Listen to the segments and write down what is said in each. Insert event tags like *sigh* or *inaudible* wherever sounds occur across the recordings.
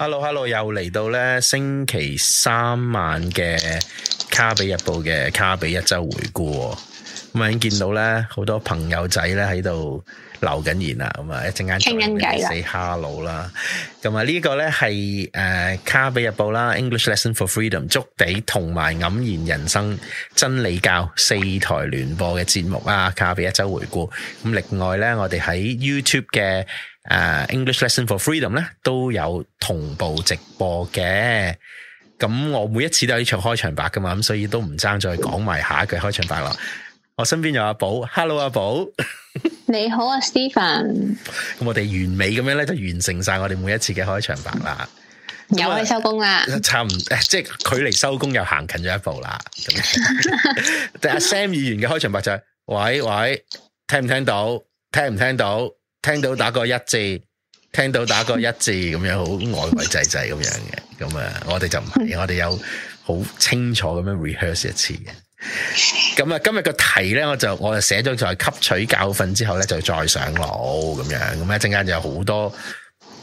Hello，Hello，hello，又嚟到咧星期三晚嘅卡比日報嘅卡比一周回顧，哦。咁已經見到咧，好多朋友仔咧喺度留緊言啦。咁、嗯、啊，一陣間再四 Hello 啦。咁啊，呢個咧係誒卡比日報啦，English Lesson for Freedom，足底同埋黯然人生真理教四台聯播嘅節目啊，卡比一周回顧。咁、嗯、另外咧，我哋喺 YouTube 嘅。誒、uh，English lesson for freedom 咧，都有同步直播嘅，咁我每一次都有呢場開場白噶嘛，咁所以都唔爭再講埋下一句開場白啦。我身邊有阿寶，Hello 阿寶， *laughs* 你好啊，Steven。咁我哋完美咁樣咧，就完成晒我哋每一次嘅開場白啦，又可以收工啦，差唔，即係距離收工又行近咗一步啦。咁阿 *laughs* *laughs* Sam 議員嘅開場白就係：喂喂，聽唔聽到？聽唔聽到？聽到打個一字，聽到打個一字咁樣，好呆呆滯滯咁樣嘅，咁啊， *laughs* 我哋就唔係，我哋有好清楚咁樣 rehearse 一次嘅。咁啊，今日個題咧，我就我就寫咗就係吸取教訓之後咧，就再上腦咁樣。咁一陣間就有好多，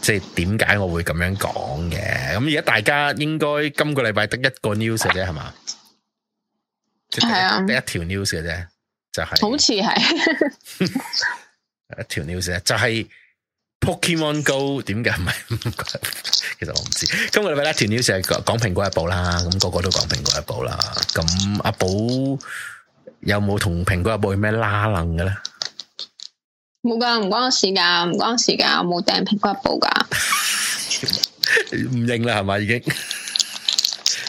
即係點解我會咁樣講嘅？咁而家大家應該今個禮拜得一個 news 嘅啫，係嘛？係啊，得一條 news 嘅啫，就係、是、好似係。 *laughs* 一條 news 啊，就係 Pokemon Go 點解唔係？其實我唔知。今個禮拜咧，條 news 係講蘋果日報啦，咁個個都講蘋果日報啦。咁阿寶有冇同蘋果日報有咩拉撚嘅咧？冇噶，唔關我事噶，唔關我事噶，我冇訂蘋果日報噶。唔認啦係嘛？已經。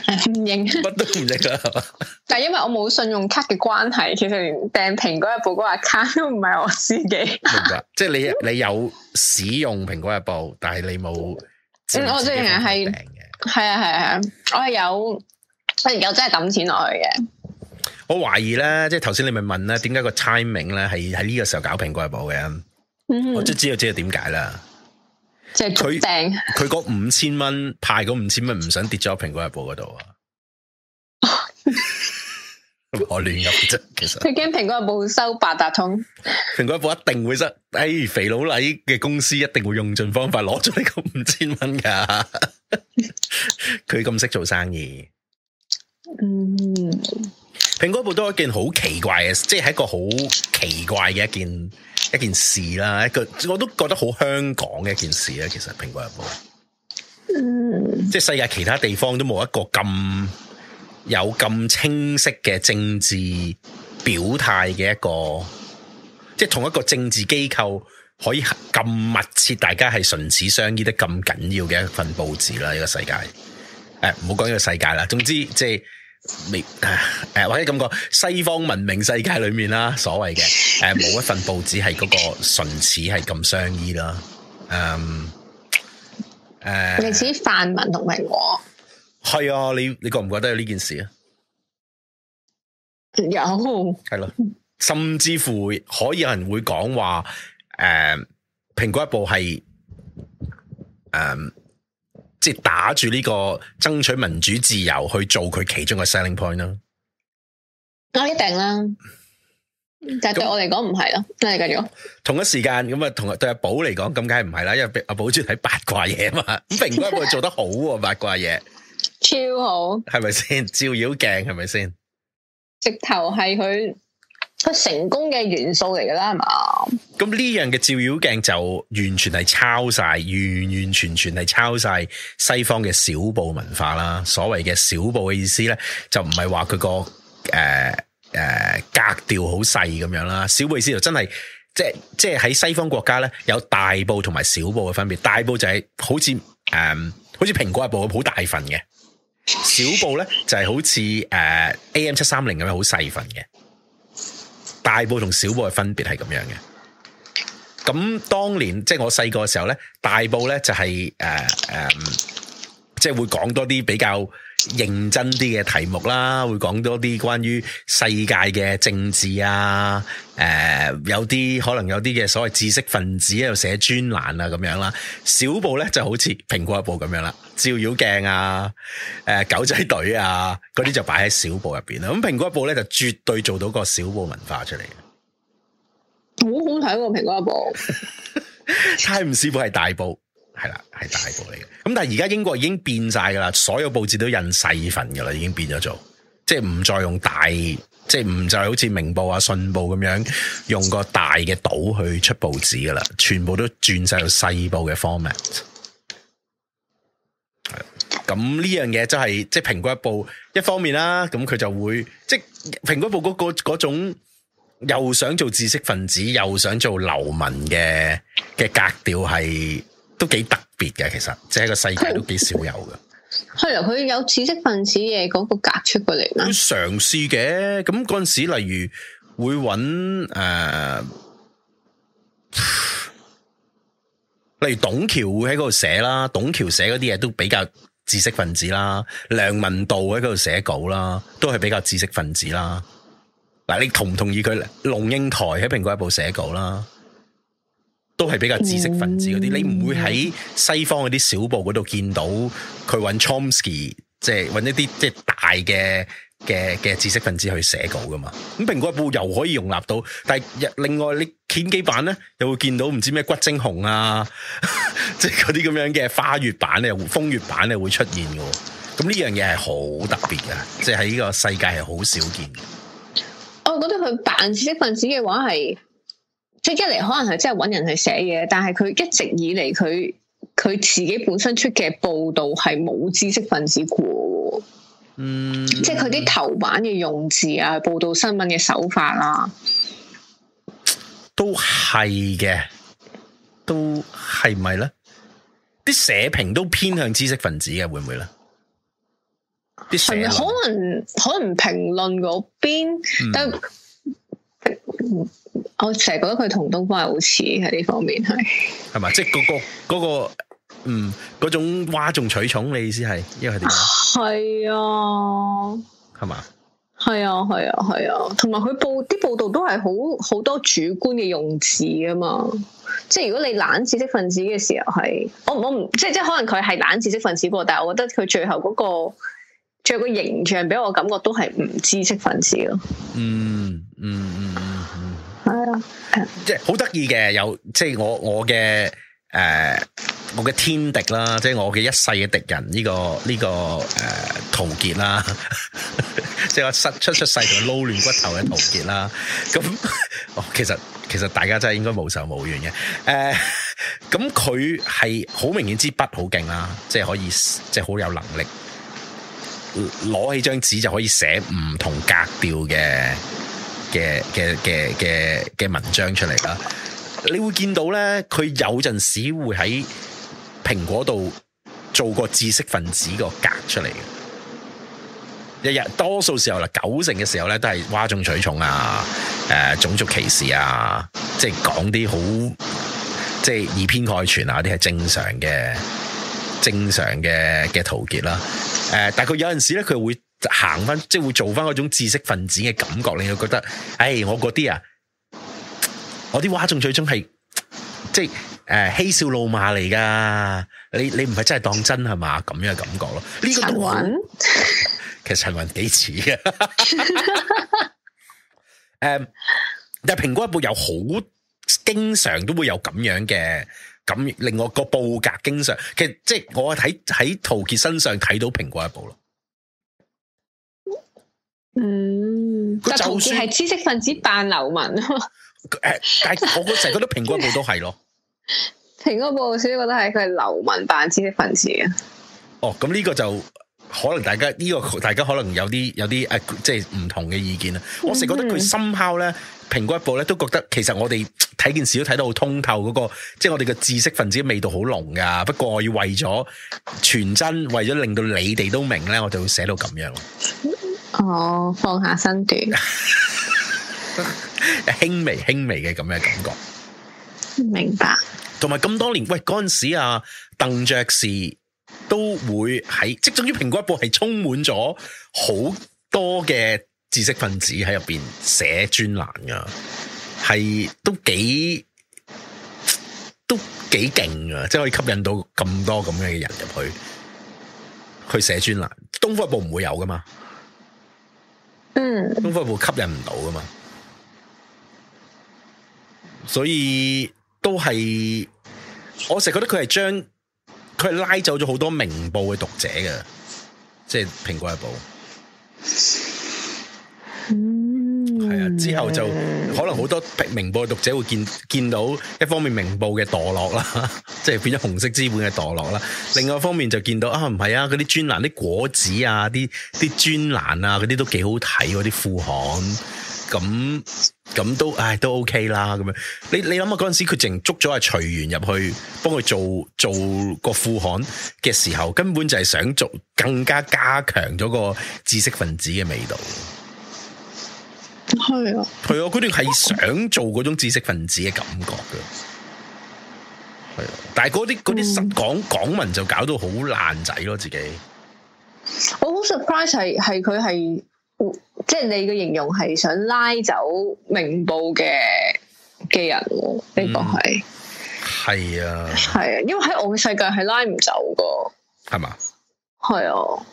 唔認乜都唔認啦， *laughs* 但係因為我冇信用卡嘅關係，其實連訂蘋果日報嗰個卡都唔係我自己。明白， *laughs* 即係你你有使用蘋果日報，但係你冇。嗯，我雖然係係啊係啊，我係有，有我而家真係抌錢落去嘅。我懷疑咧，即係頭先你咪問咧，點解個 timing 咧，係喺呢個時候搞蘋果日報嘅？嗯， *laughs* 我即係知道知道點解啦。即係佢佢，嗰五千蚊，派嗰五千蚊唔想跌咗喺蘋果日報嗰度啊！我亂入啫，其實佢驚蘋果日報會收八達通，蘋果日報一定會收。哎，肥佬黎嘅公司一定會用盡方法攞咗呢個五千蚊噶，佢咁識做生意。嗯。蘋果部都係一件好奇怪嘅，即係一個好奇怪嘅一件一件事啦。一個我都覺得好香港嘅一件事啦。其實蘋果日報，即係世界其他地方都冇一個咁有咁清晰嘅政治表態嘅一個，即係同一個政治機構可以咁密切，大家係唇齒相依得咁緊要嘅一份報紙啦。呢個世界，誒，唔好講呢個世界啦。總之，即係。未誒，或者咁講西方文明世界裏面啦，所謂嘅誒，冇一份報紙係嗰個純似係咁相依啦、 *laughs* 嗯。嗯誒，類似泛民同埋我，係啊，你你覺唔覺得有呢件事有啊？有係咯，甚至乎可以有人會講話誒，蘋果日報係嗯。即係打住呢個爭取民主自由去做佢其中個 selling point 啦，我一定啦，但、就是、對我嚟講唔係咯，嚟那繼續。同一時間咁啊，同阿對阿寶嚟講咁梗係唔係啦，因為阿寶中睇八卦嘢啊嘛，咁平均會做得好喎、啊、 *laughs* 八卦嘢，超好，係咪先？照妖鏡係咪先？是是直頭係佢。佢成功嘅元素嚟噶啦，係嘛？咁呢樣嘅照妖鏡就完全係抄晒，完完全全係抄晒西方嘅小報文化啦。所謂嘅小報嘅意思咧，就唔係話佢個誒誒格調好細咁樣啦。小報意思就真係即係即係喺西方國家咧，有大報同埋小報嘅分別。大報就係好似誒好似蘋果日報咁好大份嘅，就是呃、小報咧就係好似誒 A M 七三零咁樣好細份嘅。大報同小報嘅分別係咁樣嘅，咁當年即係、就是、我細個嘅時候呢，大報呢就係誒誒，即、呃、係、呃就是、會講多啲比較認真啲嘅題目啦，會講多啲關於世界嘅政治啊，誒、呃，有啲可能有啲嘅所謂知識分子喺度寫專欄啊，咁樣啦。小報咧就好似蘋果日報咁樣啦，照妖鏡啊，誒、呃，狗仔隊啊，嗰啲就擺喺小報入邊啦。咁、嗯、蘋果日報咧就絕對做到個小報文化出嚟嘅、哦，好好睇過蘋果日報。 *laughs* 泰晤士報係大報。係啦，係大報嚟嘅。咁但係而家英國已經變晒噶啦，所有報紙都印細份噶啦，已經變咗做，即係唔再用大，即係唔再好似明報啊、信報咁樣用個大嘅島去出報紙噶啦，全部都轉晒到細報嘅 format。係，咁呢樣嘢真係即係蘋果日報一方面啦，咁佢就會即係蘋果日報嗰嗰嗰種又想做知識分子，又想做流民嘅嘅格調係。都幾特別嘅，其實即係個世界都幾少有嘅。係啊，佢有知識分子嘅嗰個格出過嚟啦。嘗試嘅，咁嗰陣時，例如會揾誒、呃，例如董橋會喺嗰度寫啦，董橋寫嗰啲嘢都比較知識分子啦。梁文道喺嗰度寫稿啦，都係比較知識分子啦。嗱，你同唔同意佢龍應台喺《蘋果日報》寫稿啦？都係比較知識分子嗰啲，嗯、你唔會喺西方嗰啲小報嗰度見到佢揾 Chomsky，即係揾一啲即係大嘅嘅嘅知識分子去寫稿㗎嘛。咁蘋果報又可以容納到，但係另外你鍵幾版咧又會見到唔知咩骨精紅啊，即係嗰啲咁樣嘅花月版咧、風月版咧會出現嘅。咁呢樣嘢係好特別嘅，即係喺呢個世界係好少見嘅。我覺得佢扮知識分子嘅話係。即係一嚟，可能係真係搵人去寫嘢，但係佢一直以嚟，佢佢自己本身出嘅報道係冇知識分子過，嗯，即係佢啲頭版嘅用字啊，報道新聞嘅手法啊，都係嘅，都係唔係咧？啲社評都偏向知識分子嘅，會唔會咧？啲社可能可能評論嗰邊都。嗯我成日覺得佢同東方係好似喺呢方面係，係嘛？即係嗰、嗰個嗰、嗰個嗰個、嗯，嗰種嘩眾取寵，你意思係因為點？係啊，係嘛吧？係啊，係啊，係啊！同埋佢報啲報道都係好好多主觀嘅用詞啊嘛！即係如果你懶知識分子嘅時候係，我我唔即係即係可能佢係懶知識分子噃，但係我覺得佢最後嗰、嗰個最後個形象俾我感覺都係唔知識分子咯、嗯。嗯嗯嗯嗯。嗯即係好得意嘅，有即係、就是、我我嘅誒，我嘅、呃、天敵啦，即、就、係、是、我嘅一世嘅敵人呢、這個呢、這個誒，陶傑啦，即係 *laughs* 我出出世同撈亂骨頭嘅陶傑啦。咁， *laughs* 其實其實大家真係應該無仇無怨嘅。誒、呃，咁佢係好明顯支筆好勁啦，即、就、係、是、可以即係好有能力攞起張紙就可以寫唔同格調嘅。嘅嘅嘅嘅嘅文章出嚟啦，你會見到咧，佢有陣時會喺蘋果度做個知識分子個格出嚟嘅，日日多數時候啦，九成嘅時候咧都係嘩眾取寵啊，誒、呃、種族歧視啊，即係講啲好即係以偏概全啊，啲係正常嘅，正常嘅嘅陶傑啦，誒、呃，但係佢有陣時咧，佢會。行翻，即係會做翻嗰種知識分子嘅感覺，令你就覺得，誒、哎，我嗰啲啊，我啲嘩眾最終係即係誒嬉笑怒罵嚟噶，你你唔係真係當真係嘛？咁樣嘅感覺咯。呢、這個都雲其實陳雲幾似嘅。誒， *laughs* *laughs* 但係蘋果日報有好經常都會有咁樣嘅，咁令我個報格經常，其實即係我喺喺陶傑身上睇到蘋果日報咯。嗯，但同時係知識分子扮流民咯。誒算，但我成日覺得果一都是、哦《蘋 *laughs* 果部都係咯，《蘋果報》少少覺得係佢係流民扮知識分子嘅。哦，咁呢個就可能大家呢、這個大家可能有啲有啲誒、啊，即係唔同嘅意見啦。我成日覺得佢深敲咧，《蘋、嗯嗯、果部咧都覺得其實我哋睇件事都睇到好通透，嗰、那個即係、就是、我哋嘅知識分子嘅味道好濃噶。不過我要為咗全真，為咗令到你哋都明咧，我就會寫到咁樣。哦，放下身段，輕 *laughs* 微輕微嘅咁嘅感覺，明白。同埋咁多年，喂，嗰陣時啊，鄧爵士都會喺即係，終於蘋果日報係充滿咗好多嘅知識分子喺入邊寫專欄噶，係都幾都幾勁啊！即係可以吸引到咁多咁嘅人入去去寫專欄，東方日報唔會有噶嘛？嗯，咁東方日報吸引唔到噶嘛，所以都係我成日覺得佢係將佢係拉走咗好多明報嘅讀者嘅，即係蘋果日報。嗯。係啊，之後就可能好多明報嘅讀者會見見到一方面明報嘅墮落啦，即係變咗紅色資本嘅墮落啦。另外一方面就見到啊，唔係啊，嗰啲專欄、啲果子啊、啲啲專欄啊，嗰啲都幾好睇嗰啲副刊，咁咁都唉、哎、都 OK 啦。咁樣你你諗下嗰陣時佢淨捉咗阿徐元入去幫佢做做個副刊嘅時候，根本就係想做更加加強咗個知識分子嘅味道。係啊，係啊，佢哋係想做嗰種知識分子嘅感覺嘅，係啊，但係嗰啲嗰啲實港港民就搞到好爛仔咯，自己我很是。我好 surprise 係係佢係，即係你嘅形容係想拉走明報嘅嘅人，呢、嗯、個係係啊，係啊，因為喺我嘅世界係拉唔走個，係嘛？係啊。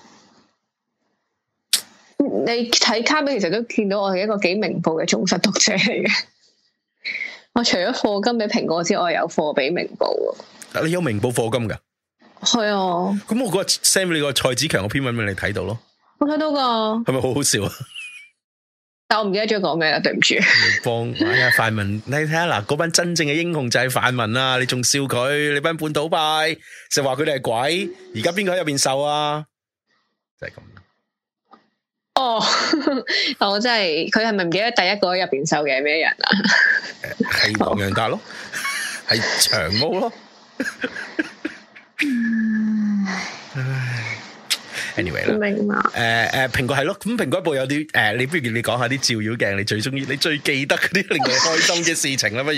你睇卡比，其實都見到我係一個幾明報嘅忠實讀者嚟嘅。我除咗貨金俾蘋果之外，我有貨俾明報。你有明報貨金噶？係啊。咁我嗰日 send 你個蔡子強嘅篇文俾你睇到咯。我睇到噶。係咪好好笑啊？但我唔記得咗講咩啦，對唔住。幫 *laughs* 哎呀，泛民，你睇下嗱，嗰班真正嘅英雄就係泛民啊！你仲笑佢？你班半島派就話佢哋係鬼，而家邊個喺入邊受啊？就係、是、咁。哦，我真係佢係咪唔記得第一個入邊收嘅係咩人啊？係王陽達咯，係 *laughs* 長毛咯。anyway 啦，明白。誒誒、呃，蘋、呃、果係咯，咁、嗯、蘋果部有啲誒、呃，你不如你講下啲照妖鏡，你最中意，你最記得嗰啲 *laughs* 令你開心嘅事情啦，不如。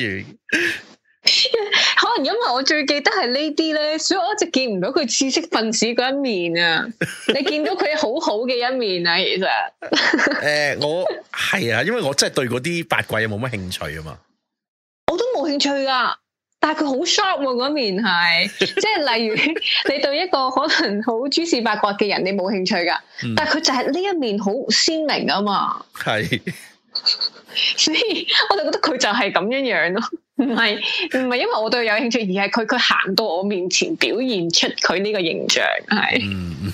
*laughs* 因為我最記得係呢啲咧，所以我一直見唔到佢知識分子嗰一,一面啊！你見到佢好好嘅一面啊，其實。誒，我係啊，因為我真係對嗰啲八卦有冇乜興趣啊嘛。我都冇興趣噶，但係佢好 sharp 嗰面係，啊，即係例如你對一個可能好諸事八卦嘅人，你冇興趣噶，但係佢就係呢一面好鮮明啊嘛。係是， *laughs* 所以我就覺得佢就係咁樣樣咯。唔係唔係，因為我對佢有興趣，而係佢佢行到我面前表現出佢呢個形象係。嗯，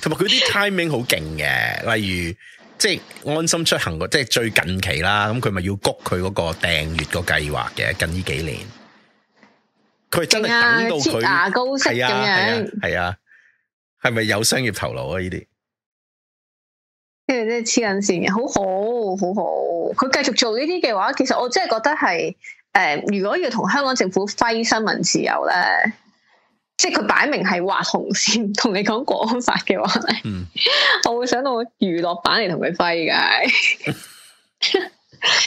同埋佢啲 timing 好勁嘅，例如即係安心出行，即係最近期啦。咁佢咪要谷佢嗰個訂閱個計劃嘅？近呢幾年，佢係真係等到佢、啊、牙膏係啊係啊，係咪、啊啊、有商業頭腦啊？呢啲，即係真係黐緊線嘅，好好。好好佢繼續做呢啲嘅話，其實我真係覺得係，誒、呃，如果要同香港政府揮新聞自由咧，即係佢擺明係畫紅線，同你講國安法嘅話，嗯、我會想到娛樂版嚟，同佢揮嘅，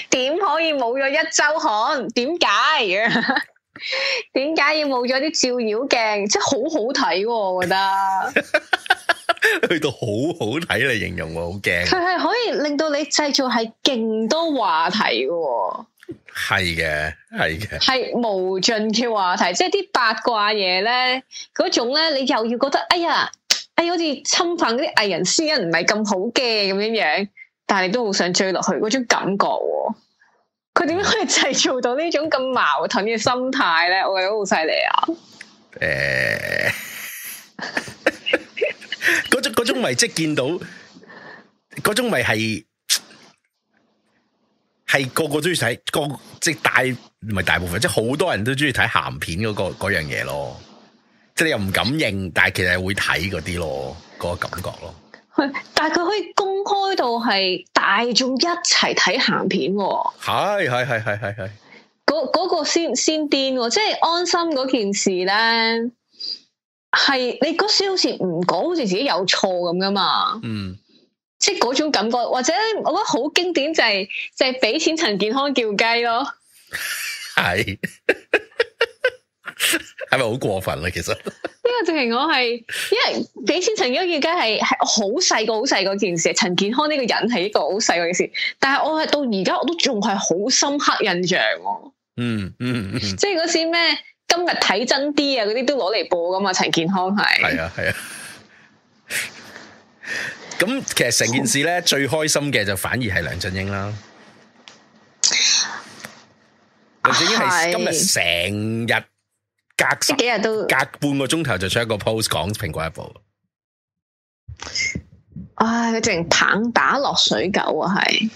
點 *laughs* *laughs* 可以冇咗一週刊？點解？點解要冇咗啲照妖鏡？即係好好睇，啊，我覺得 *laughs* 去到好好睇嚟形容我好，好驚。佢係可以令到你製造係勁多話題喎，係嘅，係嘅，係無盡嘅話題，即係啲八卦嘢咧，嗰種咧，你又要覺得哎呀，哎好似侵犯啲藝人私隱唔係咁好嘅咁樣樣，但係都好想追落去嗰種感覺。佢點樣可以製造到呢種咁矛盾嘅心態咧？我覺得好犀利啊！誒 *laughs* *laughs* *laughs* 嗰種嗰種味即係見到嗰種味係係個個都中意睇，個即係、就是、大唔係大部分，即係好多人都中意睇鹹片嗰、嗰個嗰樣嘢咯。即係你又唔敢認，但係其實會睇嗰啲咯，嗰、嗰個感覺咯。但係佢可以攻。開到係大眾一齊睇鹹片，哦，係係係係係係，嗰、嗰個先先癲，哦，即係安心嗰件事咧，係你嗰時好似唔講，好似自己有錯咁噶嘛，嗯，即係嗰種感覺，或者我覺得好經典就係、是、就係、是、俾錢陳健康叫雞咯是，係。 *laughs* 係咪好過分啊？其實呢個正係我係，因為俾錢陳英杰係係好細個好細個件事，陳健康呢個人係一個好細個件事，但係我係到而家我都仲係好深刻印象、啊嗯。嗯，嗯即係嗰次咩今日睇真啲 *laughs* 啊，嗰啲都攞嚟播噶嘛。陳健康係係啊係啊，咁 *laughs* 其實成件事咧最開心嘅就反而係梁振英啦。梁、啊、振英係今日成日。隔即幾日都隔半個鐘頭就出一個 post 講蘋果日報，唉，佢淨棒打落水狗啊，係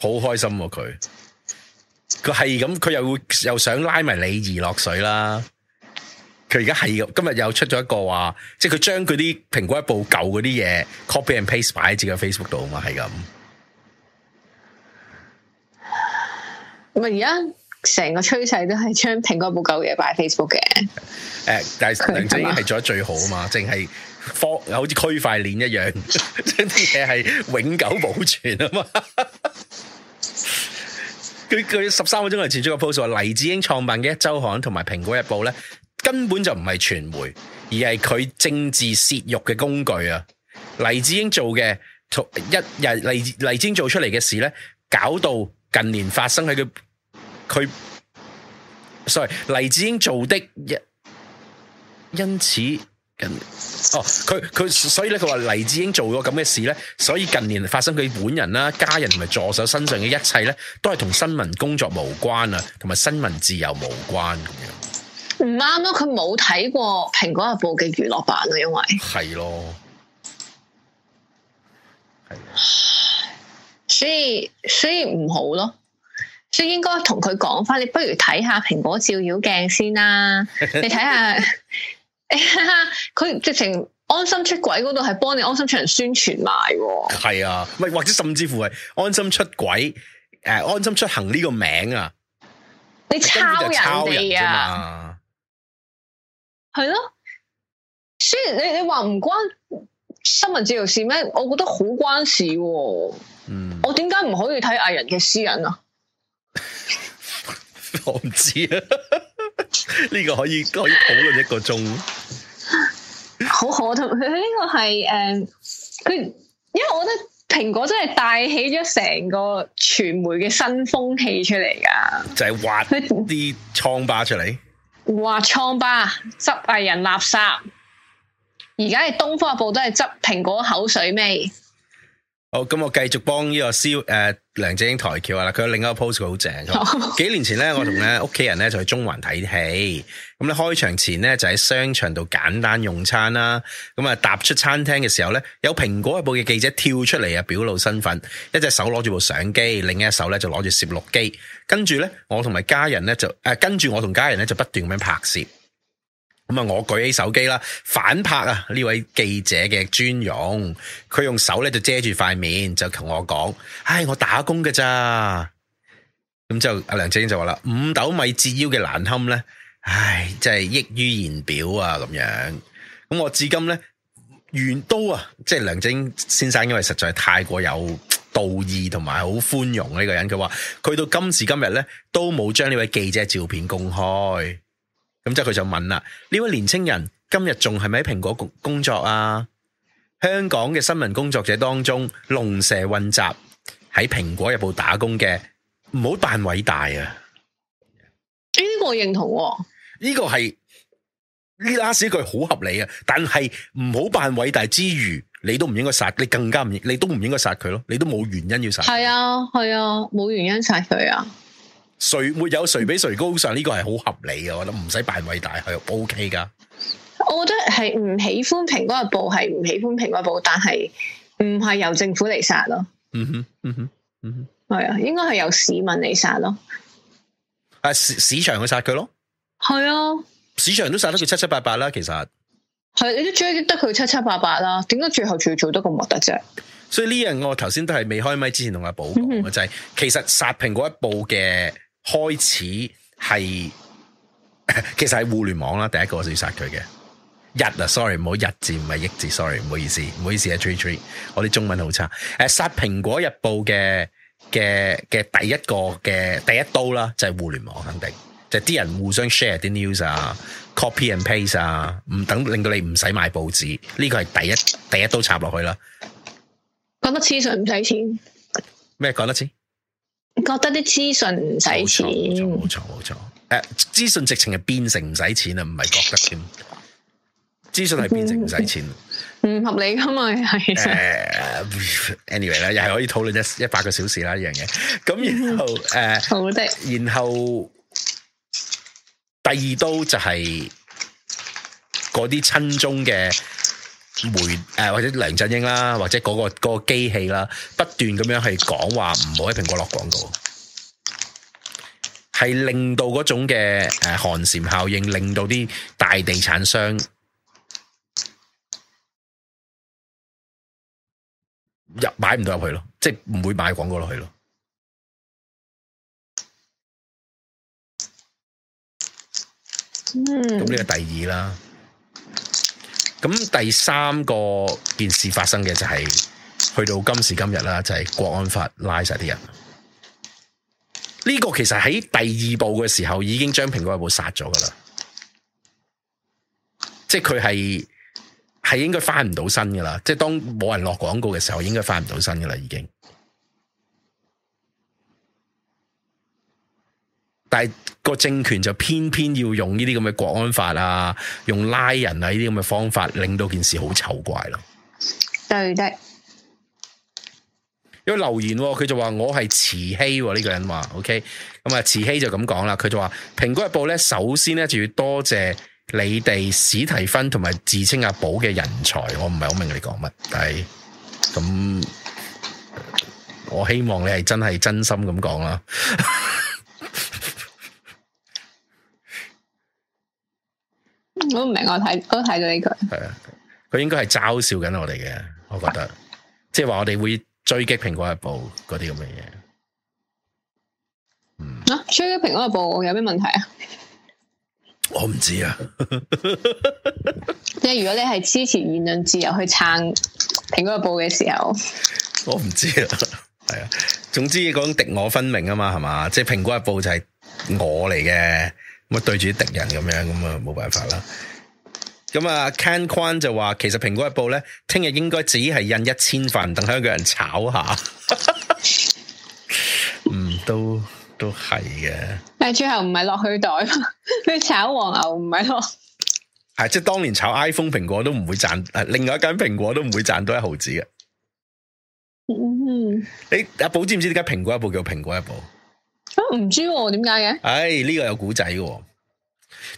好開心佢，佢係咁，佢又會，又想拉埋李怡落水啦，佢而家係今日又出咗一個話，即係佢將佢啲蘋果日報舊嗰啲嘢 copy and paste 擺喺自己嘅 Facebook 度啊嘛，係咁，咪而家。成個趨勢都係將蘋果部舊嘢擺 Facebook 嘅，誒，但係黎智英係做得最好啊嘛，淨係吧科好似區塊鏈一樣，將啲嘢係永久保存啊嘛。佢佢十三個鐘頭前出個 post 話，黎智英創辦嘅《週刊》同埋《蘋果日報》咧，根本就唔係傳媒，而係佢政治洩慾嘅工具啊！黎智英做嘅，從一日黎黎智英做出嚟嘅事咧，搞到近年發生喺佢。佢，Sorry，黎智英做的，一因此，近年，哦，佢佢，所以咧，佢話黎智英做咗咁嘅事咧，所以近年發生佢本人啦、家人同埋助手身上嘅一切咧，都係同新聞工作無關啊，同埋新聞自由無關咁樣。唔啱咯，佢冇睇過《蘋果日報》嘅娛樂版啊，因為係咯是的，係，所以所以唔好咯。所以應該同佢講翻，你不如睇下蘋果照妖鏡先啦。你睇下，佢 *laughs* *laughs* 直情安心出軌嗰度係幫你安心出行宣傳埋、哦。係啊，係或者甚至乎係安心出軌誒、啊，安心出行呢個名啊，你抄人哋啊，係咯、啊。雖然你你話唔關新聞自由事咩，我覺得好關事、啊。嗯，我點解唔可以睇藝人嘅私隱啊？我唔知啊，呢、這個可以可以討論一個鐘。好好，同佢呢個係誒，佢、嗯、因為我覺得蘋果真係帶起咗成個傳媒嘅新風氣出嚟噶，就係挖啲瘡疤出嚟。挖瘡疤，執藝人垃圾。而家嘅東方日報都係執蘋果口水味。好，咁我繼續幫呢個 C 誒。Uh, 梁振英抬轎啊啦，佢有另一個 post 佢好正。 *laughs* 幾年前咧，我同咧屋企人咧就去中環睇戲，咁咧開場前咧就喺商場度簡單用餐啦。咁啊，踏出餐廳嘅時候咧，有蘋果日報嘅記者跳出嚟啊，表露身份，一隻手攞住部相機，另一隻手咧就攞住攝錄機。跟住咧，我同埋家人咧就誒，跟住我同家人咧就不斷咁樣拍攝。咁啊，我舉起手機啦，反拍啊，呢位記者嘅尊容，佢用手咧就遮住塊面，就同我講：，唉，我打工㗎咋。咁之後，阿梁振英就話啦：，五斗米折腰嘅難堪咧，唉，真係溢於言表啊！咁樣，咁我至今咧，原都啊，即係梁振英先生，因為實在太過有道義同埋好寬容呢個人，佢話佢到今時今日咧，都冇將呢位記者照片公開。咁即係佢就問啦，呢位年青人今日仲係咪喺蘋果工工作啊？香港嘅新聞工作者當中，龍蛇混雜，喺蘋果入部打工嘅，唔好扮偉大啊！呢個我認同，哦。呢個係呢拉斯一句好合理啊，但係唔好扮偉大之餘，你都唔應該殺，你更加唔，你都唔應該殺佢咯，你都冇原因要殺佢。係啊，係啊，冇原因殺佢啊。誰沒有誰比誰高尚呢個係好合理嘅，我諗唔使扮偉大係 O K 噶。我覺得係唔、OK、喜歡蘋果日報係唔喜歡蘋果日報，但係唔係由政府嚟殺咯。嗯哼嗯哼嗯哼，係啊，應該係由市民嚟殺咯。啊市市場去殺佢咯，係啊，市場都殺得佢七七八八啦。其實係你都追得佢七七八八啦，點解最後仲要做不得咁核突啫？所以呢樣我頭先都係未開咪之前同阿寶講嘅就係，其實殺蘋果日報嘅。開始係，其實係互聯網啦。第一個我要殺佢嘅日啊，sorry，唔好日字，字，唔係益字，sorry，唔好意思，唔好意思啊，Chief Chief 我啲中文好差。誒，殺蘋果日報嘅嘅嘅第一個嘅第一刀啦，就係、是、互聯網肯定，就啲、是、人互相 share 啲 news 啊，copy and paste 啊，唔等令到你唔使買報紙，呢個係第一第一刀插落去啦。講得資訊唔使錢咩？講得切？覺得啲資訊唔使錢，冇錯冇錯冇錯冇錯誒，資訊、uh, 直情係變成唔使錢啦，唔係覺得添。資訊係變成唔使錢，唔、嗯、合理噶嘛係誒、uh,，anyway 啦，又係可以討論一一百個小時啦，一樣嘢。咁 *laughs* 然後誒，uh, 好的。然後第二刀就係嗰啲親中嘅。梅誒、呃，或者梁振英啦，或者嗰、嗰個、嗰個機器啦，不斷咁樣去講話唔好喺蘋果落廣告，係令到嗰種嘅誒寒蟬效應，令到啲大地產商入買唔到入去咯，即係唔會買廣告落去咯。嗯，咁呢個第二啦。咁第三個件事發生嘅就係去到今時今日啦，就係國安法拉晒啲人。呢個其實喺第二步嘅時候已經將蘋果一部殺咗噶啦，即係佢係係應該翻唔到身噶啦，即係當冇人落廣告嘅時候應該翻唔到身噶啦已經。但係個政權就偏偏要用呢啲咁嘅國安法啊，用拉人啊呢啲咁嘅方法，令到件事好醜怪咯。對的，因有留言佢、哦、就話我係慈禧呢、哦這個人話，OK，咁、嗯、啊慈禧就咁講啦，佢就話蘋果日報咧，首先咧就要多謝，謝你哋史提芬同埋自稱阿寶嘅人才，我唔係好明你講乜，但係咁我希望你係真係真心咁講啦。 *laughs* 我唔明，我睇，我睇到呢句。係啊，佢應該係嘲笑緊我哋嘅，我覺得，即係話我哋會追擊蘋果日報嗰啲咁嘅嘢。那些東西嗯、啊，追擊蘋果日報有咩問題啊？我唔知啊。 *laughs* 即係如果你係支持言論自由去撐蘋果日報嘅時候，我唔知啊。係啊，總之講敵我分明啊嘛，係嘛，即係蘋果日報就係我嚟嘅。我對住啲敵人咁樣，咁啊冇辦法啦。咁啊，Ken Quan 就話，其實蘋果日報咧，聽日應該只係印一千份，等香港人炒下。 *laughs* 嗯，都都係嘅。但係最後唔係落去袋，佢炒黃牛唔係咯？係即係當年炒 iPhone、蘋果都唔會賺，另外一間蘋果都唔會賺到一毫子嘅。嗯，你阿寶知唔知點解蘋果日報叫蘋果日報？唔知點解嘅？誒，呢、哎這個有古仔嘅。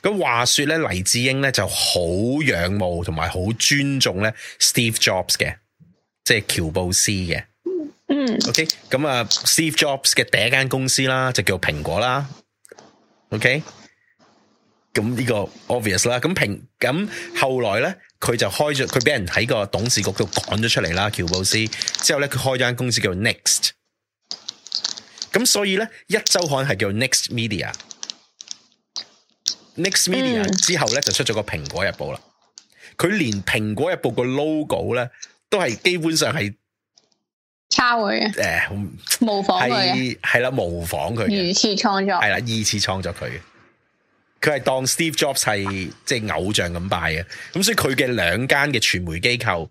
咁話說咧，黎智英咧就好仰慕同埋好尊重咧 Steve Jobs 嘅，即係喬布斯嘅。嗯。OK，咁啊，Steve Jobs 嘅第一間公司啦，就叫蘋果啦。OK，咁呢個 obvious 啦。咁蘋咁後來咧，佢就開咗，佢俾人喺個董事局度趕咗出嚟啦。喬布斯之後咧，佢開咗間公司叫做 Next。咁所以咧，一周刊係叫 Next Media，Next Media 之後咧就出咗個蘋果日報啦。佢、嗯、連蘋果日報個 logo 咧，都係基本上係抄佢嘅，誒、呃，模仿佢嘅，係啦，模仿佢二次創作，係啦，二次創作佢。佢係當 Steve Jobs 係即係偶像咁拜嘅，咁所以佢嘅兩間嘅傳媒機構，誒、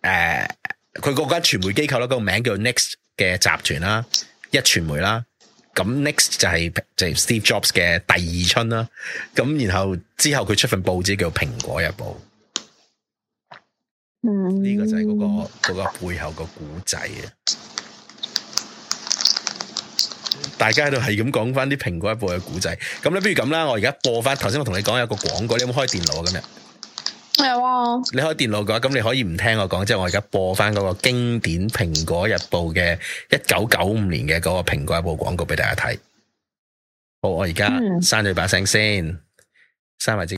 呃，佢嗰間傳媒機構咧，個名叫 Next 嘅集團啦。一傳媒啦，咁 next 就係就係 Steve Jobs 嘅第二春啦，咁然後之後佢出份報紙叫《蘋果日報》，嗯，呢個就係嗰、嗰個、嗰個背後個古仔啊，大家喺度係咁講翻啲蘋果日報嘅古仔，咁咧，不如咁啦，我而家播翻頭先我同你講有個廣告，你有冇開電腦啊？今日？有你開電腦嘅話，咁你可以唔聽我講，即係我而家播翻嗰個經典蘋果日報嘅一九九五年嘅嗰個蘋果日報廣告俾大家睇。好，我而家刪咗把聲先，三分鐘。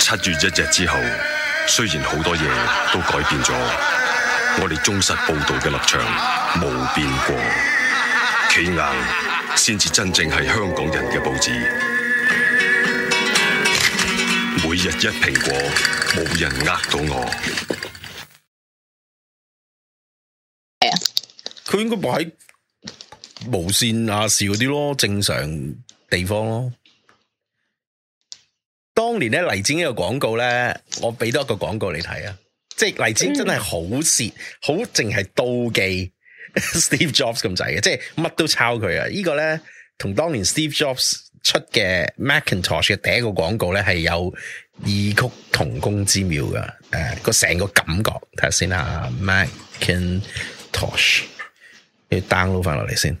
七月一日之後。雖然好多嘢都改變咗，我哋忠實報道嘅立場冇變過，企硬先至真正係香港人嘅報紙。每日一蘋果，冇人呃到我。佢應該擺喺無線亞視嗰啲咯，正常地方咯。當年咧，黎展呢個廣告咧，我俾多一個廣告你睇啊！即係黎展真係好蝕，好淨係妒忌 Steve Jobs 咁滯嘅，即係乜都抄佢啊！這個、呢個咧，同當年 Steve Jobs 出嘅 Macintosh 嘅第一個廣告咧，係有異曲同工之妙噶。誒、呃，個成個感覺睇下先啊，Macintosh，你 download 翻落嚟先。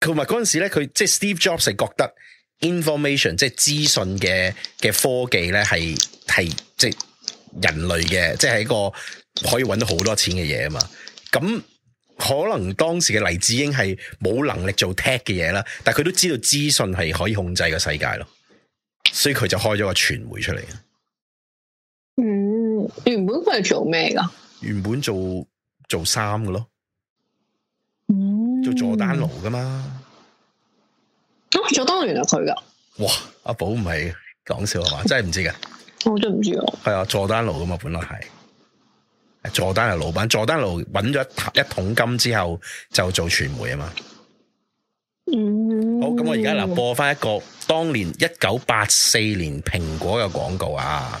同埋嗰陣時咧，佢即係 Steve Jobs 係覺得 information 即係資訊嘅嘅科技咧，係係即係人類嘅，即係一個可以搵到好多錢嘅嘢啊嘛。咁可能當時嘅黎智英係冇能力做 tech 嘅嘢啦，但係佢都知道資訊係可以控制個世界咯，所以佢就開咗個傳媒出嚟。嗯，原本佢係做咩噶？原本做做衫嘅咯。做單爐噶嘛？佐丹奴原來佢噶。哇！阿寶唔係講笑係嘛？真係唔知噶。我都唔知啊。係啊，佐丹奴噶嘛，本來係。佐丹奴係老闆，佐丹奴揾咗一桶金之後就做傳媒啊嘛。嗯。好，咁我而家嗱播翻一個當年一九八四年蘋果嘅廣告啊。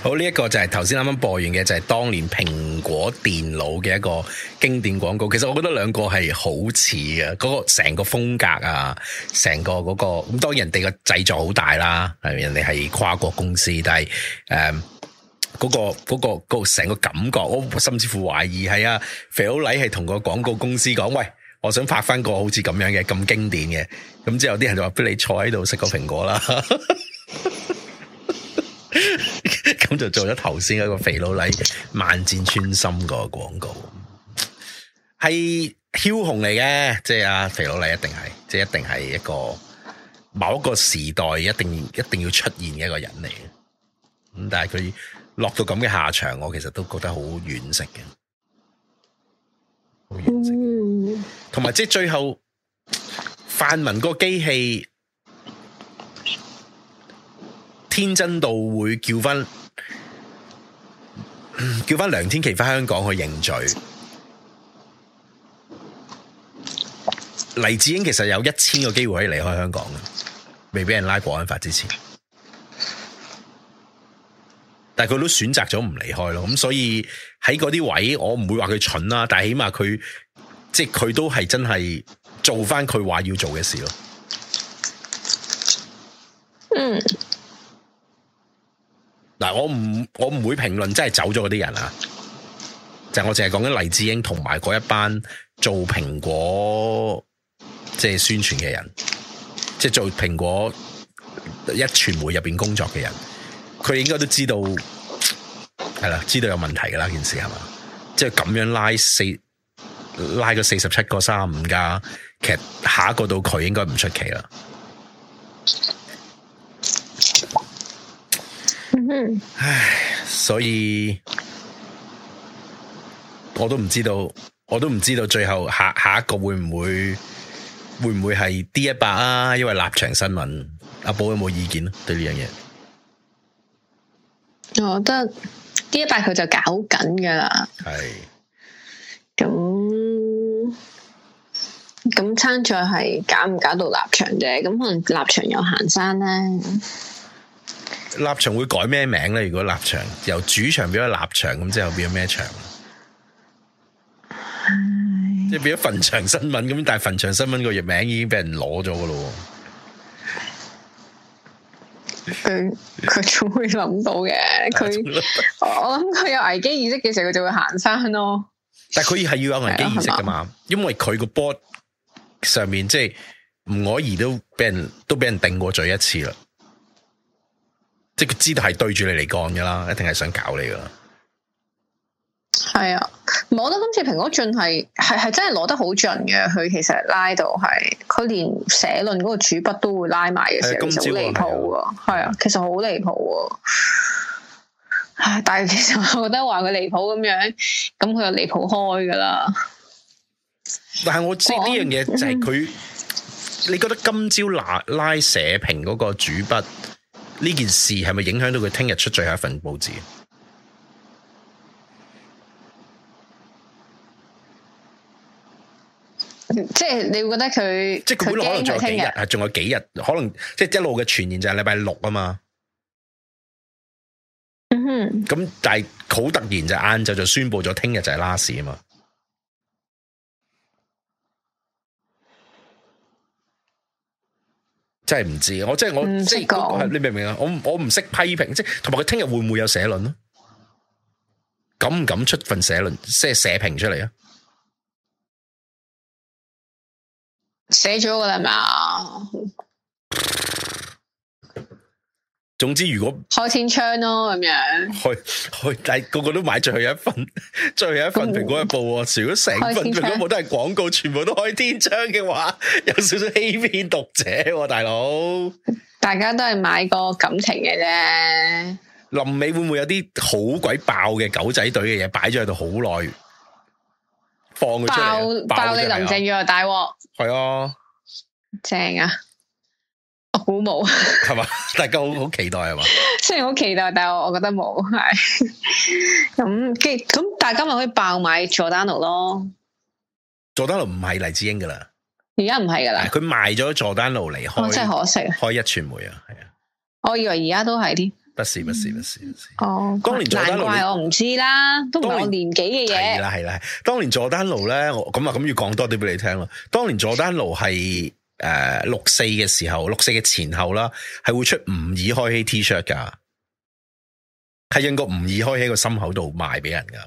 好，呢一個就係頭先啱啱播完嘅，就係當年蘋果電腦嘅一個經典廣告。其實我覺得兩個係好似啊，嗰個成個風格啊，成個嗰個咁當然人哋嘅製作好大啦，係人哋係跨國公司，但係誒嗰個嗰個嗰成個感覺，我甚至乎懷疑係啊肥佬黎係同個廣告公司講，喂，我想拍翻個好似咁樣嘅咁經典嘅，咁之後啲人就話不如你坐喺度食個蘋果啦。 *laughs* 咁 *laughs* 就做咗頭先一個肥佬黎萬箭穿心個廣告，係梟雄嚟嘅，即係阿肥佬黎一定係，即係，一定係一個某一個時代一定一定要出現嘅一個人嚟嘅。咁但係佢落到咁嘅下場，我其實都覺得好惋惜嘅，好惋惜。同埋即係最後，泛民個機器。天真到會叫翻，叫翻梁天琦翻香港去認罪。黎智英其實有一千個機會可以離開香港嘅，未俾人拉國安法之前。但係佢都選擇咗唔離開咯。咁所以喺嗰啲位，我唔會話佢蠢啦。但係起碼佢，即係佢都係真係做翻佢話要做嘅事咯。嗯。嗱，我唔我唔會評論，真係走咗嗰啲人啊！就係，我淨係講緊黎智英同埋嗰一班做蘋果即係宣傳嘅人，即係做蘋果一傳媒入邊工作嘅人，佢應該都知道係啦，知道有問題噶啦，這件事係嘛？即係咁樣拉四拉個四十七個三五㗎，其實下一個到佢應該唔出奇啦。 *noise* 唉，所以我都唔知道，我都唔知道最後下下一個會唔會會唔會係 D100 啊？因為立場新聞，阿寶有冇意見咧？對呢樣嘢，我覺得 D100 佢就搞緊噶啦，係咁咁參賽係搞唔搞到立場啫？咁可能立場又行山咧。立場會改咩名咧？如果立場由主場變咗立場，咁之後變咗咩場？唉即係變咗墳場新聞咁，但係墳場新聞個月名已經俾人攞咗噶咯。佢佢仲會諗到嘅。佢 *laughs* 我諗佢有危機意識嘅時候，佢就會行山咯。但係佢係要有危機意識噶嘛？吧因為佢個 board 上面即係吳靄儀都俾人都俾人定過罪一次啦。即係佢知道係對住你嚟講噶啦，一定係想搞你噶。係啊，我覺得今次蘋果俊係係係真係攞得好盡嘅，佢其實拉到係，佢連社論嗰個主筆都會拉埋嘅時候，好離譜啊！係啊，其實好離譜啊！嗯、但係其實我覺得話佢離譜咁樣，咁佢又離譜開噶啦。但係我知呢樣嘢就係佢，嗯、你覺得今朝拉拉社評嗰個主筆？呢件事係咪影響到佢聽日出最後一份報紙？即係你會覺得佢即係佢可能仲有幾日，仲有幾日？可能即係一路嘅傳言就係禮拜六啊嘛。嗯哼。咁但係好突然就晏晝就宣布咗聽日就係 last 啊嘛。真係唔知，我真係我唔識講，你明唔明啊？我我唔識批評，即係同埋佢聽日會唔會有社論咯？敢唔敢出份社論，即係社評出嚟啊？寫咗噶啦嘛？總之，如果開天窗，咯，咁樣，去去，但個個都買最後一份，最後一份蘋果一報。如果成份蘋果一報都係廣告，全部都開天窗嘅話，有少少欺騙讀者啊，大佬。大家都係買個感情嘅啫。臨尾會唔會有啲好鬼爆嘅狗仔隊嘅嘢擺咗喺度好耐，放佢出嚟爆爆你林鄭月娥大鑊？係啊，正啊！好冇係嘛？大家好好期待係嘛？雖然好期待，但係我我覺得冇係咁。咁大家咪可以爆買佐丹奴咯。佐丹奴唔係黎智英噶啦，而家唔係噶啦。佢賣咗佐丹奴嚟開，哦、真係可惜。開壹傳媒啊，係啊。我以為而家都係啲。不是，不是不是不是。哦，當年難怪我唔知啦，都唔係我年紀嘅嘢。係啦係啦，當年佐丹奴咧，我咁啊咁要講多啲俾你聽咯。當年佐丹奴係。誒，六四嘅時候，六四嘅前後啦，係會出吾爾開希 T-shirt 噶，係印個吾爾開希喺個心口度賣俾人噶。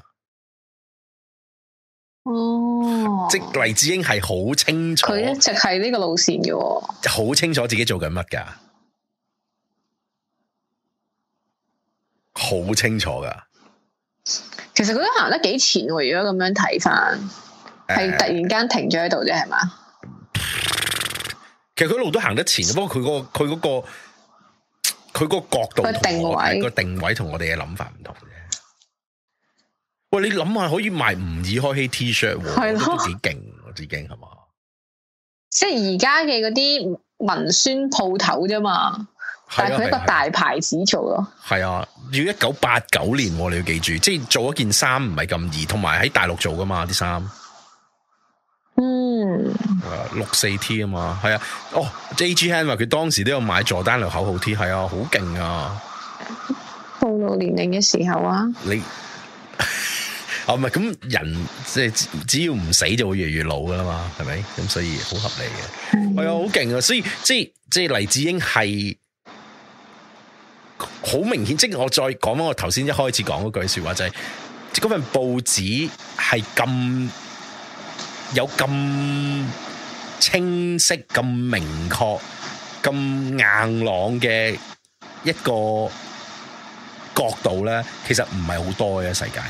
哦，即係黎智英係好清楚，佢一直係呢個路線嘅，哦，好清楚自己做緊乜噶，好清楚噶。其實佢都行得幾前喎，如果咁樣睇翻，係突然間停咗喺度啫，係嘛，呃？其實佢一路都行得前，不過佢個佢嗰個佢個角度同個定位同我哋嘅諗法唔同啫。喂，你諗下可以賣吾爾開希 T-shirt，的都幾勁，幾勁係嘛？是即係而家嘅嗰啲文宣鋪頭啫嘛，是的但係佢一個大牌子做咯。係啊，要一九八九年啊，你要記住，即係做一件衫唔係咁易，同埋喺大陸做噶嘛啲衫。這衣服六四 T 啊嘛，係啊，哦、oh，JG Han 話佢當時都有買佐丹奴口號 T，係啊，好勁啊，暴露年齡嘅時候啊，你，哦唔係，咁人即係只要唔死就會越嚟越老噶啦嘛，係咪？咁所以好合理嘅，係啊，好勁啊，啊，所以即係即係黎智英係好明顯，即、就、係、是、我再講翻我頭先一開始講嗰句說話就係，嗰份報紙係咁有咁。清晰咁明確、咁硬朗嘅一個角度咧，其實唔係好多嘅世界。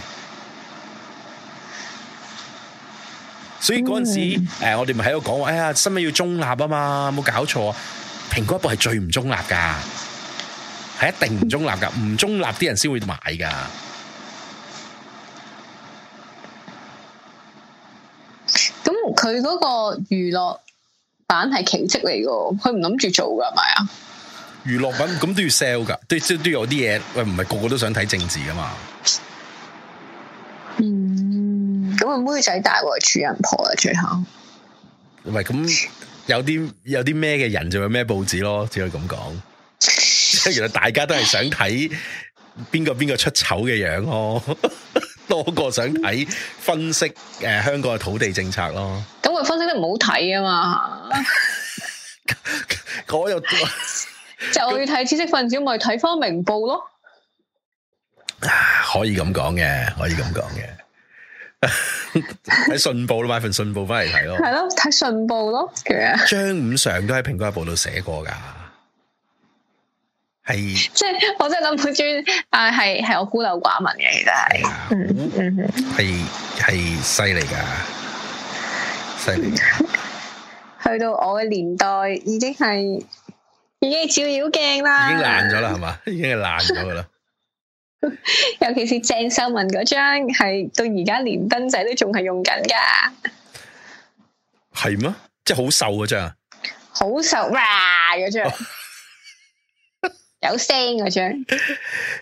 所以嗰陣時，誒我哋咪喺度講話，哎呀，新聞要中立啊嘛，冇搞錯。蘋果一部係最唔中立㗎，係一定唔中立㗎，唔中立啲人先會買㗎。咁佢嗰個娛樂版係奇蹟嚟噶，佢唔諗住做噶，係咪啊？娛樂版咁都要 sell 噶，都即都有啲嘢。喂，唔係個個都想睇政治噶嘛？嗯，咁、那、啊、個、妹仔大過主人婆啊，最後唔係咁，有啲有啲咩嘅人就有咩報紙咯，只可以咁講。 *laughs* 原來大家都係想睇邊個邊個出醜嘅樣咯。 *laughs* 多個想睇分析誒香港嘅土地政策咯，咁佢、嗯、分析得唔好睇啊嘛，嗰日 *laughs* 就我 *laughs* 要睇知識分子，咪睇翻明報咯、啊。可以咁講嘅，可以咁講嘅。喺信報都買份信報翻嚟睇咯，係 *laughs* 咯，睇信報咯。其實張五常都喺蘋果日報度寫過噶。係，是即係我真係諗唔轉，但係係我孤陋寡聞嘅，其實係，嗯係係犀利噶，犀利噶，去到我嘅年代已經係已經係照妖鏡啦，已經爛咗啦，係嘛，已經係爛咗噶啦，已經爛了了 *laughs* 尤其是鄭秀文嗰張係到而家連燈仔都仲係用緊噶，係咩？即係好瘦嗰張，好瘦哇嗰張。呃有聲嗰張，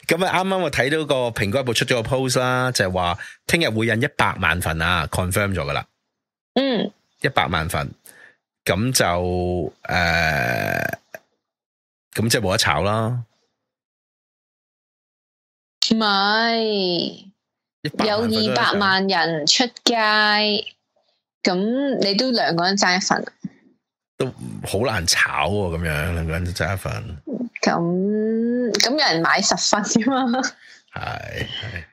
咁啊，啱啱 *laughs* 我睇到個蘋果報出咗個 post 啦，就係話聽日會印一百萬份啊，confirm 咗噶啦，嗯，一百萬份，咁、嗯、就誒，咁、呃、即係冇得炒啦，唔係沒，有二百萬人出街，咁你都兩個人爭一份，都好難炒喎、啊，咁樣兩個人爭一份。咁咁有人買十份噶嘛？係 *laughs* 係。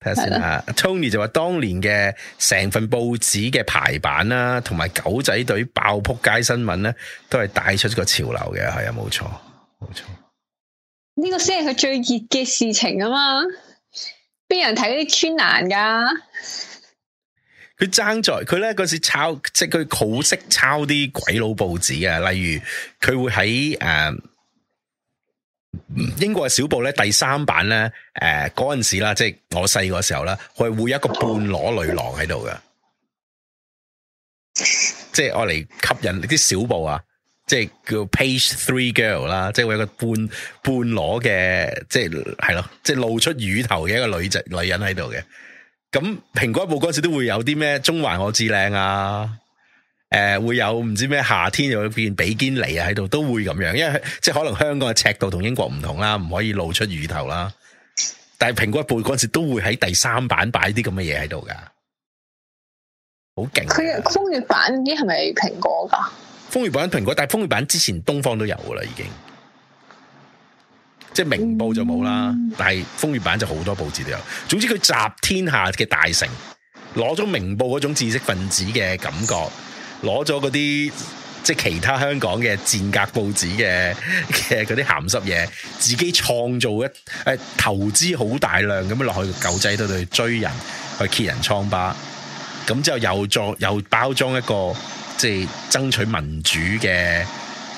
睇下先 Tony 就話：當年嘅成份報紙嘅排版啦，同埋狗仔隊爆撲街新聞咧，都係帶出個潮流嘅。係啊，冇錯，冇錯。呢個先係佢最熱嘅事情啊嘛！邊有人睇啲專欄㗎？佢爭在佢咧，嗰時抄，即係佢好識抄啲鬼佬報紙啊！例如佢會喺誒、呃、英國嘅小報咧，第三版咧，誒嗰陣時啦，即係我細個時候啦、佢、就是、會有一個半裸女郎喺度嘅，即係愛嚟吸引啲小報啊！即、就、係、是、叫 Page Three Girl 啦，即係會有一個半半裸嘅，即係係咯，即係、就是、露出乳頭嘅一個女仔女人喺度嘅。咁蘋果一部嗰時都會有啲咩中環我至靚啊，誒、呃、會有唔知咩夏天又會變比堅尼啊喺度都會咁樣，因為即係可能香港嘅尺度同英國唔同啦，唔可以露出魚頭啦。但係蘋果一部嗰時都會喺第三版擺啲咁嘅嘢喺度噶，好勁。佢風月版啲係咪蘋果噶？風月版蘋果，但係風月版之前東方都有噶啦已經。即係明報就冇啦，但係風月版就好多報紙都有。總之佢集天下嘅大成，攞咗明報嗰種知識分子嘅感覺，攞咗嗰啲即其他香港嘅賤格報紙嘅嘅嗰啲鹹濕嘢，自己創造一投資好大量咁樣落去狗仔度去追人，去揭人瘡疤。咁之後又再又包裝一個即係爭取民主嘅。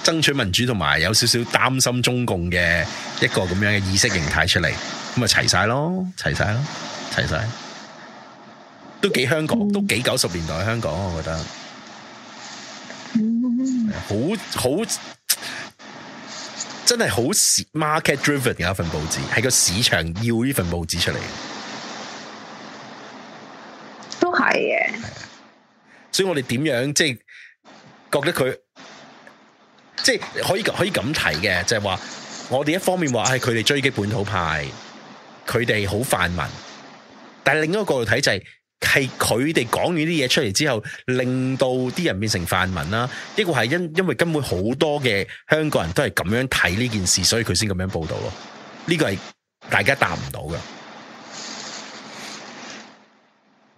爭取民主同埋有少少擔心中共嘅一個咁樣嘅意識形態出嚟，咁咪齊晒咯，齊晒咯，齊晒，都幾香港，嗯、都幾九十年代香港，我覺得，好好、嗯，真係好 market driven 嘅一份報紙，係個市場要呢份報紙出嚟，都係嘅，所以我哋點樣即係覺得佢。即係可以可以咁睇嘅，就係話我哋一方面話係佢哋追擊本土派，佢哋好泛民；但係另一個角度睇就係，係佢哋講完啲嘢出嚟之後，令到啲人變成泛民啦。一個係因因為根本好多嘅香港人都係咁樣睇呢件事，所以佢先咁樣報道咯。呢個係大家答唔到嘅。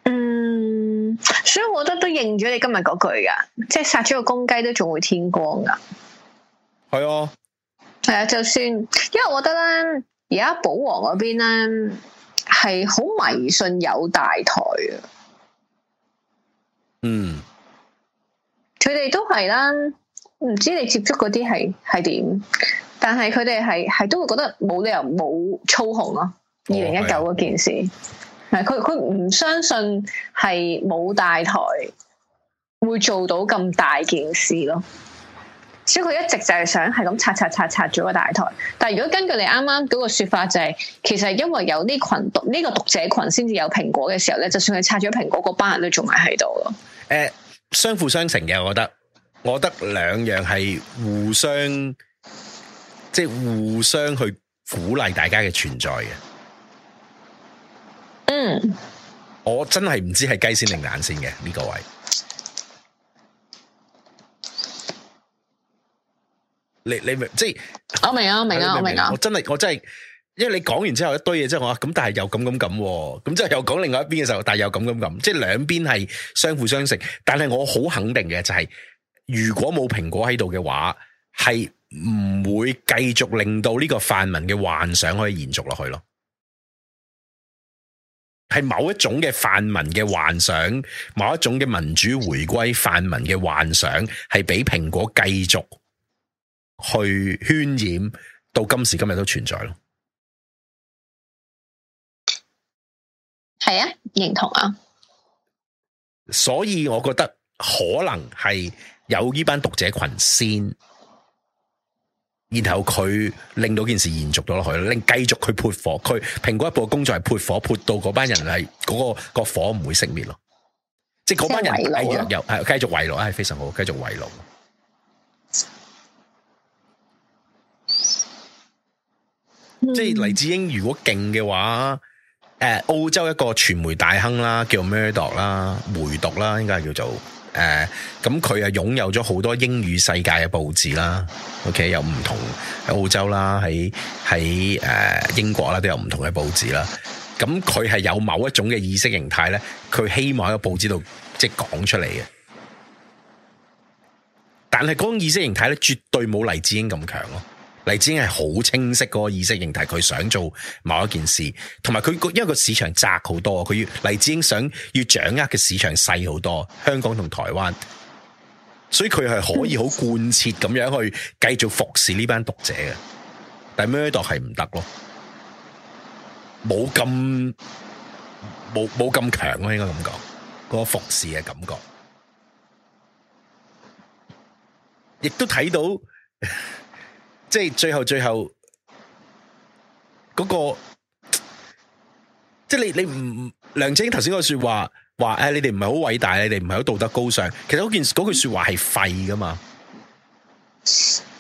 嗯，所以我覺得都認咗你今日嗰句噶，即係殺咗個公雞都仲會天光噶。係啊，係啊，就算，因為我覺得咧，而家保皇嗰邊咧係好迷信有大台啊。嗯，佢哋都係啦，唔知你接觸嗰啲係係點，但係佢哋係係都會覺得冇理由冇操控咯、啊。二零一九嗰件事，係佢佢唔相信係冇大台會做到咁大件事咯。所以佢一直就係想係咁拆拆拆拆咗個大台，但係如果根據你啱啱嗰個說法，就是，就係其實係因為有呢群讀呢、呢個讀者群先至有蘋果嘅時候咧，就算佢拆咗蘋果嗰班人都仲係喺度咯。誒，相輔相成嘅，我覺得，我覺得兩樣係互相，即、就、係、是、互相去鼓勵大家嘅存在嘅。嗯，我真係唔知係雞先定蛋先嘅呢、呢個位。你你明即係，我明啊，我明啊，我明啊！我真係我真係，因為你講完之後一堆嘢之後，我咁但係又咁咁咁，咁之後又講另外一邊嘅時候，但係又咁咁咁，即係兩邊係相輔相成。但係我好肯定嘅就係，如果冇蘋果喺度嘅話，係唔會繼續令到呢個泛民嘅幻想可以延續落去咯。係某一種嘅泛民嘅幻想，某一種嘅民主回歸泛民嘅幻想，係俾蘋果繼續。去渲染到今時今日都存在咯，係啊，認同啊。所以我覺得可能係有呢班讀者群先，然後佢令到件事延續咗落去，令繼續去潑火。佢蘋果一部工作係潑火潑到嗰班人係嗰、嗰個、嗰個火唔會熄滅咯，即係嗰班人繼續有係繼續圍爐，係非常好，繼續圍爐。即係黎智英如果勁嘅話，誒、呃，澳洲一個傳媒大亨啦，叫 Murdoch 啦，梅鐸啦，應該係叫做誒，咁佢係擁有咗好多英語世界嘅報紙啦，OK，有唔同喺澳洲啦，喺喺誒英國啦都有唔同嘅報紙啦，咁佢係有某一種嘅意識形態咧，佢希望喺個報紙度即係講出嚟嘅，但係嗰種意識形態咧，絕對冇黎智英咁強咯。黎智英係好清晰嗰個意識形態，佢想做某一件事，同埋佢個因為個市場窄好多，佢要黎智英想要掌握嘅市場細好多，香港同台灣，所以佢係可以好貫徹咁樣去繼續服侍呢班讀者嘅，但係 Murdoch 係唔得咯，冇咁冇冇咁強咯，應該咁講，嗰個服侍嘅感覺，亦都睇到。即係最後最後嗰個，即係你你唔梁振英頭先個說話話誒，說你哋唔係好偉大，你哋唔係好道德高尚。其實嗰件嗰句說話係廢噶嘛，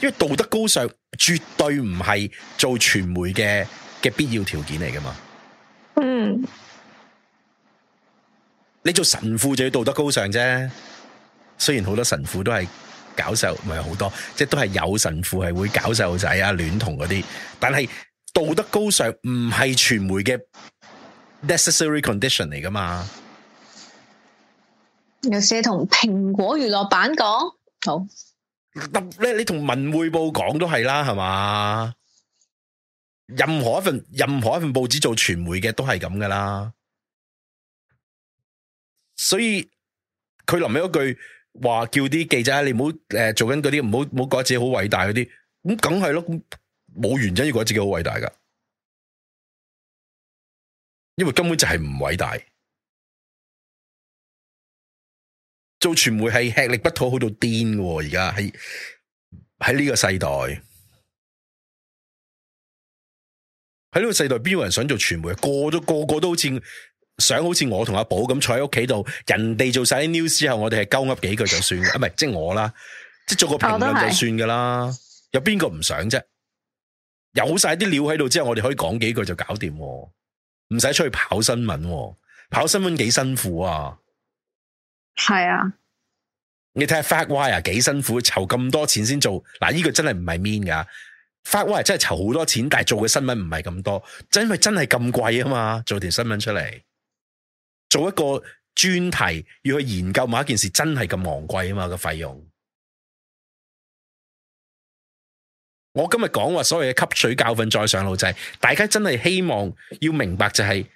因為道德高尚絕對唔係做傳媒嘅嘅必要條件嚟噶嘛。嗯，你做神父就要道德高尚啫，雖然好多神父都係。搞細路咪好多，即係都係有神父係會搞細路仔啊，戀童嗰啲，但係道德高尚唔係傳媒嘅 necessary condition 嚟噶嘛。有寫同蘋果娛樂版講好，咧你同文匯報講都係啦，係嘛？任何一份任何一份報紙做傳媒嘅都係咁噶啦，所以佢臨尾嗰句。話叫啲記者你唔好誒，做緊嗰啲，唔好唔好覺得自己好偉大嗰啲。咁梗係咯，冇原因要覺得自己好偉大噶，因為根本就係唔偉大。做傳媒係吃力不討好到癲喎。而家喺喺呢個世代，喺呢個世代邊有人想做傳媒？個都個個都好似。想好似我同阿寶咁坐喺屋企度，人哋做晒啲 news 之後，我哋係勾噏幾句就算，啊唔係即係我啦，即係做個評論就算㗎啦。有邊個唔想啫？有晒啲料喺度之後，我哋可以講幾句就搞掂，唔使出去跑新聞，啊，跑新聞幾辛苦啊！係啊，你睇下 FactWire 幾辛苦，籌咁多錢先做。嗱、啊，呢、呢個真係唔係 mean 㗎，FactWire 真係籌好多錢，但係做嘅新聞唔係咁多，因為真係真係咁貴啊嘛，做條新聞出嚟。做一個專題要去研究某一件事，真係咁昂貴啊嘛？個費用，我今日講話所謂嘅吸取教訓再上路就係，大家真係希望要明白就係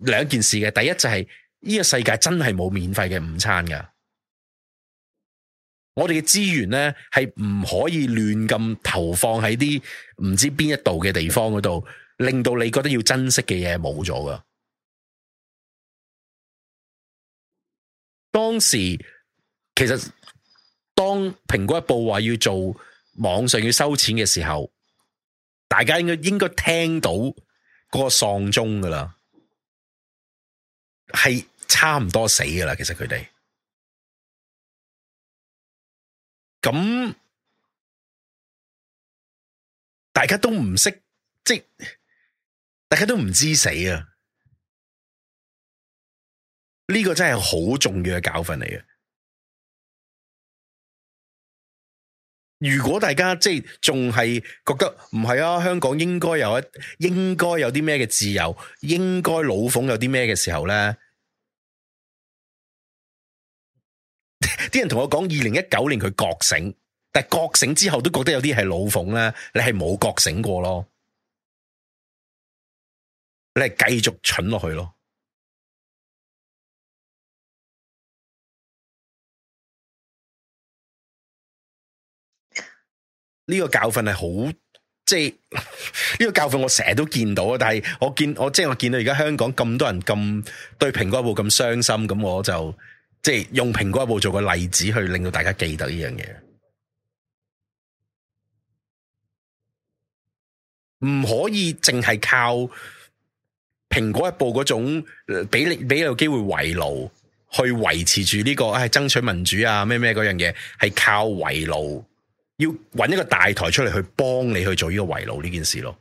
兩件事嘅。第一就係呢個世界真係冇免費嘅午餐噶，我哋嘅資源呢，係唔可以亂咁投放喺啲唔知邊一度嘅地方嗰度，令到你覺得要珍惜嘅嘢冇咗噶。當時其實當蘋果一報話要做網上要收錢嘅時候，大家應該應該聽到個喪鐘噶啦，係差唔多死噶啦。其實佢哋咁，大家都唔識，即大家都唔知死啊。呢個真係好重要嘅教訓嚟嘅。如果大家即係仲係覺得唔係啊，香港應該有一應該有啲咩嘅自由，應該老馮有啲咩嘅時候咧，啲 *laughs* 人同我講二零一九年佢覺醒，但係覺醒之後都覺得有啲係老馮咧，你係冇覺醒過咯，你係繼續蠢落去咯。呢個教訓係好，即係呢、這個教訓我成日都見到啊！但係我見我即係我見到而家香港咁多人咁對蘋果日報咁傷心，咁我就即係用蘋果日報做個例子去令到大家記得呢樣嘢。唔可以淨係靠蘋果日報嗰種俾你俾有機會圍爐去維持住呢、這個係、哎、爭取民主啊咩咩嗰樣嘢，係靠圍爐。要揾一個大台出嚟去幫你去做呢個圍爐呢件事咯。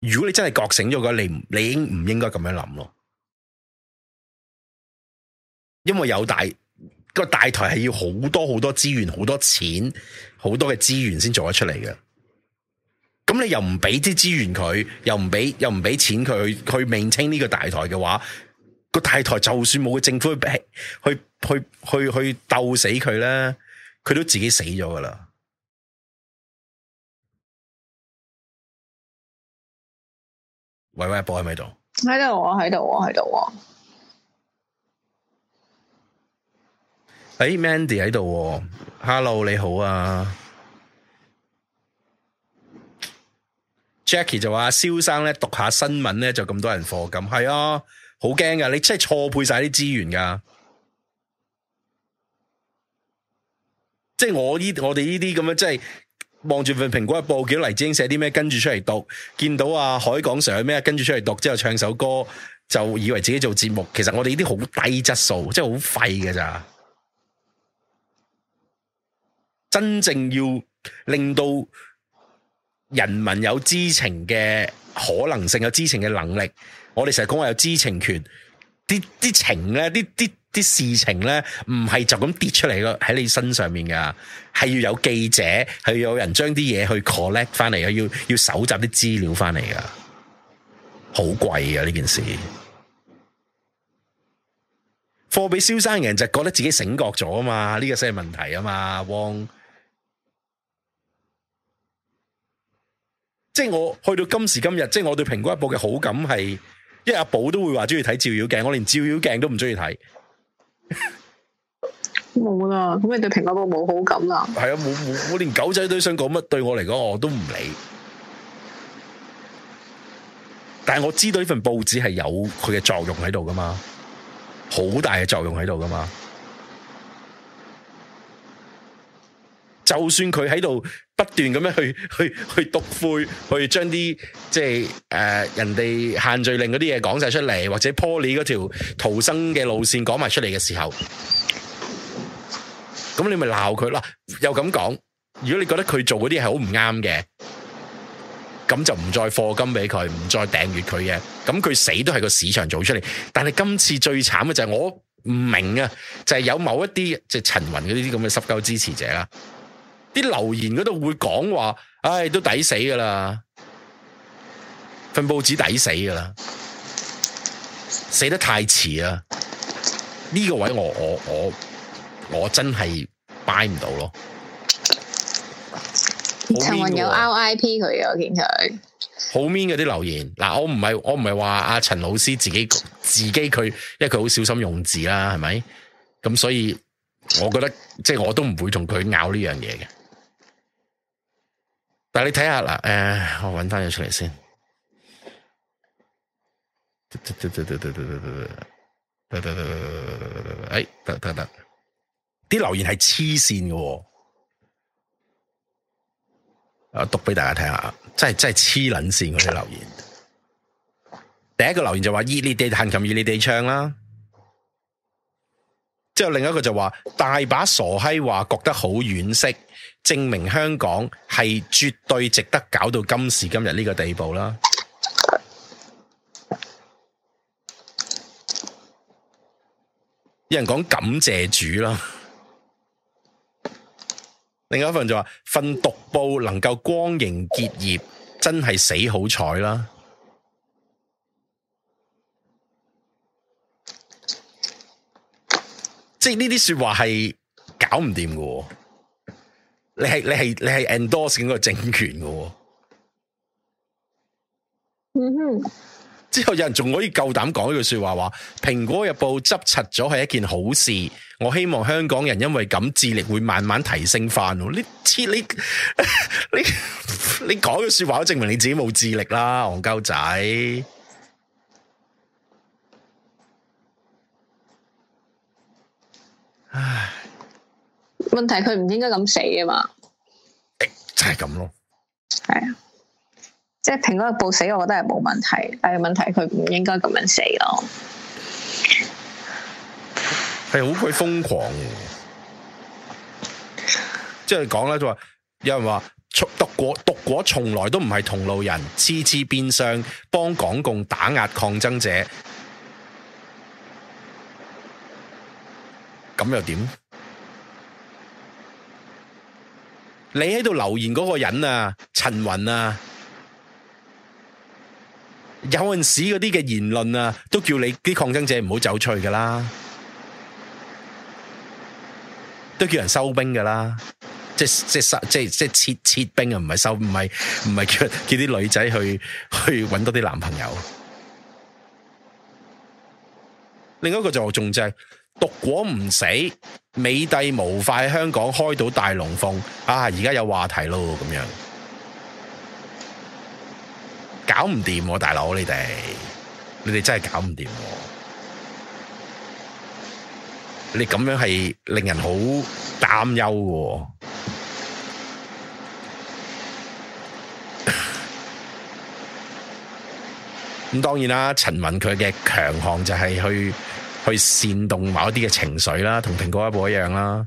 如果你真係覺醒咗嘅話，你唔你應唔應該咁樣諗咯？因為有大、個大台係要好多好多資源、好多錢、好多嘅資源先做得出嚟嘅。咁你又唔俾啲資源佢，又唔俾又唔俾錢佢去去明清呢個大台嘅話，個大台就算冇個政府去去去去，去，去鬥死佢啦。佢都自己死咗噶啦！喂喂，阿波喺唔喺度？喺度啊！喺度啊！喺度啊！誒、哎，Mandy 喺度。Hello，你好啊！Jackie 就話蕭生咧讀下新聞咧就咁多人課金，咁係啊，好驚噶！你真係錯配晒啲資源噶。即係我呢，我哋呢啲咁樣，即係望住份蘋果日報，見到黎智英寫啲咩，跟住出嚟讀；見到啊海港城有咩，跟住出嚟讀之後唱首歌，就以為自己做節目。其實我哋呢啲好低質素，即係好廢㗎咋。真正要令到人民有知情嘅可能性，有知情嘅能力，我哋成日講我有知情權，啲啲情咧，啲啲。啲事情咧唔係就咁跌出嚟咯，喺你身上面噶係要有記者，係有人將啲嘢去 collect 翻嚟，要要搜集啲資料翻嚟噶好貴啊！呢件事，貨比蕭生人就覺得自己醒覺咗啊嘛，呢個先係問題啊嘛，汪，即係我去到今時今日，即係我對蘋果一報嘅好感係，因為阿寶都會話中意睇照妖鏡，我連照妖鏡都唔中意睇。冇啦，咁 *laughs* 你對蘋果都冇好感啦？係啊，冇冇，我連狗仔都想講乜，對我嚟講我都唔理。但係我知道呢份報紙係有佢嘅作用喺度噶嘛，好大嘅作用喺度噶嘛。就算佢喺度。不斷咁樣去去去讀灰，去將啲即係誒、呃、人哋限聚令嗰啲嘢講晒出嚟，或者 Poly 嗰條逃生嘅路線講埋出嚟嘅時候，咁你咪鬧佢啦！又咁講，如果你覺得佢做嗰啲係好唔啱嘅，咁就唔再課金俾佢，唔再訂閱佢嘅，咁佢死都係個市場做出嚟。但係今次最慘嘅就係我唔明啊，就係、是、有某一啲即係陳雲嗰啲咁嘅濕鳩支持者啊。啲留言嗰度會講話，唉、哎，都抵死噶啦，份報紙抵死噶啦，死得太遲啊！呢、這個位我我我我真係 buy 唔到咯。陳雲有 RIP 佢啊，我見佢好 mean 嗰啲留言。嗱，我唔係我唔係話阿陳老師自己自己佢，因為佢好小心用字啦，係咪？咁所以我覺得即係、就是、我都唔會同佢拗呢樣嘢嘅。但你睇下啦，誒、呃，我揾翻咗出嚟先。得得得得得得得得得得得得得得得，誒、嗯，得得得，啲、嗯嗯嗯嗯嗯、留言係黐線嘅。啊，讀俾大家睇下，真係真係黐撚線嗰啲留言。 *laughs* 第一個留言就話：，熱、e、你哋彈琴，熱你哋唱啦。之後另一個就話：，大把傻閪話覺得好惋惜。證明香港係絕對值得搞到今時今日呢個地步啦！有人講感謝主啦，另外一份就話份獨報能夠光榮結業，真係死好彩啦！即係呢啲說話係搞唔掂噶。你係你係你係 endorse 緊個政權嘅，哼。之後有人仲可以夠膽講一句說話，話《蘋果日報》執柒咗係一件好事。我希望香港人因為咁智力會慢慢提升翻、啊。你切你你你講嘅說話都證明你自己冇智力啦，戇鳩仔。唉。問題佢唔應該咁死啊嘛，就係咁咯。係啊，即係蘋果日報死，我覺得係冇問題。但係問題佢唔應該咁樣死咯。係好鬼瘋狂，即係講咧，就話、是、有人話從獨果獨果從來都唔係同路人，次次變相，幫港共打壓抗爭者，咁又點？你喺度留言嗰個人啊，陳雲啊，有陣時嗰啲嘅言論啊，都叫你啲抗爭者唔好走出去噶啦，都叫人收兵噶啦，即係即係收即係即係撤撤兵啊，唔係收唔係唔係叫叫啲女仔去去搵多啲男朋友。另一個就係我中正。毒果唔死，美帝無法香港開到大龍鳳啊！而家有話題咯，咁樣搞唔掂喎，大佬你哋，你哋真係搞唔掂，你咁樣係令人好擔憂喎。咁當然啦，陳文佢嘅強項就係去。去煽動某一啲嘅情緒啦，同蘋果日報一樣啦，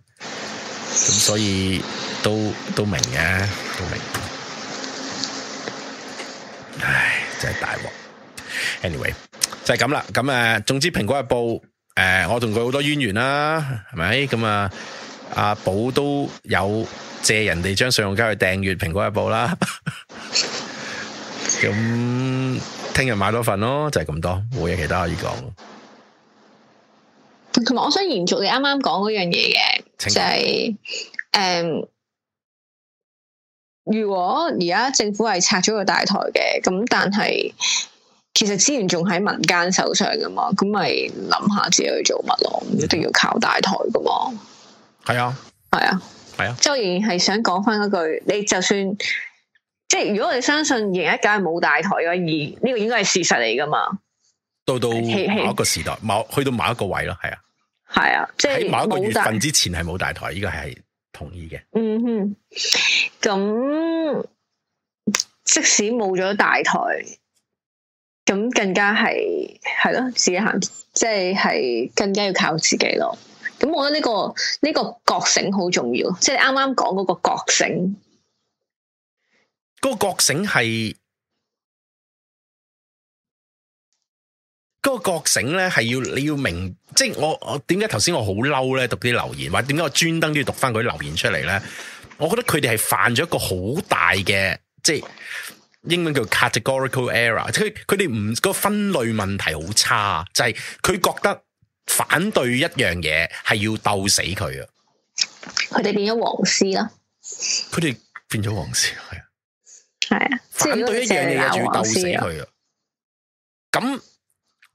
咁所以都都明嘅，都明，都明。唉，真係大鑊。Anyway，就係咁啦。咁啊，總之蘋果日報，誒、呃，我同佢好多淵源啦，係咪？咁啊，阿寶都有借人哋張信用卡去訂閱蘋果日報啦。咁聽日買多份咯，就係、是、咁多，冇嘢其他可以講。同埋，我想延續你啱啱講嗰樣嘢嘅，問就係、是，誒、呃，如果而家政府係拆咗個大台嘅，咁但係，其實資源仲喺民間手上噶嘛，咁咪諗下自己去做乜咯，一定、嗯、要靠大台噶嘛。係啊，係啊，係啊。即係仍然係想講翻嗰句，你就算，即係如果你相信而家梗係冇大台嘅，而、這、呢個應該係事實嚟噶嘛。到到某一個時代，某去到某一個位咯，係啊。係啊，即係喺某一個月份之前係冇大台，呢個係同意嘅。嗯哼，咁即使冇咗大台，咁更加係係咯，自己行，即係係更加要靠自己咯。咁我覺得呢個呢個覺醒好重要，即係啱啱講嗰個覺醒，嗰個覺醒係。嗰個覺醒咧，係要你要明，即係我我點解頭先我好嬲咧讀啲留言，或者點解我專登都要讀翻佢啲留言出嚟咧？我覺得佢哋係犯咗一個好大嘅，即係英文叫 categorical error，佢佢哋唔、個分類問題好差，就係、是、佢覺得反對一樣嘢係要鬥死佢啊！佢哋變咗黃絲啦，佢哋變咗黃絲係啊，係啊，反對一樣嘢要鬥死佢啊，咁。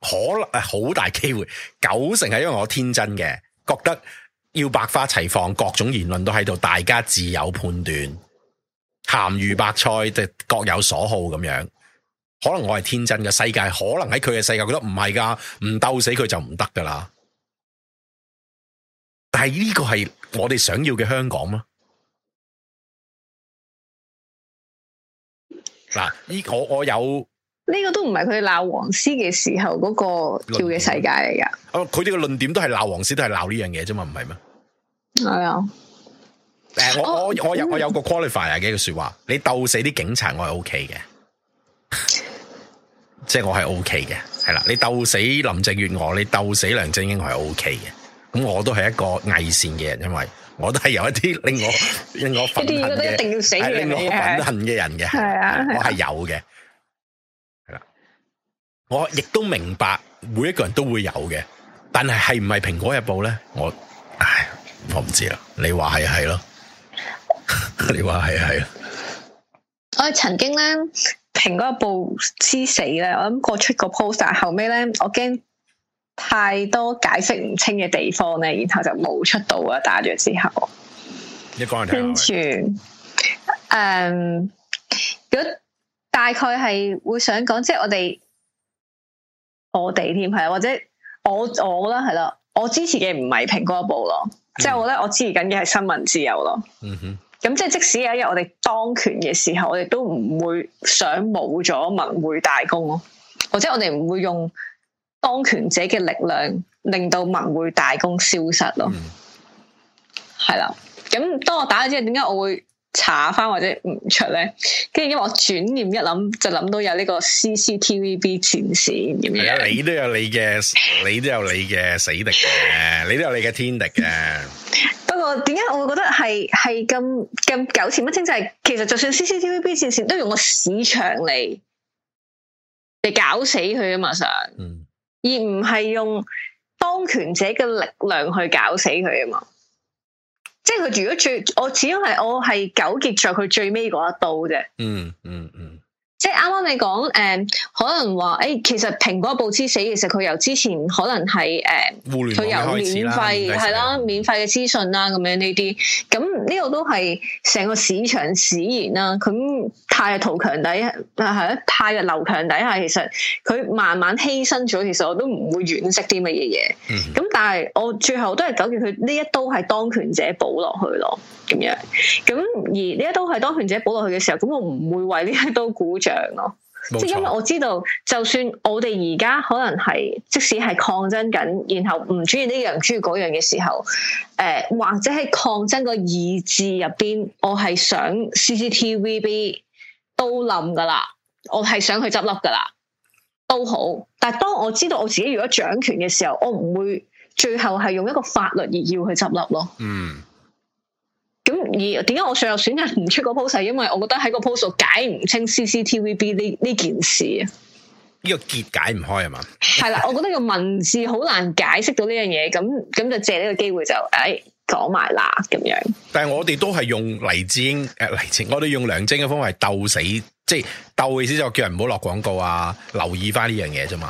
可能係，好大機會九成係因為我天真嘅，覺得要百花齊放，各種言論都喺度，大家自有判斷。鹹魚白菜，就各有所好咁樣。可能我係天真嘅，世界，可能喺佢嘅世界，覺得唔係噶，唔鬥死佢就唔得噶啦。但係呢個係我哋想要嘅香港嗎？嗱，這個，呢個我有。呢個都唔係佢鬧黃絲嘅時候嗰個叫嘅世界嚟噶。哦，佢哋嘅論點都係鬧黃絲，都係鬧呢樣嘢啫嘛，唔係咩？係啊、哎呦。誒、呃，我、哦、我我有我有個 qualify 嘅一句說話，嗯、你鬥死啲警察我係、OK 嘅， *laughs* 我係 O K 嘅。即係我係 O K 嘅，係啦。你鬥死林鄭月娥，你鬥死梁振英我係、OK 嘅，我係 O K 嘅。咁我都係一個偽善嘅人，因為我都係有一啲令我 *laughs* 令我憤一定要死嘅的令我憤恨嘅人嘅。係啊，是的我係有嘅。 *laughs* 我亦都明白每一個人都會有嘅，但係係唔係蘋果日報咧？我唉，我唔知啦。你話係係咯？你話係係咯？我曾經咧，蘋果日報之死咧，我諗過出一個 post，後尾咧，我驚太多解釋唔清嘅地方咧，然後就冇出到啊！打咗之後就了，一個人跟住，後嗯，如果大概係會想講，即係我哋。我哋添，係啊，或者我我覺得係咯，我支持嘅唔係蘋果一部咯，即係我覺得我支持緊嘅係新聞自由咯。嗯哼、mm，咁、hmm. 即係即使有一日我哋當權嘅時候，我哋都唔會想冇咗文匯大公咯，或者我哋唔會用當權者嘅力量令到文匯大公消失咯。嗯哼、mm，係、hmm. 啦，咁當我打咗之後，點解我會？查翻或者唔出咧，跟住因為我轉念一諗，就諗到有呢個 CCTV B 戰線咁樣。你都有你嘅，你都有你嘅死敵嘅、啊， *laughs* 你都有你嘅天敵嘅、啊。 *laughs* 不過點解我會覺得係係咁咁糾纏不清就係、是、其實就算 CCTV B 戰線都用個市場嚟搞死佢啊嘛，上，嗯、而唔係用當權者嘅力量去搞死佢啊嘛。即係佢如果最，我始終係我係糾結着佢最尾嗰一刀啫、嗯。嗯嗯嗯。即係啱啱你講誒、嗯，可能話誒、欸，其實蘋果報之死，其實佢由之前可能係誒，佢、嗯、由免費係啦，免費嘅資訊啦，咁樣呢啲，咁呢個都係成個市場使然啦。咁汰弱留強底下，汰弱留強底下，其實佢慢慢犧牲咗，其實我都唔會惋惜啲乜嘢嘢。咁、嗯、哼但係我最後都係糾結佢呢一刀係當權者補落去咯，咁樣。咁而呢一刀係當權者補落去嘅時候，咁我唔會為呢一刀鼓掌。 *laughs* 咯，即係沒因為我知道，就算我哋而家可能係，即使係抗爭緊，然後唔中意呢樣，中意嗰樣嘅時候，誒、呃，或者係抗爭個意志入邊，我係想 CCTVB 都冧噶啦，我係想去執笠噶啦，都好。但係當我知道我自己如果掌權嘅時候，我唔會最後係用一個法律而要去執笠咯。嗯。咁而點解我上又選擇唔出個 post 因為我覺得喺個 post 解唔清 CCTVB 呢呢件事啊，呢個結解唔開係嘛？係啦， *laughs* 我覺得個文字好難解釋到呢樣嘢，咁咁就借呢個機會就誒講埋啦咁樣。但係我哋都係用黎智英誒、呃、黎智我哋用梁晶嘅方法鬥死，即係鬥嘅意思就叫人唔好落廣告啊，留意翻呢樣嘢啫嘛。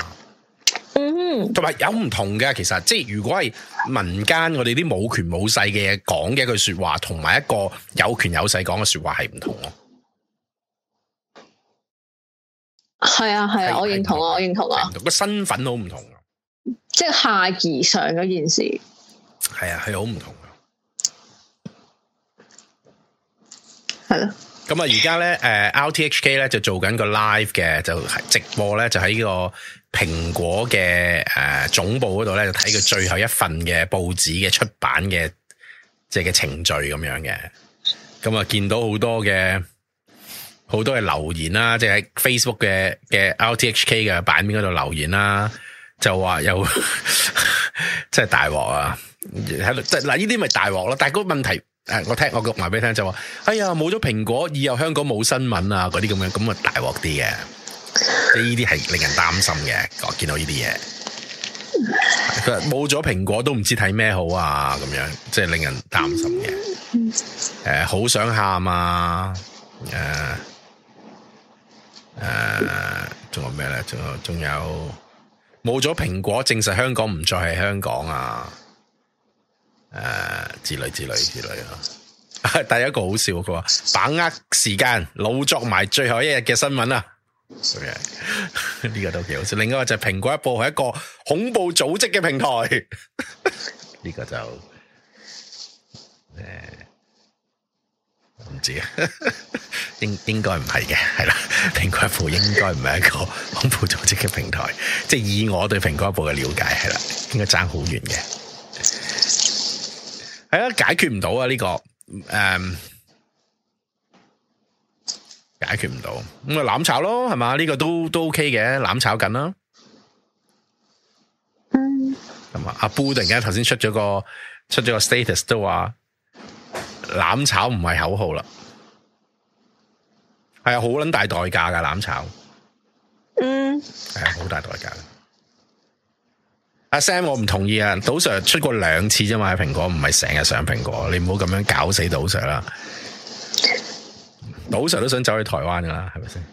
同埋有唔同嘅，其實即係如果係民間我哋啲冇權冇勢嘅嘢講嘅一句說話，同埋一個有權有勢講嘅說話係唔同咯。係啊，係啊，我認同啊，我認同啊，個身份好唔同啊。啊。即係下而上嗰件事，係啊，係好唔同嘅。係咯。咁啊，而家咧，誒，RTHK 咧就做緊個 live 嘅，就直播咧，就喺個。蘋果嘅誒總部嗰度咧，就睇佢最後一份嘅報紙嘅出版嘅即係嘅程序咁樣嘅。咁、就是、 *laughs* 啊，見到好多嘅好多嘅留言啦，即係 Facebook 嘅嘅 RTHK 嘅版面嗰度留言啦，就話又即係大鑊啊！喺即嗱，呢啲咪大鑊咯。但係個問題誒，我聽我錄埋俾你聽就話、是，哎呀，冇咗蘋果，以後香港冇新聞啊，嗰啲咁樣，咁啊大鑊啲嘅。呢啲係令人擔心嘅，我見到呢啲嘢，冇咗蘋果都唔知睇咩好啊！咁樣即係令人擔心嘅，好、呃、想喊啊！誒、呃，仲有咩呢？仲有仲有冇咗蘋果，證實香港唔再係香港啊！誒、呃，之類之類之類。第一個好笑，佢話把握時間，老作埋最後一日嘅新聞啊！所以呢個都幾好笑，另一個就蘋果一部係一個恐怖組織嘅平台， *laughs* 呢個就誒呃、唔知啊，應應該唔係嘅，係啦，蘋果一部應該唔係一個恐怖組織嘅平台，即係以我對蘋果一部嘅了解係啦，應該爭好遠嘅，係啊，解決唔到啊呢個，誒、um。解決唔到，咁咪攬炒咯，係嘛？呢個都都 OK 嘅，攬炒緊咯。嗯。咁啊，阿 Bo 突然間頭先出咗個出咗個 status 都話攬炒唔係口號啦，係啊，好捻大代價噶攬炒。嗯。係啊，好大代價。阿 Sam，我唔同意啊，賭 Sir 出過兩次啫嘛，蘋果唔係成日上蘋果，你唔好咁樣搞死賭 Sir 啦。賭神都想走去台灣噶啦，係咪先？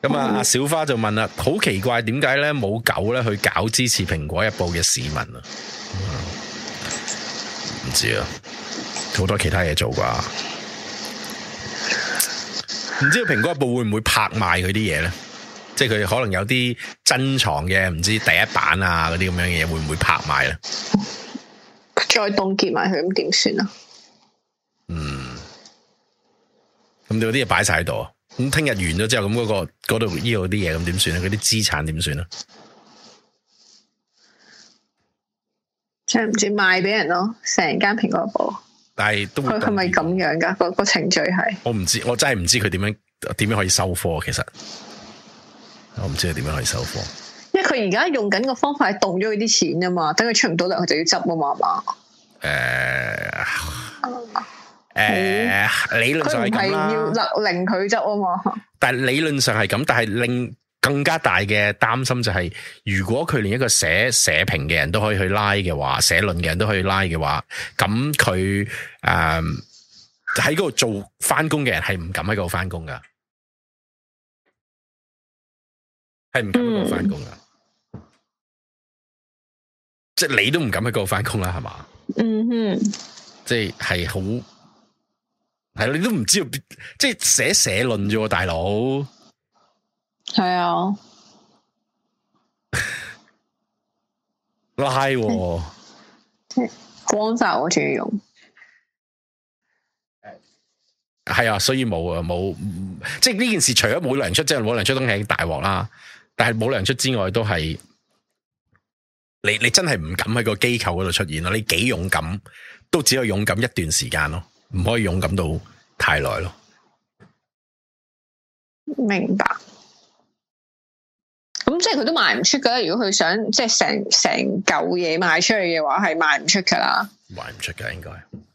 咁、嗯、啊，阿小花就問啦：，好奇怪，點解咧冇狗咧去搞支持蘋果日報嘅市民啊？唔、嗯、知啊，好多其他嘢做啩？唔知道蘋果日報會唔會拍賣佢啲嘢咧？即係佢可能有啲珍藏嘅，唔知第一版啊嗰啲咁樣嘅嘢會唔會拍賣咧？再凍結埋佢咁點算啊？嗯，咁你啲嘢擺晒喺度啊！咁聽日完咗之後，咁、那、嗰個度呢度啲嘢，咁、那個、點算咧？啲資產點算咧？搶唔知賣俾人咯，成間蘋果鋪。但係都佢係咪咁樣噶？個程序係我唔知，我真係唔知佢點樣點樣可以收貨。其實我唔知佢點樣可以收貨。因為佢而家用緊個方法係凍咗佢啲錢啊嘛，等佢出唔到糧，佢就要執啊嘛嘛。誒、呃。 *laughs* 誒，嗯、理論上係咁啦。佢唔係要令佢執啊嘛。但係理論上係咁，但係令更加大嘅擔心就係、是，如果佢連一個寫寫評嘅人都可以去拉嘅話，寫論嘅人都可以拉嘅話，咁佢誒喺嗰度做翻工嘅人係唔敢喺嗰度翻工噶係唔敢喺度翻工噶即係、嗯、你都唔敢喺嗰度翻工啦，係嘛？嗯哼，即係係好。係咯、啊，你都唔知道，即係寫社論啫喎，大佬。係啊，拉喎、 *laughs* 啊嗯，光殺我仲要用。係啊，所以冇啊，冇，即係呢件事除咗冇糧出，除咗冇糧出之外，冇糧出都係大鑊啦。但係冇糧出之外，都係你，你真係唔敢喺個機構嗰度出現咯。你幾勇敢，都只有勇敢一段時間咯。唔可以勇敢到太耐咯。明白。咁即係佢都賣唔出㗎。如果佢想即係成成舊嘢賣出去嘅話，係賣唔出噶啦。賣唔出噶，應該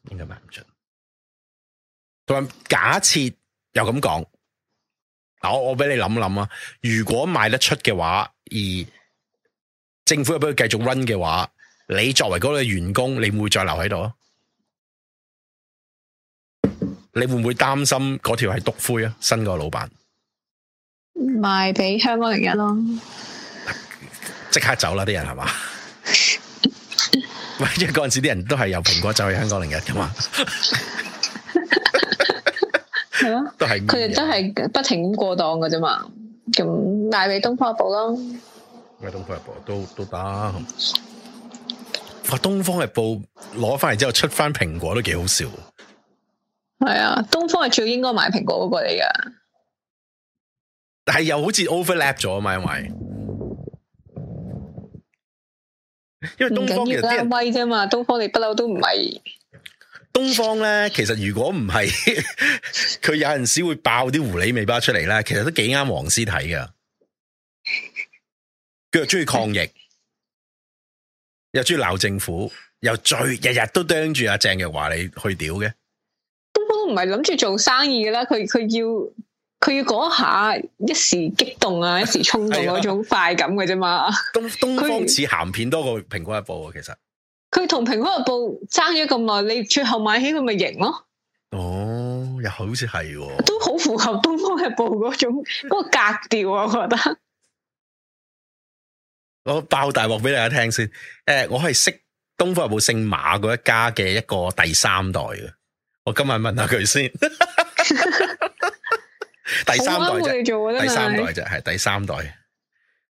應該賣唔出。佢話假設又咁講，嗱我我俾你諗諗啊。如果賣得出嘅話，而政府又俾佢繼續 run 嘅話，你作為嗰個員工，你唔會再留喺度啊？你會唔會擔心嗰條係毒灰啊？新個老闆賣俾香港零一咯，即刻走啦，啲人係嘛？喂，即係嗰陣時啲人都係由蘋果走去香港零一噶嘛？係 *laughs* *laughs* 啊，都係佢哋都係不停咁過檔噶啫嘛？咁賣俾東方日報咯，賣東方日報都都打、嗯。東方日報攞翻嚟之後出翻蘋果都幾好笑。係啊，東方係最應該買蘋果嗰個嚟噶，但係又好似 overlap 咗啊嘛，因為因為東方其實不要要威啫嘛，東方你不嬲都唔係。東方咧，其實如果唔係，佢 *laughs* 有陣時會爆啲狐狸尾巴出嚟咧，其實都幾啱黃絲睇噶。佢又中意抗疫， *laughs* 又中意鬧政府，又最日日都盯住阿鄭若華你去屌嘅。都唔係諗住做生意嘅啦，佢佢要佢要嗰下一時激動啊，一時衝動嗰種快感嘅啫嘛。 *laughs* 東東方似鹹片多過蘋果日報啊，其實佢同蘋果日報爭咗咁耐，你最後買起佢咪贏咯？哦，又好似係，哦，都好符合東方日報嗰種嗰個 *laughs* 格調啊！我覺得我爆大鑊俾大家聽先，誒、呃，我係識東方日報姓馬嗰一家嘅一個第三代嘅。我今日問下佢先，第三代啫， *laughs* 第三代啫，係 *laughs* 第三代，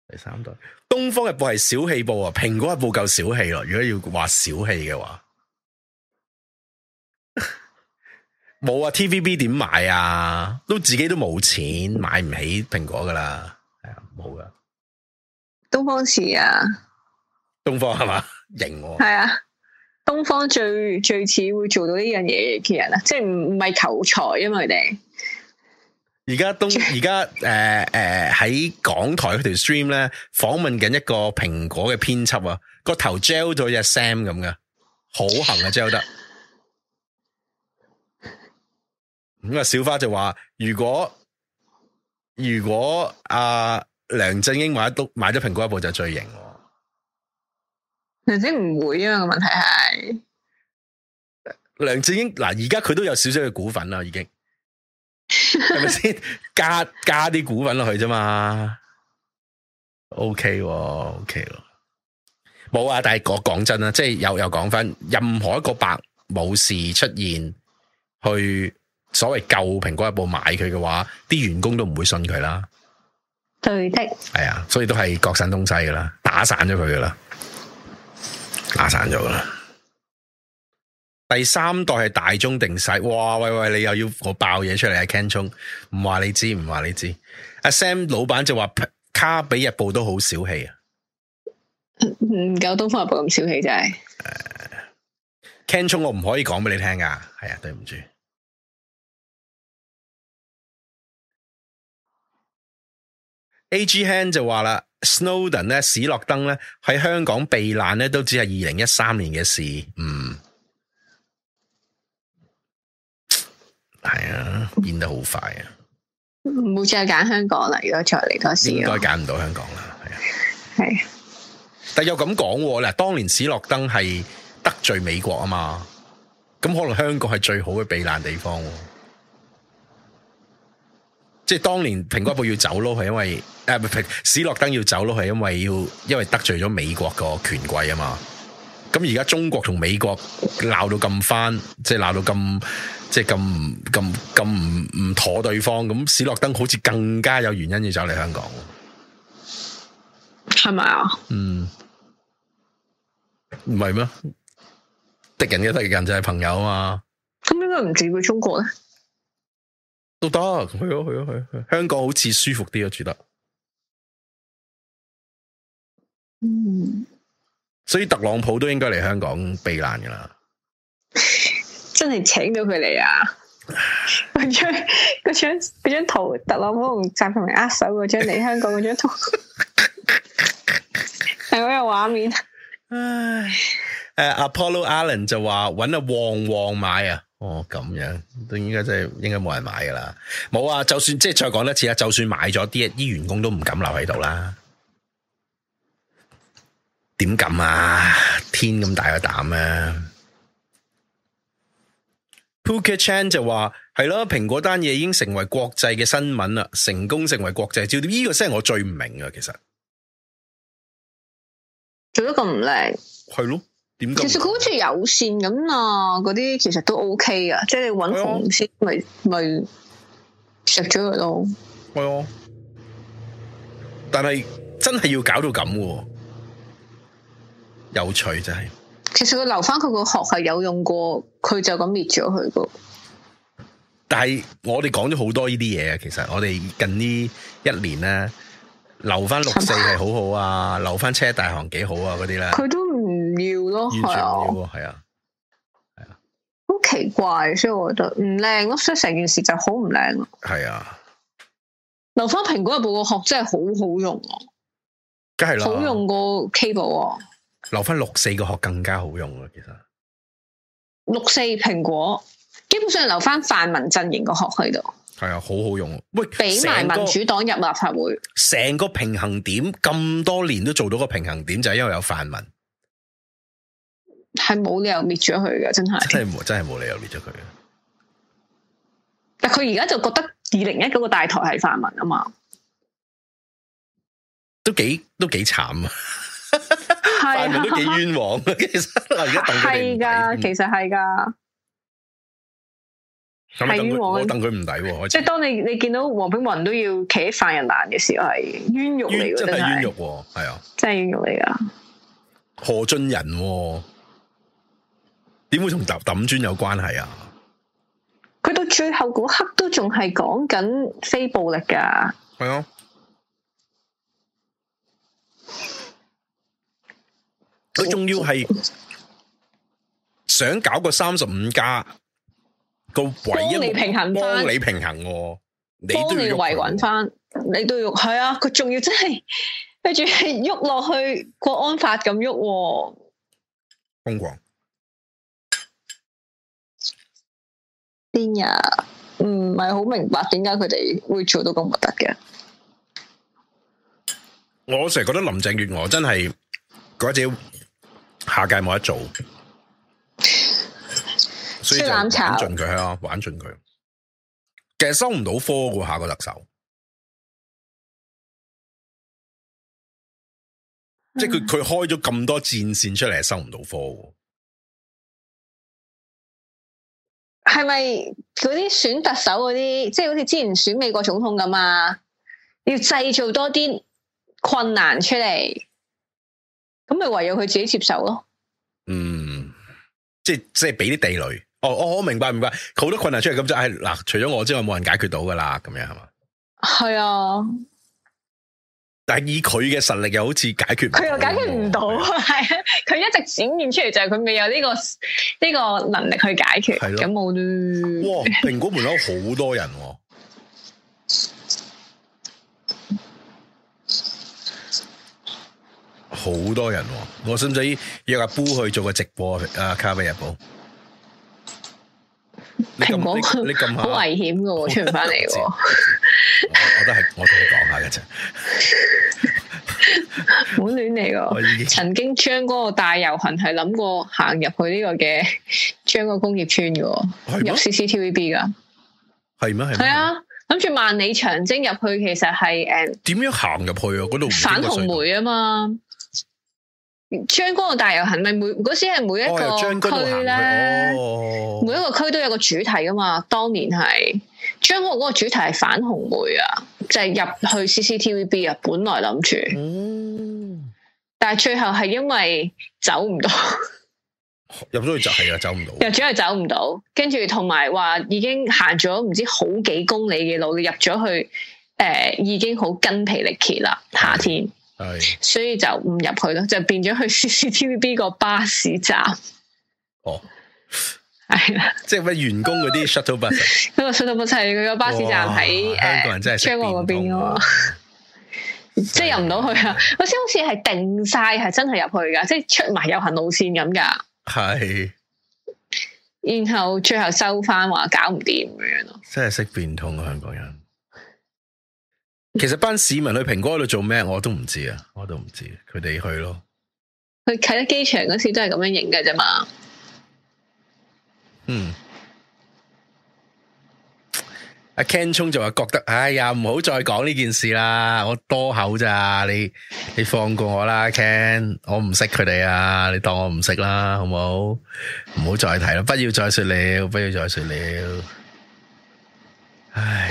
第三代。東方日報係小氣報啊，蘋果日報夠小氣咯。如果要話小氣嘅話，冇 *laughs* 啊！TVB 點買啊？都自己都冇錢買唔起蘋果㗎喇，係、哎、啊，冇㗎。東方時 *laughs* 啊，東方係嘛型，係啊。東方最最似會做到呢樣嘢嘅人啊，即係唔唔係求財，因為佢哋而家東而家誒誒喺港台嗰條 stream 咧訪問緊一個蘋果嘅編輯啊，個頭 gel 咗隻 Sam 咁嘅，好行啊，gel 得咁啊， *laughs* 小花就話如果如果阿、啊、梁振英買買咗蘋果一部就最型。梁振英唔會啊，個問題係梁振英嗱，而家佢都有少少嘅股份啦，已經係咪先加加啲股份落去啫嘛？OK，OK，冇啊！但係講講真啦，即係又又講翻，任何一個白武士出現去所謂舊蘋果日報買佢嘅話，啲員工都唔會信佢啦。對的，係啊，所以都係各散東西噶啦，打散咗佢噶啦。打、啊、散咗啦！第三代係大中定細哇？喂喂，你又要我爆嘢出嚟啊？Ken 衝唔話你知唔話你知？阿 Sam 老闆就話卡比日報都好小氣啊！唔唔夠東方日報咁小氣真係。Ken 衝，我唔可以講俾你聽噶，係啊，哎、呀對唔住。A G Hand 就話啦。Snowden 咧，Snow den，史諾登咧喺香港避難咧，都只係二零一三年嘅事。嗯，係啊，變得好快啊！唔好再揀香港啦，如果再嚟多時，應該揀唔到香港啦。係啊，係是。但又咁講嗱，當年史諾登係得罪美國啊嘛，咁可能香港係最好嘅避難地方。即係當年蘋果部要走咯，係因為誒，唔平史諾登要走咯，係因為要因為得罪咗美國個權貴啊嘛。咁而家中國同美國鬧到咁翻，即係鬧到咁，即係咁咁咁唔唔妥對方。咁史諾登好似更加有原因要走嚟香港，係咪啊？嗯，唔係咩？敵人嘅敵人就係朋友啊嘛。咁應該唔至於中國咧。都得，去咯去咯去去，啊啊啊啊，香港好似舒服啲啊，住得。嗯，所以特朗普都應該嚟香港避難噶啦。真係請到佢嚟啊！嗰張嗰張嗰張圖，特朗普同習近平握手嗰張嚟香港嗰張圖，係好有畫面，啊？唉，誒、啊，Apollo Allen 就話搵阿旺旺買啊。哦，咁樣都應該真係應該冇人買噶啦，冇啊！就算即係再講一次啊，就算買咗啲啲員工都唔敢留喺度啦。點敢啊？天咁大個膽啊。嗯、Pukachan 就話係啦，蘋果單嘢已經成為國際嘅新聞啦，成功成為國際焦點。呢，這個先係我最唔明噶，其實做得咁唔靚，係咯。其實佢好似有線咁啊，嗰啲其實都 OK 是你啊，即係搵紅先，咪咪食咗佢咯。係咯、啊，但係真係要搞到咁喎，有趣就係，是。其實佢留翻佢個殼係有用過，佢就咁滅咗佢噶。但係我哋講咗好多呢啲嘢啊，其實我哋近呢一年咧，留翻六四係好好啊，吧留翻車大行幾好啊，嗰啲咧。妙咯，係啊，係啊，好奇怪，所以我覺得唔靚咯，所以成件事就好唔靚咯。係啊，留翻蘋果日報個殼真係好好用啊，梗係啦，好用過 cable 啊。留翻六四個殼更加好用啊，其實六四蘋果基本上留翻泛民陣營個殼喺度，係啊，好好用啊，喂，俾埋民主黨入立法會，成個平衡點咁多年都做到個平衡點，就係因為有泛民。係冇理由滅咗佢嘅，真係真係冇真係冇理由滅咗佢。但佢而家就覺得二零一九個大台係泛民啊嘛，都幾都幾慘啊！ *laughs* 啊泛民都幾冤枉。其實而家係噶，其實係噶係冤枉等佢唔抵。即係當、啊、當你你見到黃炳雲都要企喺犯人欄嘅時候，係冤獄嚟。真係冤獄，係啊，真係冤獄嚟啊！啊何俊仁、啊。點會同抌抌磚有關係啊？佢到最後嗰刻都仲係講緊非暴力噶，係啊！佢仲要係想搞個三十五家個唯一嚟，平衡翻，幫你平衡，你都要維穩翻，你都要係啊！佢仲要真係跟住係喐落去國安法咁喐，瘋狂。邊呀？唔係好明白點解佢哋會做到咁唔得嘅？我成日覺得林鄭月娥真係嗰隻下屆冇得做，所以就玩盡佢啊。玩盡佢。其實收唔到科嘅下個特首，嗯、即係佢佢開咗咁多戰線出嚟，收唔到科。係咪嗰啲選特首嗰啲，即係好似之前選美國總統咁啊？要製造多啲困難出嚟，咁咪唯有佢自己接受咯。嗯，即係即係俾啲地雷。哦，我我明白，明白。好多困難出嚟，咁就係、是、嗱、啊，除咗我之外，冇人解決到噶啦。咁樣係嘛？係啊。但以佢嘅實力又好似解決唔到，佢又解決唔到，係啊！佢、啊、一直展現出嚟就係佢未有呢、呢個呢、呢個能力去解決，咁冇咯。哇！蘋果門口好多人，好 *laughs* 多人。我使唔使約阿 Boo 去做個直播啊？《卡比日報》。你咁好危險㗎喎，出唔翻嚟。我覺得係，我同你講下嘅啫。好亂嚟嘅，曾經將嗰個大遊行係諗過行入去呢個嘅，將個工業村喎，入 C C T V B 噶。係咩？係啊，諗住萬里長征入去，其實係誒。點樣行入去啊？嗰度反紅梅啊嘛。珠江個大遊行咪每嗰時係每一個區咧，每一個區都有個主題噶嘛。哦哦、當年係珠江嗰個主題係反紅梅啊，就入、係、去 CCTVB 啊。本來諗住，嗯、但係最後係因爲走唔到，入咗去就係啊，走唔到，入咗要走唔到，跟住同埋話已經行咗唔知好幾公里嘅路，入咗去誒、呃，已經好筋疲力竭啦，夏天。嗯是所以就唔入去咯，就變咗去 CCTVB *laughs* 個，個巴士站。哦，係啦面 *laughs* 的，即係咩員工嗰啲 shuttle bus，嗰個 shuttle bus 係佢個巴士站喺誒香港嗰邊咯，即係入唔到去啊！我先好似係定晒，係真係入去噶，即係出埋遊行路綫咁噶。係是，然後最後收翻話搞唔掂咁樣咯。真係識變通嘅香港人。其實班市民去蘋果度做咩，我都唔知啊，我都唔知，佢哋去咯。佢企喺機場嗰時都係咁樣影嘅啫嘛。嗯。阿 Ken 衝就話覺得，哎呀，唔好再講呢件事啦，我多口咋，你你放過我啦，Ken，我唔識佢哋啊，你當我唔識啦，好唔好？唔好再提啦，不要再說了，不要再說了。唉。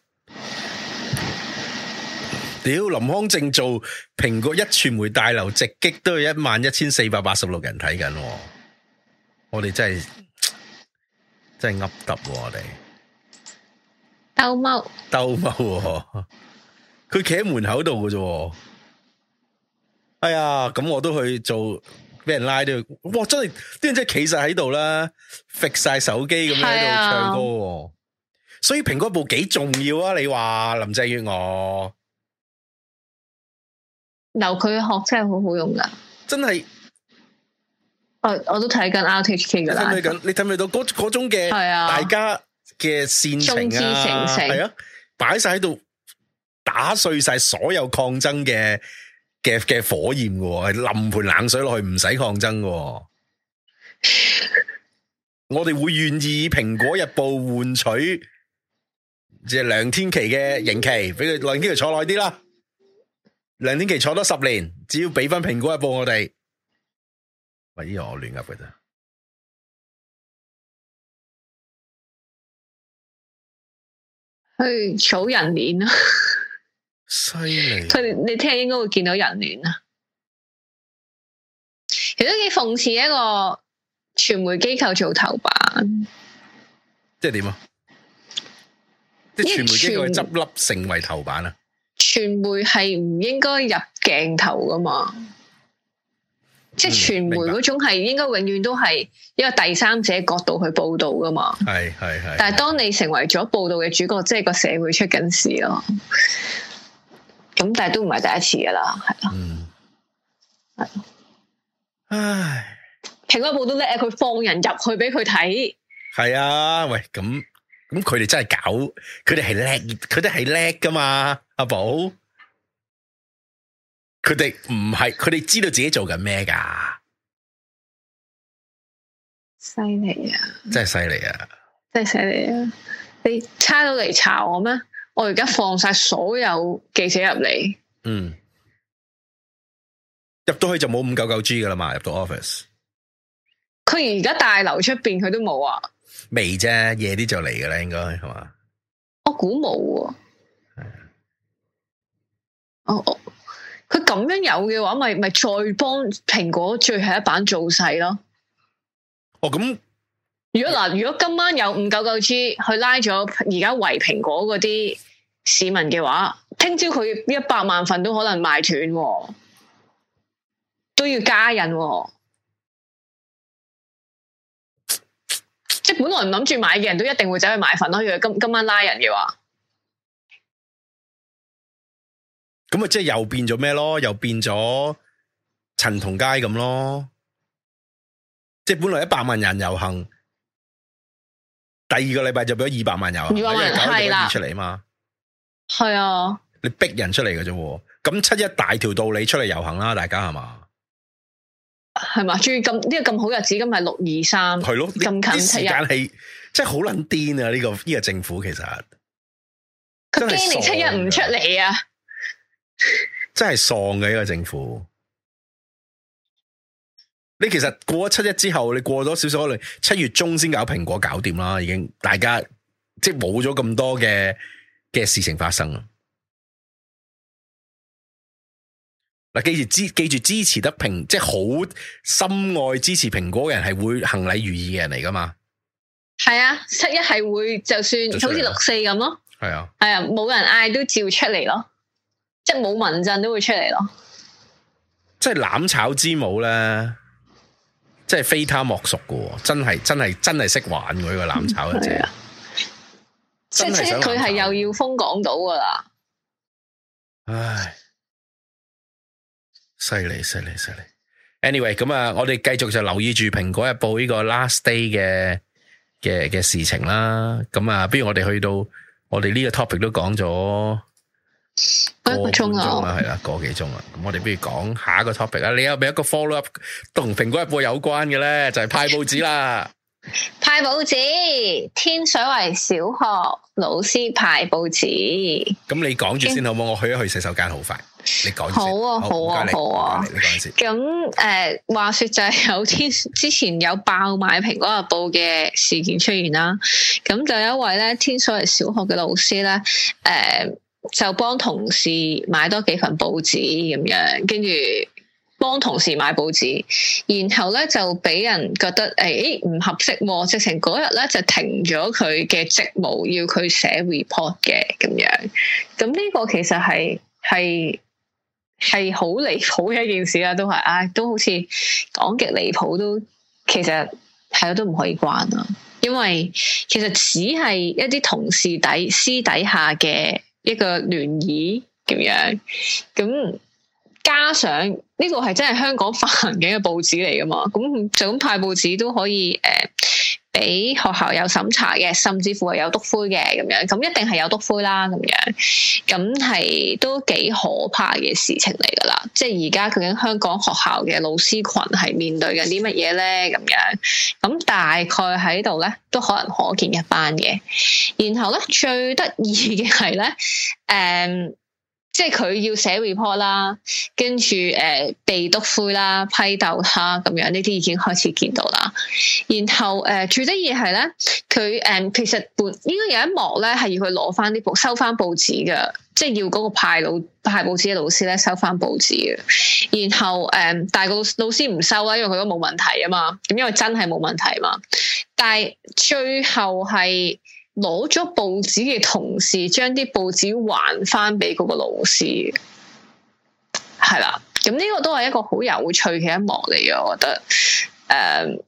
屌林康正做蘋果壹傳媒大樓直擊，都係一萬一千四百八十六人睇緊，我哋真係真係噏突我哋兜踎兜踎，佢企喺門口度嘅啫。哎呀，咁我都去做，俾人拉咗。哇，真係啲人真係企實喺度啦，甩晒手機咁喺度唱歌。所以蘋果部幾重要啊？你話林鄭月娥？留佢學真係好好用噶，真係的。我都睇緊 RTHK 啦，你睇唔睇緊？你睇唔睇到嗰嗰種嘅？係啊，大家嘅善情啊，係啊，擺晒喺度，打碎晒所有抗爭嘅嘅嘅火焰嘅，哦，係淋盆冷水落去，唔使抗爭嘅，哦。 *laughs* 我哋會願意以《蘋果日報》換取即係梁天琦嘅刑期，俾佢梁天琦坐耐啲啦。梁天琦坐多十年，只要俾翻蘋果一部，我哋。喂，依我亂入嘅啫。去炒人鏈啊！犀 *laughs* 利啊！佢你聽應該會見到人鏈啊！其實幾諷刺一個傳媒機構做頭版。即係點啊？即係傳媒機構執笠成為頭版啊？傳媒係唔應該入鏡頭噶嘛？即係傳媒嗰種係應該永遠都係一個第三者角度去報道噶嘛？係係係。但係當你成為咗報道嘅主角，即係個社會出緊事咯。咁但係都唔係第一次噶啦，係咯、啊。係、嗯。唉，蘋果報都叻，佢放人入去俾佢睇。係啊，喂，咁咁，佢哋真係搞，佢哋係叻，佢哋係叻噶嘛？阿寶，佢哋唔係佢哋知道自己做緊咩噶？犀利啊！真係犀利啊！真係犀利啊！你差佬嚟查我咩？我而家放晒所有記者入嚟。嗯，入到去就冇五九九 G 噶啦嘛？入到 office，佢而家大樓出邊佢都冇啊？未啫，啊，夜啲就嚟噶啦，應該係嘛？我估冇，啊。佢咁、哦、樣有嘅話，咪咪再幫蘋果最後一版造勢咯。哦，咁如果嗱、呃，如果今晚有五九九 G 去拉咗而家圍蘋果嗰啲市民嘅話，聽朝佢一百萬份都可能賣斷、哦，都要加印、哦。 *laughs* 即係本來唔諗住買嘅人都一定會走去買份咯，如果今今晚拉人嘅話。咁咪即係又變咗咩咯？又變咗陳同佳咁咯？即係本來一百萬人遊行，第二個禮拜就變咗二百萬人，係啦，出嚟嘛，係啊了，你逼人出嚟嘅啫。咁七一大條道理出嚟遊行啦，大家係嘛？係嘛？終於咁呢個咁好日子，今日六二三，係咯，咁近，時間係即係好捻癲啊！呢個呢個政府其實，佢驚你七一唔出嚟啊！真係喪嘅呢個政府。你其實過咗七一之後，你過咗少少，你七月中先搞蘋果搞掂啦，已經大家即係冇咗咁多嘅嘅事情發生啦。嗱，記住支記住支持得蘋，即係好深愛支持蘋果嘅人係會行禮如儀嘅人嚟噶嘛？係啊，七一係會就算好似六四咁咯，係啊，係啊，冇人嗌都照出嚟咯。即係冇民陣都會出嚟咯，即係攬炒之母咧，即係非他莫屬噶，真係真係真係識玩佢、這個攬炒嘅啫。車車佢係又要封港島噶啦，唉，犀利犀利犀利。Anyway，咁啊，我哋繼續就留意住蘋果日報呢個 Last Day 嘅嘅嘅事情啦。咁啊，不如我哋去到我哋呢個 topic 都講咗。一個鐘啊，係啦，個幾鐘啊，咁我哋不如講下一個 topic 啦。你有唔有一個 follow up 同蘋果日報有關嘅咧？就係、是、派報紙啦。 *laughs* 派報紙，天水圍小學老師派報紙。咁你講住先，先好唔好？我去一去洗手間，好快。你講好啊，好啊，好，謝謝好啊。謝謝你講先。咁誒、呃，話說就係有天 *laughs* 之前有爆買蘋果日報嘅事件出現啦。咁就有一位咧，天水圍小學嘅老師咧，誒、呃。就幫同事買多幾份報紙咁樣，跟住幫同事買報紙，然後咧就俾人覺得誒，哎，唔合適喎，直情嗰日咧就停咗佢嘅職務，要佢寫 report 嘅咁樣。咁呢個其實係係係好離譜嘅一件事啦，都係，唉、哎，都好似講極離譜，都其實係都唔可以慣啊，因為其實只係一啲同事底私底下嘅。一個聯誼咁樣，咁加上呢、這個係真係香港發行嘅報紙嚟㗎嘛，咁就咁派報紙都可以誒。呃俾學校有審查嘅，甚至乎係有督灰嘅咁樣，咁一定係有督灰啦咁樣，咁係都幾可怕嘅事情嚟噶啦。即係而家究竟香港學校嘅老師群係面對緊啲乜嘢咧？咁樣咁大概喺度咧，都可能可見一班嘅。然後咧，最得意嘅係咧，誒、嗯。即係佢要寫 report 啦，跟住誒被督灰啦、批鬥佢咁樣，呢啲已經開始見到啦。然後誒、呃，最得意係咧，佢誒、呃、其實本應該有一幕咧，係要去攞翻啲報收翻報紙嘅，即係要嗰個派老派報紙嘅老師咧收翻報紙嘅。然後誒、呃，但係個老師唔收啦，因為佢都冇問題啊嘛。咁因為真係冇問題嘛。但係最後係。攞咗報紙嘅同事將啲報紙還翻俾嗰個老師，係啦。咁呢個都係一個好有趣嘅一幕嚟嘅，我覺得。誒，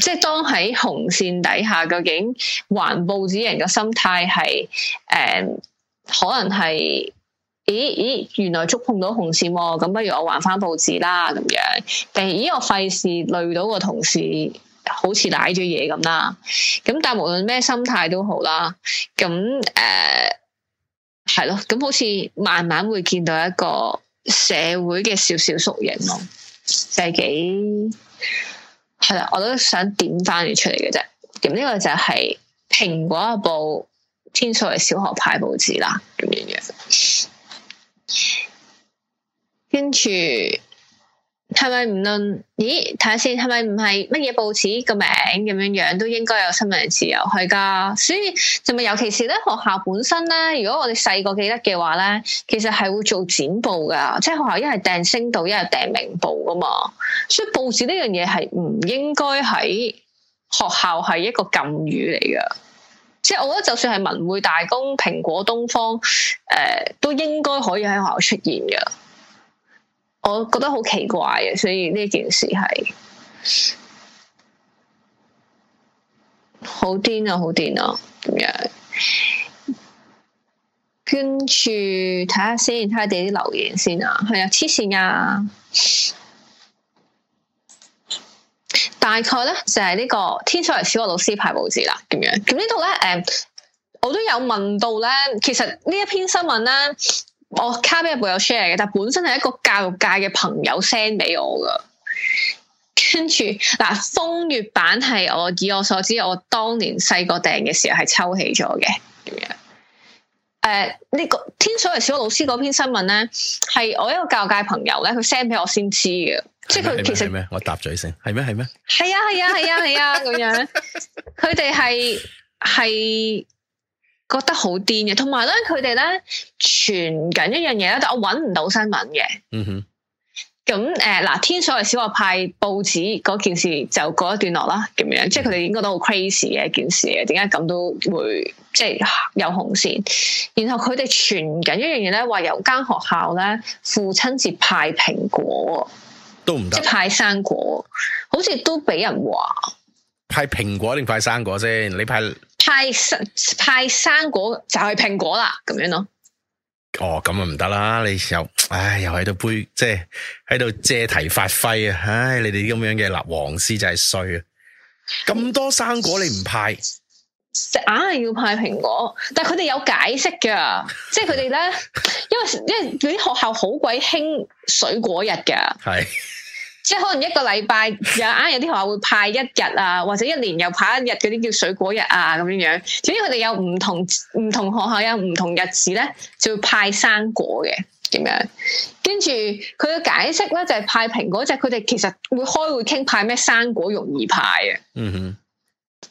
即係當喺紅線底下，究竟還報紙人嘅心態係誒，可能係，咦咦，原來觸碰到紅線，咁不如我還翻報紙啦，咁樣。但係咦，我費事累到個同事。好似舐咗嘢咁啦，咁但無論咩心態都好啦，咁誒係咯，咁、呃、好似慢慢會見到一個社會嘅少少縮影咯，就幾係啦，我都想點翻佢出嚟嘅啫，咁呢個就係蘋果日報天水圍小學派報紙啦咁樣樣，跟住。係咪唔論？咦，睇下先，係咪唔係乜嘢報紙個名咁樣樣，都應該有新聞自由去噶。所以，就咪，尤其是咧，學校本身咧，如果我哋細個記得嘅話咧，其實係會做剪報噶，即係學校一係訂星島，一係訂明報噶嘛。所以報紙呢樣嘢係唔應該喺學校係一個禁語嚟噶。即係我覺得就算係文匯、大公、蘋果、東方，誒、呃，都應該可以喺學校出現嘅。我覺得好奇怪啊，所以呢件事係好癲啊，好癲啊咁樣。跟住睇下先，睇下啲留言先啊。係、嗯、啊，黐線啊！大概咧就係、是、呢、這個天水圍小學老師派報紙啦，咁、嗯、樣。咁、嗯、呢度咧，誒、嗯，我都有問到咧，其實呢一篇新聞咧。我、哦、卡比入邊有 share 嘅，但係本身係一個教育界嘅朋友 send 俾我噶。跟住嗱，風月版係我以我所知，我當年細個訂嘅時候係抽起咗嘅。點樣？誒、呃、呢、這個天水圍小學老師嗰篇新聞咧，係我一個教育界朋友咧，佢 send 俾我先知嘅。即係佢其實咩？我答咗一聲，係咩？係咩？係啊係啊係啊係啊，咁、啊啊啊啊、 *laughs* 樣。佢哋係係。覺得好癲嘅，同埋咧，佢哋咧傳緊一樣嘢咧，但我搵唔到新聞嘅。嗯哼。咁誒，嗱、呃，天水圍小學派報紙嗰件、嗯、件事，就過一段落啦，咁樣，即係佢哋應該都好 crazy 嘅一件事嘅。點解咁都會即係有紅線？然後佢哋傳緊一樣嘢咧，話有間學校咧父親節派蘋果，都唔得，即係派生果，好似都俾人話派蘋果定派生果先？你派？派生派生果就係蘋果啦，咁樣咯。哦，咁啊唔得啦，你又唉，又喺度杯，即係喺度借題發揮啊！唉，你哋啲咁樣嘅立黃師就係衰啊！咁多生果你唔派，硬係要派蘋果，但係佢哋有解釋㗎。 *laughs* 即係佢哋咧，因為因為嗰啲學校好鬼興水果日嘅，係。即係可能一個禮拜又啱，有啲學校會派一日啊， *laughs* 或者一年又派一日嗰啲叫水果日啊，咁樣樣。總之佢哋有唔同唔同學校有唔同日子咧，就會派生果嘅，咁樣。跟住佢嘅解釋咧就係、係、派蘋果，就係佢哋其實會開會傾派咩生果容易派嘅，嗯哼，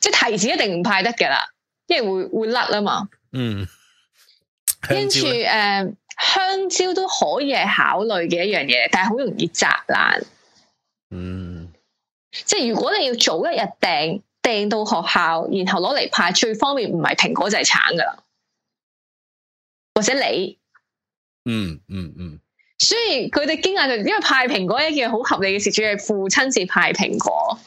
即係提子一定唔派得嘅啦，因為會會甩啊嘛。嗯，跟住誒香蕉都、呃、可以係考慮嘅一樣嘢，但係好容易砸爛。嗯，即係如果你要早一日訂，訂到學校，然後攞嚟派，最方便唔係蘋果就係橙噶啦，或者你，嗯嗯嗯，嗯嗯，所以佢哋驚訝就因為派蘋果一件好合理嘅事，主要係父親節派蘋果，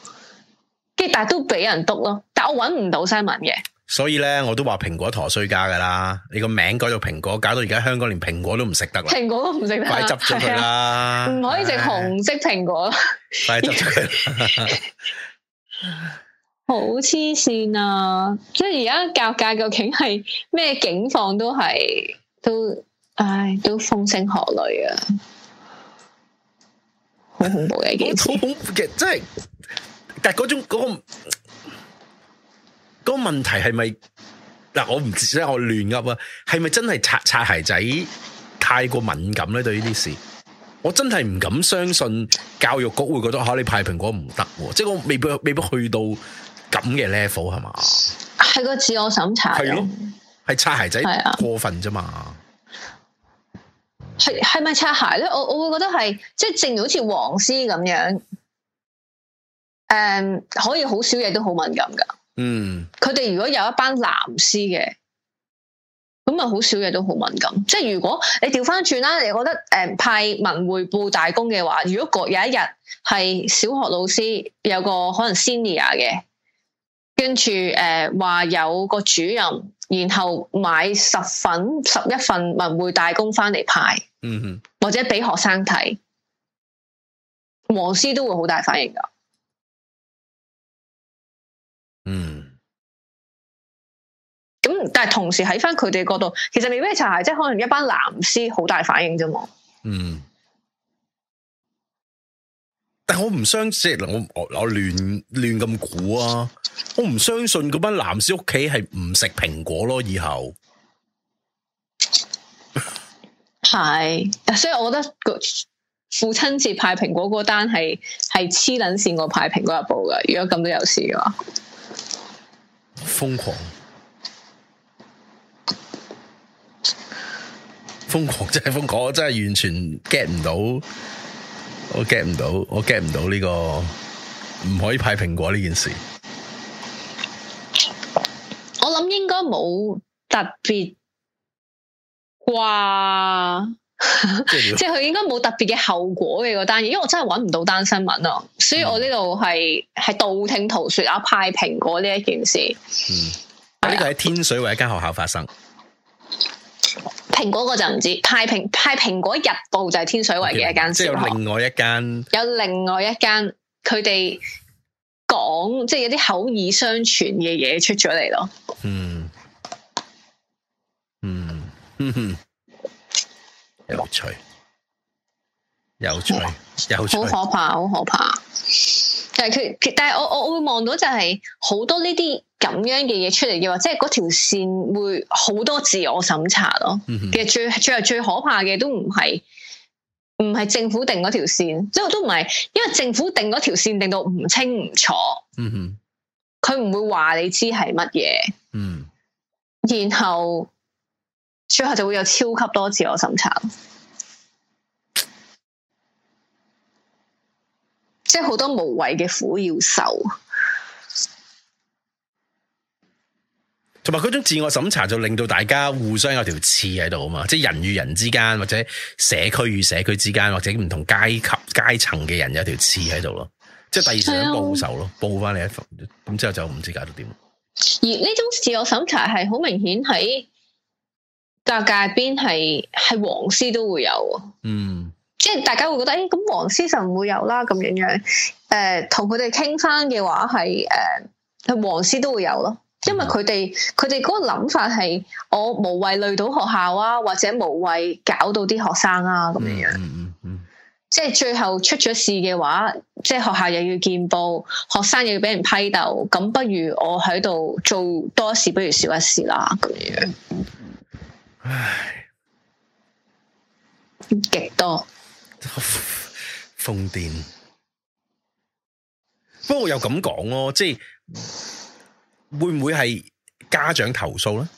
跟住但係都俾人篤咯，但係我搵唔到新 i 嘅。所以咧，我都話蘋果陀衰家噶啦。你個名改咗蘋果，搞到而家香港連蘋果都唔食得啦。蘋果都唔食得，快執咗佢啦！唔可以食紅色蘋果，快執咗佢！好黐線啊！即係而家教界究竟係咩境況都係都唉都風聲鶴唳啊！好恐怖嘅，好恐怖嘅，真係。但係嗰種嗰個。多問題係咪嗱？我唔知咧，我亂噏啊。係咪真係擦擦鞋仔太過敏感咧？對呢啲事，我真係唔敢相信教育局會覺得吓你派蘋果唔得，即係我未必未必去到咁嘅 level 係嘛？係個自我審查係咯，係擦鞋仔係過分啫嘛。係係咪擦鞋咧？我我會覺得係，即係正如好似黃絲咁樣，誒、嗯，可以好少嘢都好敏感噶。嗯，佢哋如果有一班藍師嘅，咁咪好少嘢都好敏感。即係如果你調翻轉啦，你覺得誒、呃、派文匯報大公嘅話，如果有一日係小學老師有個可能 senior 嘅，跟住誒話有個主任，然後買十份、十一份文匯報大公翻嚟派，嗯哼，或者俾學生睇，黃師都會好大反應噶。咁但係同時喺翻佢哋角度，其實未必係擦鞋，即係可能一班藍絲好大反應啫嘛。嗯。但係我唔相信，我我亂亂咁估啊！我唔相信嗰班藍絲屋企係唔食蘋果咯，以後係。所以我覺得父親節派蘋果嗰單係係黐捻線過派蘋果日報噶，如果咁都有事嘅話，瘋狂。瘋狂，真係瘋狂，我真係完全 get 唔到，我 get 唔到,我 get 唔到呢個唔可以派蘋果呢件事。我諗應該冇特別啩，哇，即係佢 *laughs* 應該冇特別嘅後果嘅嗰單嘢，因為我真係揾唔到單新聞啊，所以我呢度係係道聽途說啊，派蘋果呢一件事。嗯，呢個喺天水圍一間學校發生。蘋果嗰就唔知派蘋派蘋果日報就係天水圍嘅一間，即係有另外一間，有另外一間，佢哋講即係有啲口耳相傳嘅嘢出咗嚟咯。嗯嗯嗯哼，有趣，有趣，有趣，好可怕，好可怕。但係佢但係我我會望到就係好多呢啲咁樣嘅嘢出嚟嘅話，即係嗰條線會好多自我審查咯。其實最最後最可怕嘅都唔係唔係政府定嗰條線，都都唔係，因為政府定嗰條線定到唔清唔楚。嗯哼，佢唔會話你知係乜嘢。嗯，然後最後就會有超級多自我審查。即係好多無謂嘅苦要受，同埋嗰種自我審查就令到大家互相有條刺喺度啊嘛！即係人與人之間，或者社區與社區之間，或者唔同階級階層嘅人有條刺喺度咯。即係第二想報仇咯，報翻你一份，咁之後就唔知搞到點。而呢種自我審查係好明顯喺界界邊係係黃絲都會有。嗯。即係大家會覺得，誒咁黃絲就唔會有啦，咁樣樣，誒同佢哋傾翻嘅話係，誒黃絲都會有咯，因為佢哋佢哋嗰個諗法係，我無謂累到學校啊，或者無謂搞到啲學生啊，咁樣樣，嗯嗯嗯、即係最後出咗事嘅話，即係學校又要見報，學生又要俾人批鬥，咁不如我喺度做多事不如少一事啦，咁樣、嗯，唉，極多。瘋癲， *laughs* 電不過又咁講咯，即係會唔會係家長投訴呢？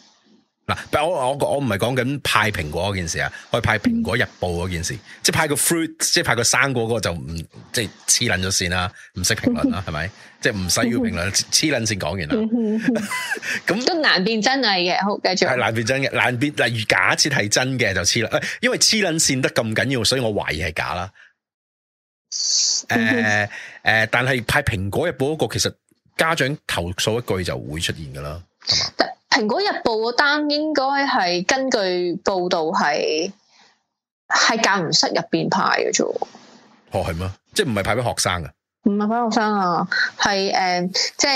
嗱，我我我唔係講緊派蘋果嗰件事啊，我係派蘋果日報嗰件事，即係派個 fruit，即係派個生果嗰個就唔即係黐捻咗線啦，唔識評論啦，係咪？即係唔使要評論，黐捻線講完啦。咁 *laughs* 那都難辨真偽嘅，好繼續係難辨真嘅，難辨。例如假設係真嘅就黐啦，因為黐捻線得咁緊要，所以我懷疑係假啦。誒誒、 *laughs* 呃呃，但係派蘋果日報嗰、那個，其實家長投訴一句就會出現噶啦。但蘋果日報個單應該係根據報道係係教唔室入邊派嘅啫、哦，哦係咩？即係唔係派俾學,學生啊？唔係派學生啊？係、嗯、誒，即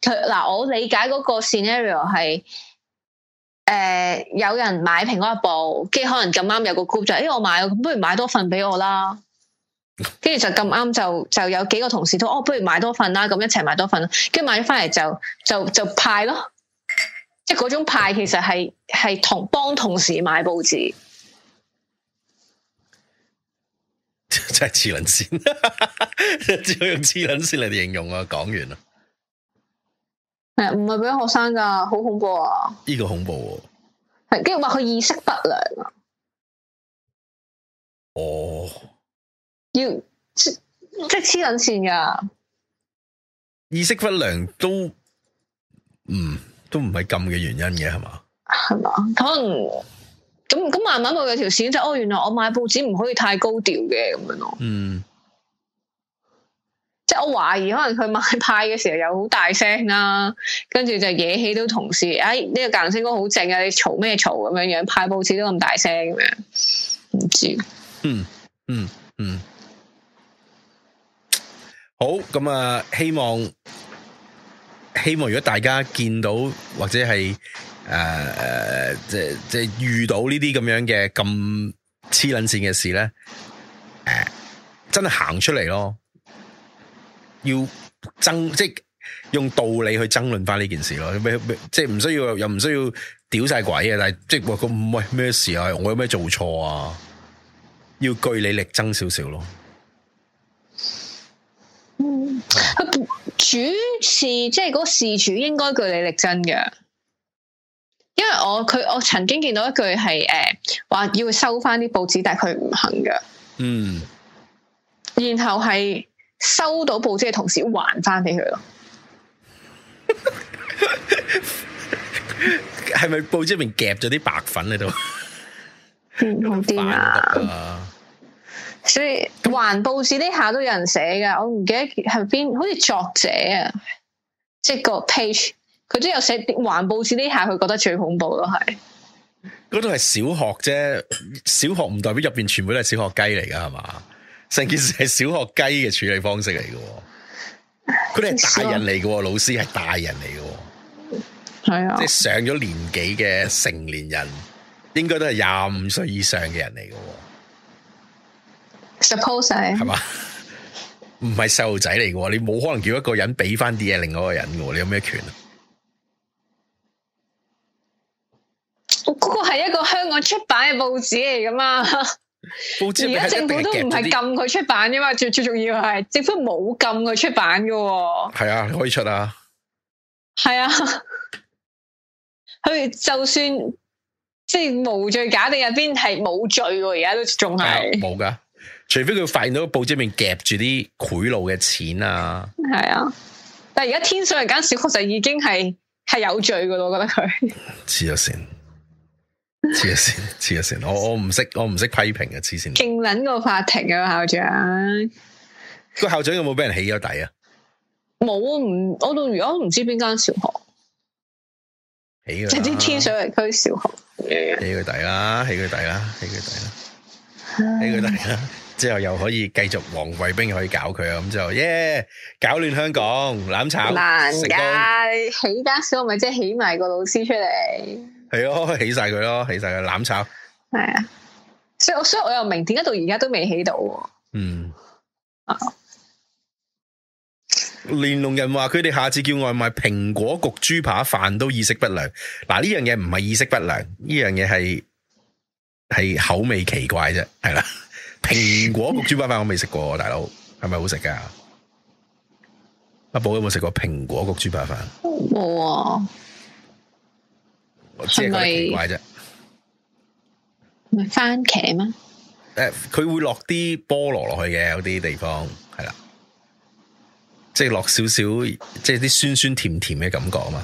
係嗱，我理解嗰個 scenario 係誒，有人買蘋果日報，即可能咁啱有個 group 就誒、欸，我買咗，咁不如買多份俾我啦。跟住就咁啱就就有幾個同事都哦，不如買多份啦，咁一齊買多份，跟住買咗翻嚟就就就派咯，即係嗰種派其實係係同幫同事買報紙，真係黐撚線，只可用黐撚線嚟形容啊！講完啦，係唔係俾學生噶？好恐怖啊！呢個恐怖、哦，係跟住話佢意識不良啊，哦。Oh. 要即係黐緊線噶意識不良都唔、嗯、都唔係咁嘅原因嘅係嘛？係嘛？可能咁咁慢慢冇咗條線，即哦，原來我買報紙唔可以太高調嘅咁樣咯。嗯，即係我懷疑可能佢買派嘅時候又好大聲啦、啊，跟住就惹起到同事，哎呢、呢個間聲哥好正啊，你嘈咩嘈咁樣樣派報紙都咁大聲咁樣，唔知嗯。嗯嗯嗯。好咁啊！希望希望如果大家見到或者係誒誒，即係即係遇到呢啲咁樣嘅咁黐撚線嘅事咧，誒，真係行出嚟咯，要爭即係用道理去爭論翻呢件事咯，即係唔需要又唔需要屌晒鬼啊！但係即係話喂，唔係咩事啊？我有咩做錯啊？要據理力爭少少咯。佢 *noise* 主事即係嗰個事主，應該據理力爭嘅，因為我佢我曾經見到一句係誒，話、呃、要收翻啲報紙，但係佢唔肯嘅。嗯，然後係收到報紙嘅同時還翻俾佢咯。係咪 *laughs* 報紙入面夾咗啲白粉喺度？好掂行啊！所以環報紙呢下都有人寫㗎，我唔記得係邊，好似作者啊，即係個 page 佢都有寫。環報紙呢下佢覺得最恐怖咯，係嗰度係小學啫，小學唔代表入邊全部都係小學雞嚟噶，係嘛？成件事係小學雞嘅處理方式嚟㗎，佢哋係大人嚟㗎，老師係大人嚟㗎，係啊的，即係上咗年紀嘅成年人，應該都係廿五歲以上嘅人嚟㗎。suppose 係係嘛，唔係細路仔嚟嘅，你冇可能叫一個人俾翻啲嘢，另外一個人嘅，你有咩權？嗰、哦嗰個係一個香港出版嘅報紙嚟噶嘛？報紙而家政府都唔係禁佢出版啫嘛？最最重要係政府冇禁佢出版噶，係啊，你可以出啊，係是啊，佢 *laughs* 就算即係無罪假定入邊係冇罪，而家都仲係冇噶。除非佢發現到報紙面夾住啲賄賂嘅錢啊，係啊！但係而家天水圍間小學就已經係係有罪噶咯，我覺得佢黐咗線，黐咗線，黐咗線！我我唔識，我唔識批評啊！黐線，勁捻過法庭啊，校長！個校長有冇俾人起咗底啊？冇啊！唔，我到而家唔知邊間小學起、啊，即係知天水圍區小學、嗯、起佢底啦，起佢底啦，起佢底啦，起佢底啦。 *laughs* 起之後又可以繼續黃衛兵可以搞佢啊，咁就耶、yeah, 搞亂香港，攬炒，難家食街工起家所咪即係起埋個老師出嚟，係咯、啊，起晒佢咯，起晒佢，攬炒，係啊，所以我所以我又明點解到而家都未起到、啊，嗯，啊，連龍人話佢哋下次叫外賣蘋果焗豬扒飯都意識不良，嗱呢樣嘢唔係意識不良，呢樣嘢係係口味奇怪啫，係啦。蘋果焗豬扒飯我未食過，大佬係咪好食噶？阿寶有冇食過蘋果焗豬扒飯？冇啊哇，我只係覺得奇怪啫。唔係番茄咩？誒，佢會落啲菠蘿落去嘅，有啲地方係啦，即係落少少，即係啲酸酸甜甜嘅感覺啊嘛。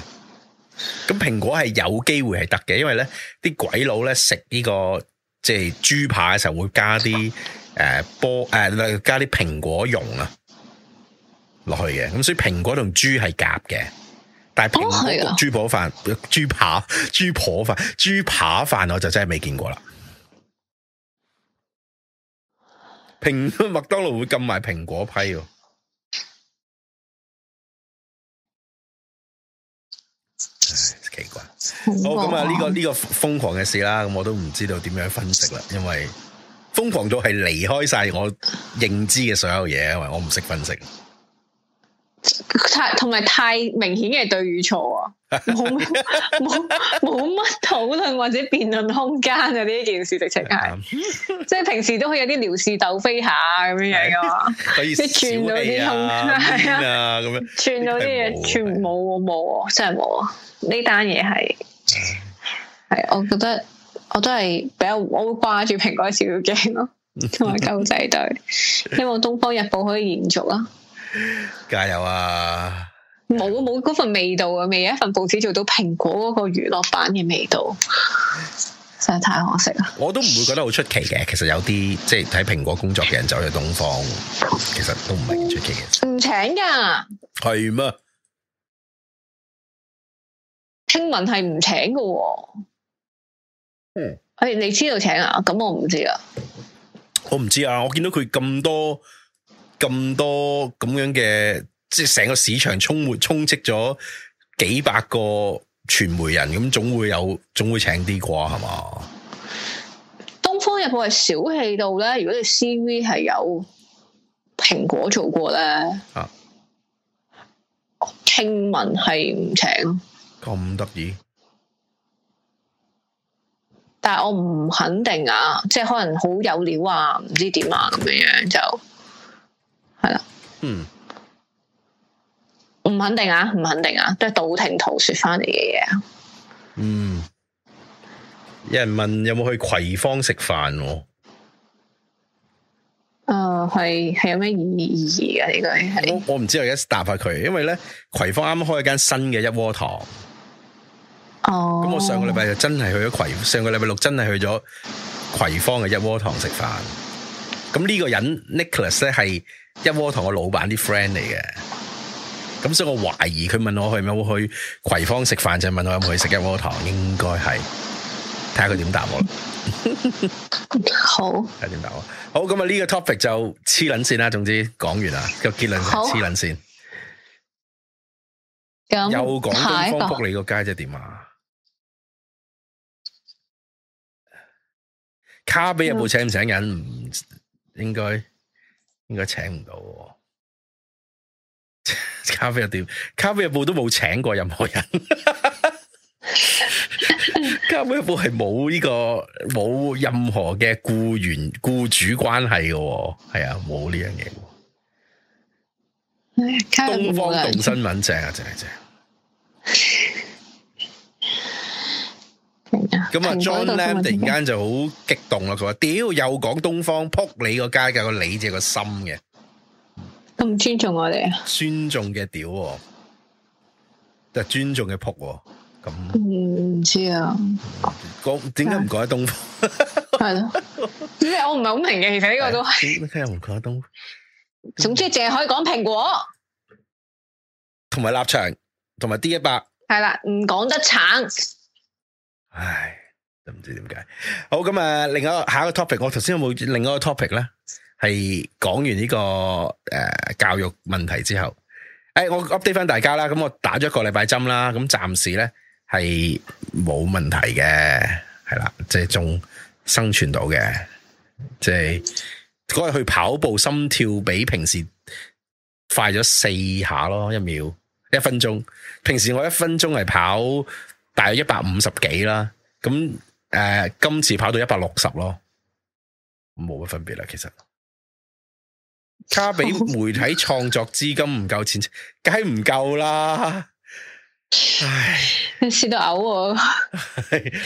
咁蘋果係有機會係得嘅，因為咧啲鬼佬咧食呢個。即係豬扒嘅時候會加啲誒、呃、波誒、呃，加啲蘋果蓉啊落去嘅，咁所以蘋果同豬係夾嘅，但係蘋果豬扒飯、豬扒、哦、豬扒飯、豬扒飯我就真係未見過啦。蘋麥當勞會禁賣蘋果批，唉，奇怪。好咁啊！呢、哦這個呢、這個瘋狂嘅事啦，咁我都唔知道點樣分析啦，因為瘋狂到係離開晒我認知嘅所有嘢，因為我唔識分析，太同埋太明顯嘅對與錯啊！冇冇冇乜討論或者辯論空間啊！呢件事直情係，即係平時都可以有啲撩事鬥非下咁樣樣噶，即係轉到啲空間啊咁樣，轉到啲嘢，轉冇冇真係冇啊！呢單嘢係係，我覺得我都係比較我會掛住蘋果小鏡咯，同埋狗仔隊，希望《東方日報》可以延續啦，加油啊！冇冇嗰份味道啊！未有一份報紙做到蘋果嗰個娛樂版嘅味道，實在 *laughs* 太可惜啦！我都唔會覺得好出奇嘅。其實有啲即係睇蘋果工作嘅人走去東方，其實都唔係出奇嘅。唔請噶？係咩嗎？聽聞係唔請噶、哦？嗯。誒、哎，你知道請啊？咁我唔知，我唔知啊。我唔知啊！我見到佢咁多咁多咁樣嘅。即係成個市場充滿充斥咗幾百個傳媒人，咁總會有總會請啲啩係嘛？東方日報係小氣到咧，如果你 CV 係有蘋果做過咧，啊，聽聞係唔請，咁得意，但係我唔肯定啊，即係可能好有料啊，唔知點啊咁樣樣就係啦，嗯。唔肯定啊，唔肯定啊，都係道聽途說翻嚟嘅嘢啊。嗯，有人問有冇去葵芳食飯？誒、哦，係係有咩意意義啊？呢個係我唔知，我而家答翻佢，因為咧葵芳啱啱開一間新嘅一鍋堂。哦。咁我上個禮拜就真係去咗葵，上個禮拜六真係去咗葵芳嘅一鍋堂食飯。咁呢個人 Nicholas 咧係一鍋堂嘅老闆啲 friend 嚟嘅。咁、嗯、所以，我懷疑佢問我去唔去去葵芳食飯，就問我有冇去食一窩糖，應該係睇下佢點答我。好睇下點答我。好咁啊，呢個 topic 就黐捻線啦。總之講完啦，個結論黐捻線。咁、嗯、又講東方仆你個街，即係點啊？卡比有冇請唔請人？唔應該應該請唔到。咖啡又點？咖啡日報都冇請過任何人。呵呵 *laughs* 咖啡日報係冇呢個冇任何嘅僱員僱主關係嘅，係啊冇呢樣嘢。東方動新聞正啊正正，正正。係啊。 *laughs* 咁啊 *laughs* 那，John Lam *laughs* 突然間就好激動啦。佢話： *laughs* 屌又講東方撲你個街嘅個理字個心嘅。咁唔尊重我哋啊尊、喔？尊重嘅屌、喔，就尊重嘅撲喎。咁唔知啊？講點解唔講喺東方？係咯是，呢個 *laughs* 我唔係好明嘅，其實呢個都點解唔講喺東方？總之淨係可以講蘋果，同埋立場，同埋 D100 係啦，唔講得慘。唉，都唔知點解。好咁啊，另外一個下一個 topic，我頭先有冇另外一個 topic 咧？係講完呢，這個誒、呃、教育問題之後，誒、哎、我 update 翻大家啦，咁我打咗一個禮拜針啦，咁暫時咧係冇問題嘅，係啦，即係仲生存到嘅，即係嗰日去跑步心跳比平時快咗四下咯，一秒一分鐘，平時我一分鐘係跑大約一百五十幾啦，咁誒、呃、今次跑到一百六十咯，冇乜分別啦，其實。卡比媒體創作資金唔夠錢，梗係唔夠啦！ *laughs* 唉，試到嘔啊！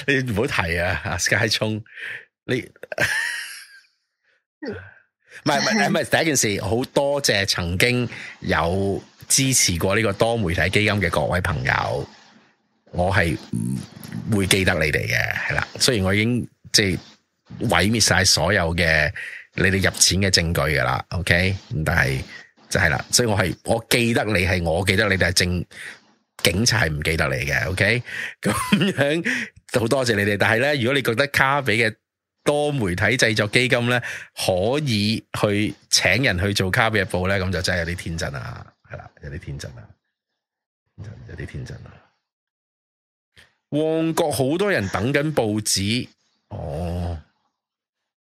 你唔好提啊！ *laughs* 啊，街聰你唔係，唔係，唔係第一件事，好多謝曾經有支持過呢個多媒體基金嘅各位朋友，我係會記得你哋嘅，係啦。雖然我已經即係、就是、毀滅晒所有嘅。你哋入錢嘅證據噶啦，OK，但係就係啦，所以我係我記得你係，我記得你哋，但係警察係唔記得你嘅，OK，咁樣好多謝你哋。但係咧，如果你覺得卡比嘅多媒體製作基金咧可以去請人去做卡比嘅報咧，咁就真係有啲天真啊，係啦，有啲天真啦，有啲天真啦。旺角好多人等緊報紙，哦。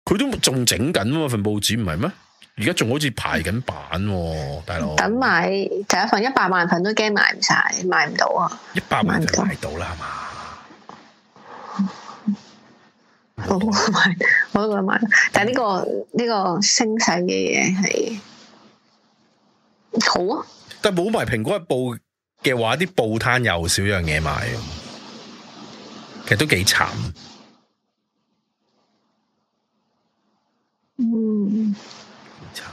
佢都仲整緊嘛份報紙唔係咩？而家仲好似排緊版，啊，大佬。等買第、就係、一份一百萬份都驚賣唔晒，賣唔到啊！一百萬就賣到啦，係嘛？我都賣，我都想賣。但係、呢個、呢個呢、呢個升上嘅嘢係好啊。但係冇埋蘋果一報嘅話，啲報攤又少樣嘢賣，其實都幾慘。嗯，嗯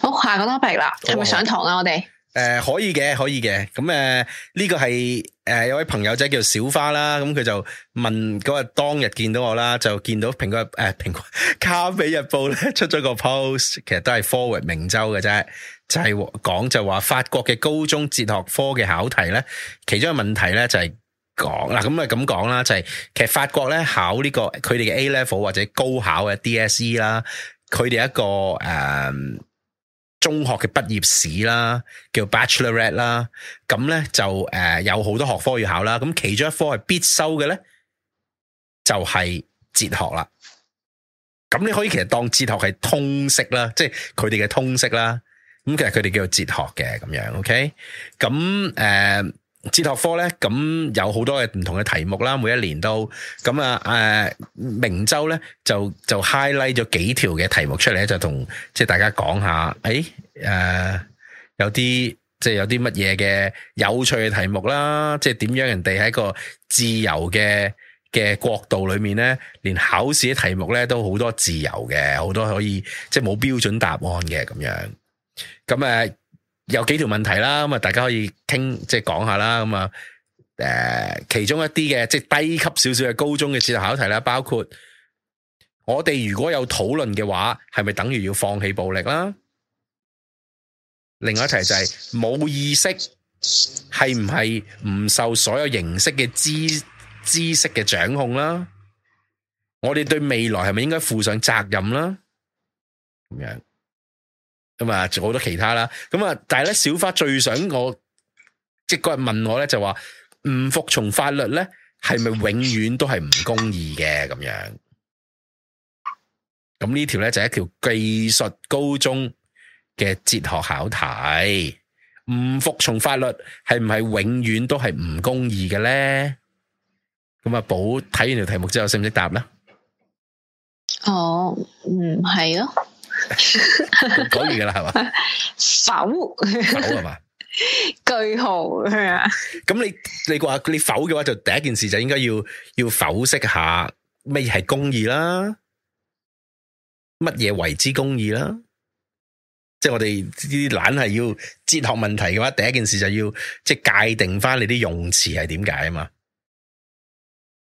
好，下個 topic 啦，係咪、哦、上堂啊？我哋誒，可以嘅，可以嘅。咁、嗯、誒，呢、呃這個係誒、呃、有位朋友仔叫小花啦，咁、嗯、佢就問嗰日當日見到我啦，就見到蘋果誒，蘋、呃、果卡比日報咧出咗個 post，其實都係 forward 明州嘅啫，就係、是、講就話法國嘅高中哲學科嘅考題咧，其中一個問題咧就係、是。講啦咁啊，咁講啦，就係、是、其實法國咧考呢、這個佢哋嘅 A level 或者高考嘅 DSE 啦，佢哋一個誒、uh, 中學嘅畢業試啦，叫 bachelorate 啦，咁咧就誒有好多學科要考啦，咁其中一科係必修嘅咧，就係、是、哲學啦。咁你可以其實當哲學係通識啦，即係佢哋嘅通識啦。咁其實佢哋叫做哲學嘅咁樣，OK？咁誒。Uh, 哲學科咧，咁有好多嘅唔同嘅題目啦，每一年都咁啊，誒，明州咧就就 highlight 咗幾條嘅題目出嚟，就同即係大家講下，誒、哎，誒、呃，有啲即係有啲乜嘢嘅有趣嘅題目啦，即係點樣人哋喺一個自由嘅嘅國度裏面咧，連考試嘅題目咧都好多自由嘅，好多可以即係冇標準答案嘅咁樣，咁、啊、誒。有幾條問題啦，咁啊大家可以傾即係講一下啦，咁啊，誒，其中一啲嘅即係低級少少嘅高中嘅哲學考題啦，包括我哋如果有討論嘅話，係咪等於要放棄暴力啦？另外一題就係、是、冇意識係唔係唔受所有形式嘅知知識嘅掌控啦？我哋對未來係咪應該負上責任啦？咁樣。咁啊，仲好多其他啦，咁啊，但係咧，小花最想我即日問我咧，就話唔服從法律咧，係咪永遠都係唔公義嘅咁樣？咁呢條咧就係一條技術高中嘅哲學考題，唔服從法律係唔係永遠都係唔公義嘅咧？咁阿寶睇完條題目之後，識唔識答咧？哦，唔係咯。改完噶啦，係嘛？ *laughs* 是吧否否係嘛？是吧 *laughs* 句號係啊。咁你你話你否嘅話，就第一件事就應該要要剖析下乜嘢係公義啦，乜嘢為之公義啦？即係我哋呢啲懶係要哲學問題嘅話，第一件事就要即係、就是、界定翻你啲用詞係點解啊嘛。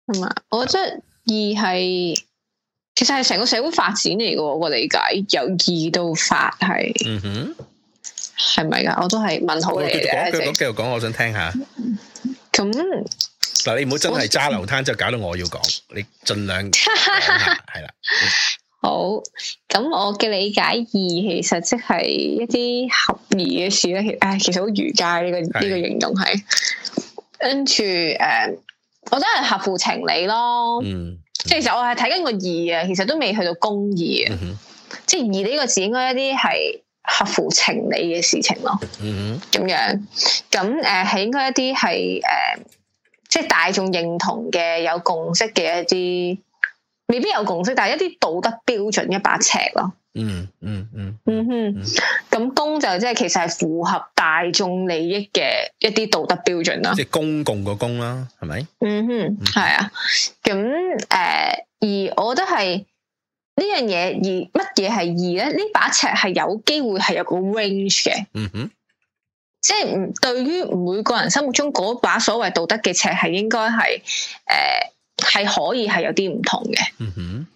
係嘛？我覺得二係。其實係成個社會發展嚟嘅，我個理解有意到法係，是嗯哼，係咪噶？我都係問好你嘅，繼續講、就是，我想聽下。咁嗱、嗯，嗯、但你唔好真係揸流攤，就搞到我要講。我你盡量講下，係啦。 *laughs* 嗯、好，咁我嘅理解義、哎，其實即係一啲合宜嘅事咧。唉，其實好儒家呢個呢個形容係。跟住誒，And, uh, 我真係合乎情理咯。嗯。即係其實我係睇緊個義啊，其實都未去到公義啊。即係義呢個字應該是一啲係合乎情理嘅事情咯。咁、嗯、哼樣咁誒，係、呃、應該是一啲係誒，即係大眾認同嘅有共識嘅一啲，未必有共識，但係一啲道德標準一百尺咯。嗯嗯嗯嗯哼，咁、嗯、公就即係其實係符合大眾利益嘅一啲道德標準啦，即係公共個公啦，係咪？嗯哼，係、嗯、哼啊。咁誒、呃，而我覺得係呢樣嘢，而乜嘢係義咧？呢把尺係有機會係有個 range 嘅。嗯哼，即係唔對於每個人心目中嗰把所謂道德嘅尺係應該係誒係可以係有啲唔同嘅。嗯哼，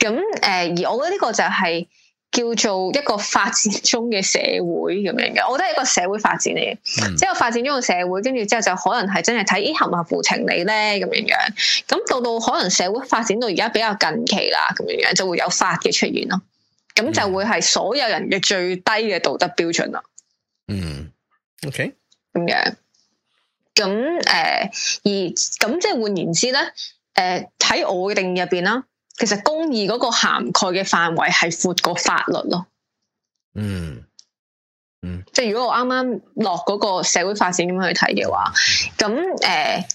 咁誒、呃、而我覺得呢個就係、是。叫做一個發展中嘅社會咁樣嘅，我覺得係一個社會發展嚟嘅，即係、嗯、發展中嘅社會，跟住之後就可能係真係睇咦合唔合乎情理咧咁樣樣，咁到到可能社會發展到而家比較近期啦，咁樣樣就會有法嘅出現咯，咁、嗯、就會係所有人嘅最低嘅道德標準啦。嗯，OK，咁樣，咁、呃、誒，而咁即係換言之咧，誒、呃、喺我嘅定義入邊啦。其實公義嗰個涵蓋嘅範圍係闊過法律咯，嗯，嗯，即係如果我啱啱落嗰個社會發展點樣去睇嘅話，咁誒、嗯呃，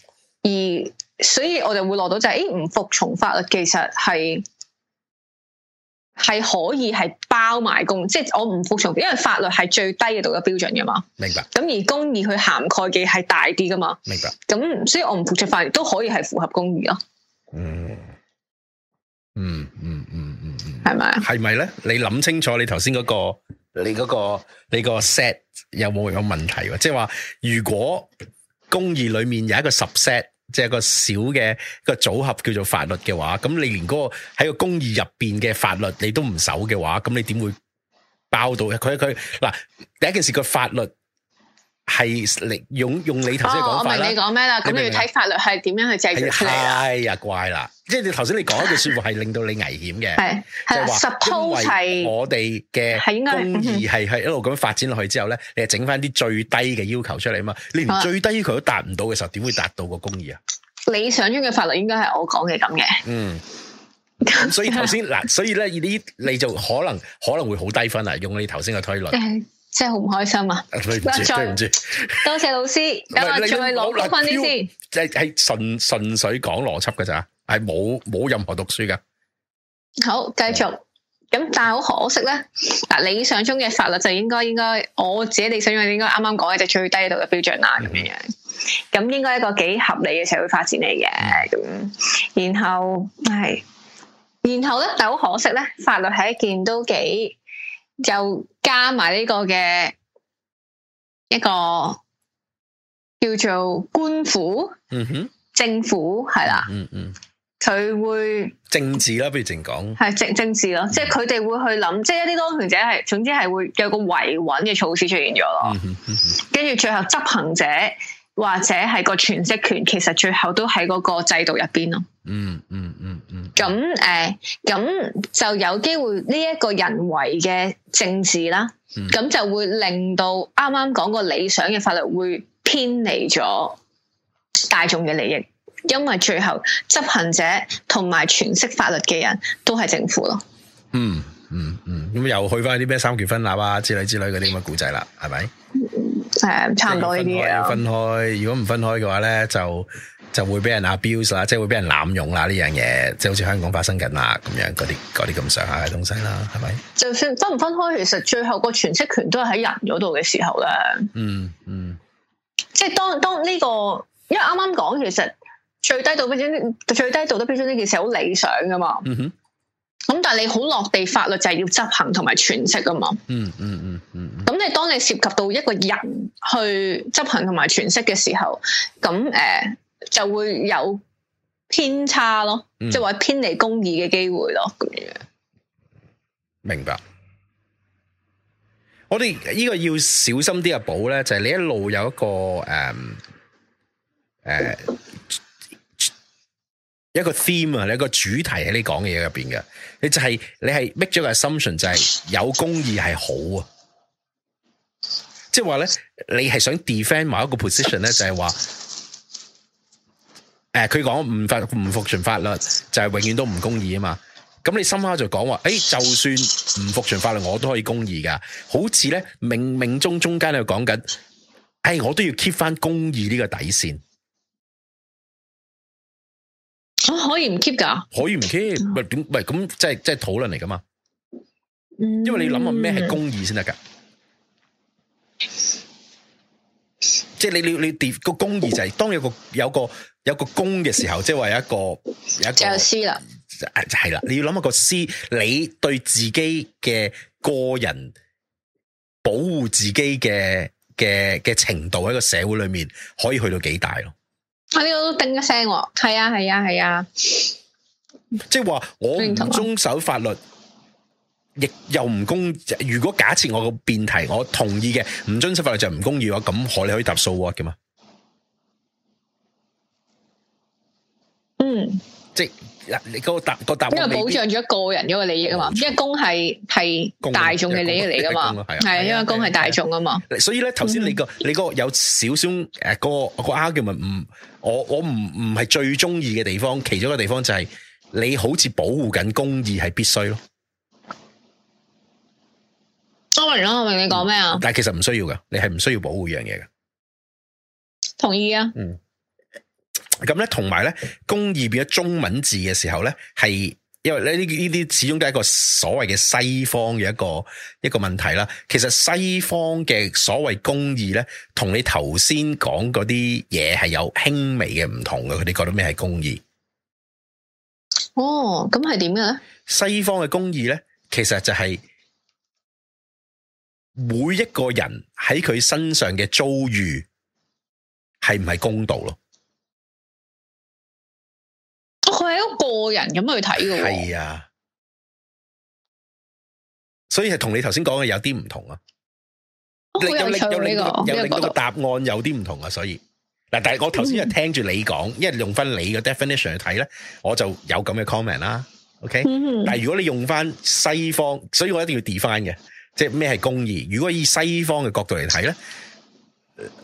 而所以我哋會落到就係、是，誒、欸，唔服從法律其實係係可以係包埋公，即、就、係、是、我唔服從，因為法律係最低嘅道德標準噶嘛，明白？咁而公義佢涵蓋嘅係大啲噶嘛，明白？咁所以我唔服從法律都可以係符合公義咯，嗯。嗯嗯嗯嗯嗯，係咪啊？係咪咧？你諗清楚，你頭先嗰個，你嗰個，你個 set 有冇個問題啊？即係話，如果公義裏面有一個 sub set，即係一個小嘅個組合叫做法律嘅話，咁你連嗰個喺個公義入邊嘅法律你都唔守嘅話，咁你點會包到？佢佢嗱，第一件事個法律。係你用用你頭先嘅講法啦，我明你講咩啦，咁、哦、你要睇法律係點樣去制定。係呀怪啦！即係你頭先你講一句說話，係令到你危險嘅，就話 suppose 係我哋嘅公義係係一路咁發展落去之後咧，你係整翻啲最低嘅要求出嚟啊嘛？的你連最低要求都達唔到嘅時候，點會達到個公義啊？你想用嘅法律應該係我講嘅咁嘅。嗯所以， *laughs* 所以頭先嗱，所以咧呢，你就可能可能會好低分啦用你頭先嘅推論。真係好唔開心啊！對唔住，對唔住，多謝老師，等我再攞多翻啲先。即係純純粹講邏輯噶咋，係冇冇任何讀書噶。好，繼續。咁但係好可惜咧，嗱，理想中嘅法律就應該應該，我自己理想中應該啱啱講嘅就最低度嘅標準啦，咁樣樣。咁應該一個幾合理嘅社會發展嚟嘅。咁然後係，然後咧，但係好可惜咧，法律係一件都幾。又加埋呢個嘅一個叫做官府，嗯哼、mm，hmm. 政府係啦，嗯嗯，佢、mm hmm. 會政治啦，不如淨講係政政治咯、mm hmm.，即係佢哋會去諗，即係一啲當權者係，總之係會有個維穩嘅措施出現咗咯，跟住、mm hmm. 最後執行者或者係個詮釋權，其實最後都喺嗰個制度入邊咯，嗯嗯嗯。Hmm. 咁誒，咁、呃、就有機會呢一個人為嘅政治啦，咁、嗯、就會令到啱啱講個理想嘅法律會偏離咗大眾嘅利益，因為最後執行者同埋詮釋法律嘅人都係政府咯、嗯。嗯嗯嗯，咁又去翻啲咩三權分立啊，之類之類嗰啲咁嘅古仔啦，係咪？誒、嗯，差唔多呢啲嘢。要分開，如果唔分開嘅話咧，就。就會俾人 abuse 啦，即係會俾人濫用啦呢樣嘢，即係好似香港發生緊啊咁樣嗰啲啲咁上下嘅東西啦，係咪？就算分唔分開，其實最後個詮釋權都係喺人嗰度嘅時候咧、嗯。嗯嗯，即係當當呢個，因為啱啱講，其實最低道德最低道德標準呢件事好理想噶嘛。咁、嗯、哼但係你好落地法律就係要執行同埋詮釋噶嘛。嗯嗯嗯嗯。咁、嗯嗯嗯、你當你涉及到一個人去執行同埋詮釋嘅時候，咁誒。呃就會有偏差咯，嗯、即係話偏離公義嘅機會咯，咁樣。明白。我哋呢個要小心啲阿寶咧，就係、是、你一路有一個誒，誒一個 theme 啊，一個, eme, 你一個主題喺你講嘅嘢入邊嘅，你就係、是、你係 make 咗個 assumption 就係有公義係好啊，即係話咧，你係想 defend 某一個 position 咧，就係話。誒，佢講唔法唔服從法律就係、是、永遠都唔公義啊嘛，咁你深刻就講話，誒、哎，就算唔服從法律，我都可以公義噶，好似咧冥冥中中間咧講緊，誒、哎，我都要 keep 翻公義呢個底線，我可以唔 keep 噶？可以唔 keep？喂點？唔咁，即係即係討論嚟噶嘛，因為你諗下咩係公義先得噶，嗯、即係你你你跌個公義就係、是、當有個有個。有個公嘅時候，即係話有一個，有一有私啦，係啦，你要諗一個私，你對自己嘅個人保護自己嘅嘅嘅程度喺個社會裏面可以去到幾大咯？我呢、啊這個、都叮一聲，係啊，係啊，係啊，是啊，是啊，即係話我唔遵守法律，亦又唔公。如果假設我個辯題，我同意嘅唔遵守法律就唔公義嘅話，咁你可以答數我嘅嘛？嗯，即係嗱你嗰個答個答案，因為保障咗個人嗰個利益啊嘛，因為公係係大眾嘅利益嚟噶嘛，係啊，因為公係大眾啊嘛。所以咧，頭先你個你個有少少誒，個個 argument 唔，我我唔唔係最中意嘅地方，其中一個地方就係你好似保護緊公義係必須咯。阿明啦，我明，你講咩啊？但係其實唔需要噶，你係唔需要保護樣嘢噶。同意啊。嗯。咁咧，同埋咧，公義變咗中文字嘅時候咧，係因為咧，呢呢啲始終都係一個所謂嘅西方嘅一個一個問題啦。其實西方嘅所謂公義咧，你同你頭先講嗰啲嘢係有輕微嘅唔同嘅。佢哋覺得咩係公義？哦，咁係點嘅咧？西方嘅公義咧，其實就係每一個人喺佢身上嘅遭遇係唔係公道咯？個人咁去睇嘅，係啊，所以係同你頭先講嘅有啲唔同啊。哦、有，有令到、這個答案有啲唔同啊。所以嗱，但係我頭先係聽住你講，嗯、因為用翻你嘅 definition 去睇咧，我就有咁嘅 comment 啦。OK，嗯、但係如果你用翻西方，所以我一定要 define 嘅，即係咩係公義？如果以西方嘅角度嚟睇咧，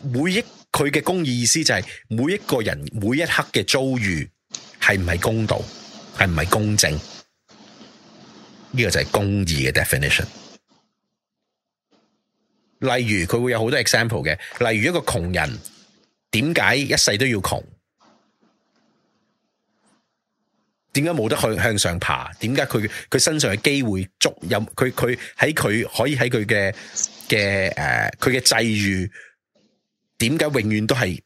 每一佢嘅公義意思就係、是、每一個人每一刻嘅遭遇係唔係公道？係唔係公正？呢個就係公義嘅 definition。例如佢會有好多 example 嘅，例如一個窮人，點解一世都要窮？點解冇得向向上爬？點解佢佢身上嘅機會足有？佢佢喺佢可以喺佢嘅嘅誒，佢嘅際遇點解永遠都係？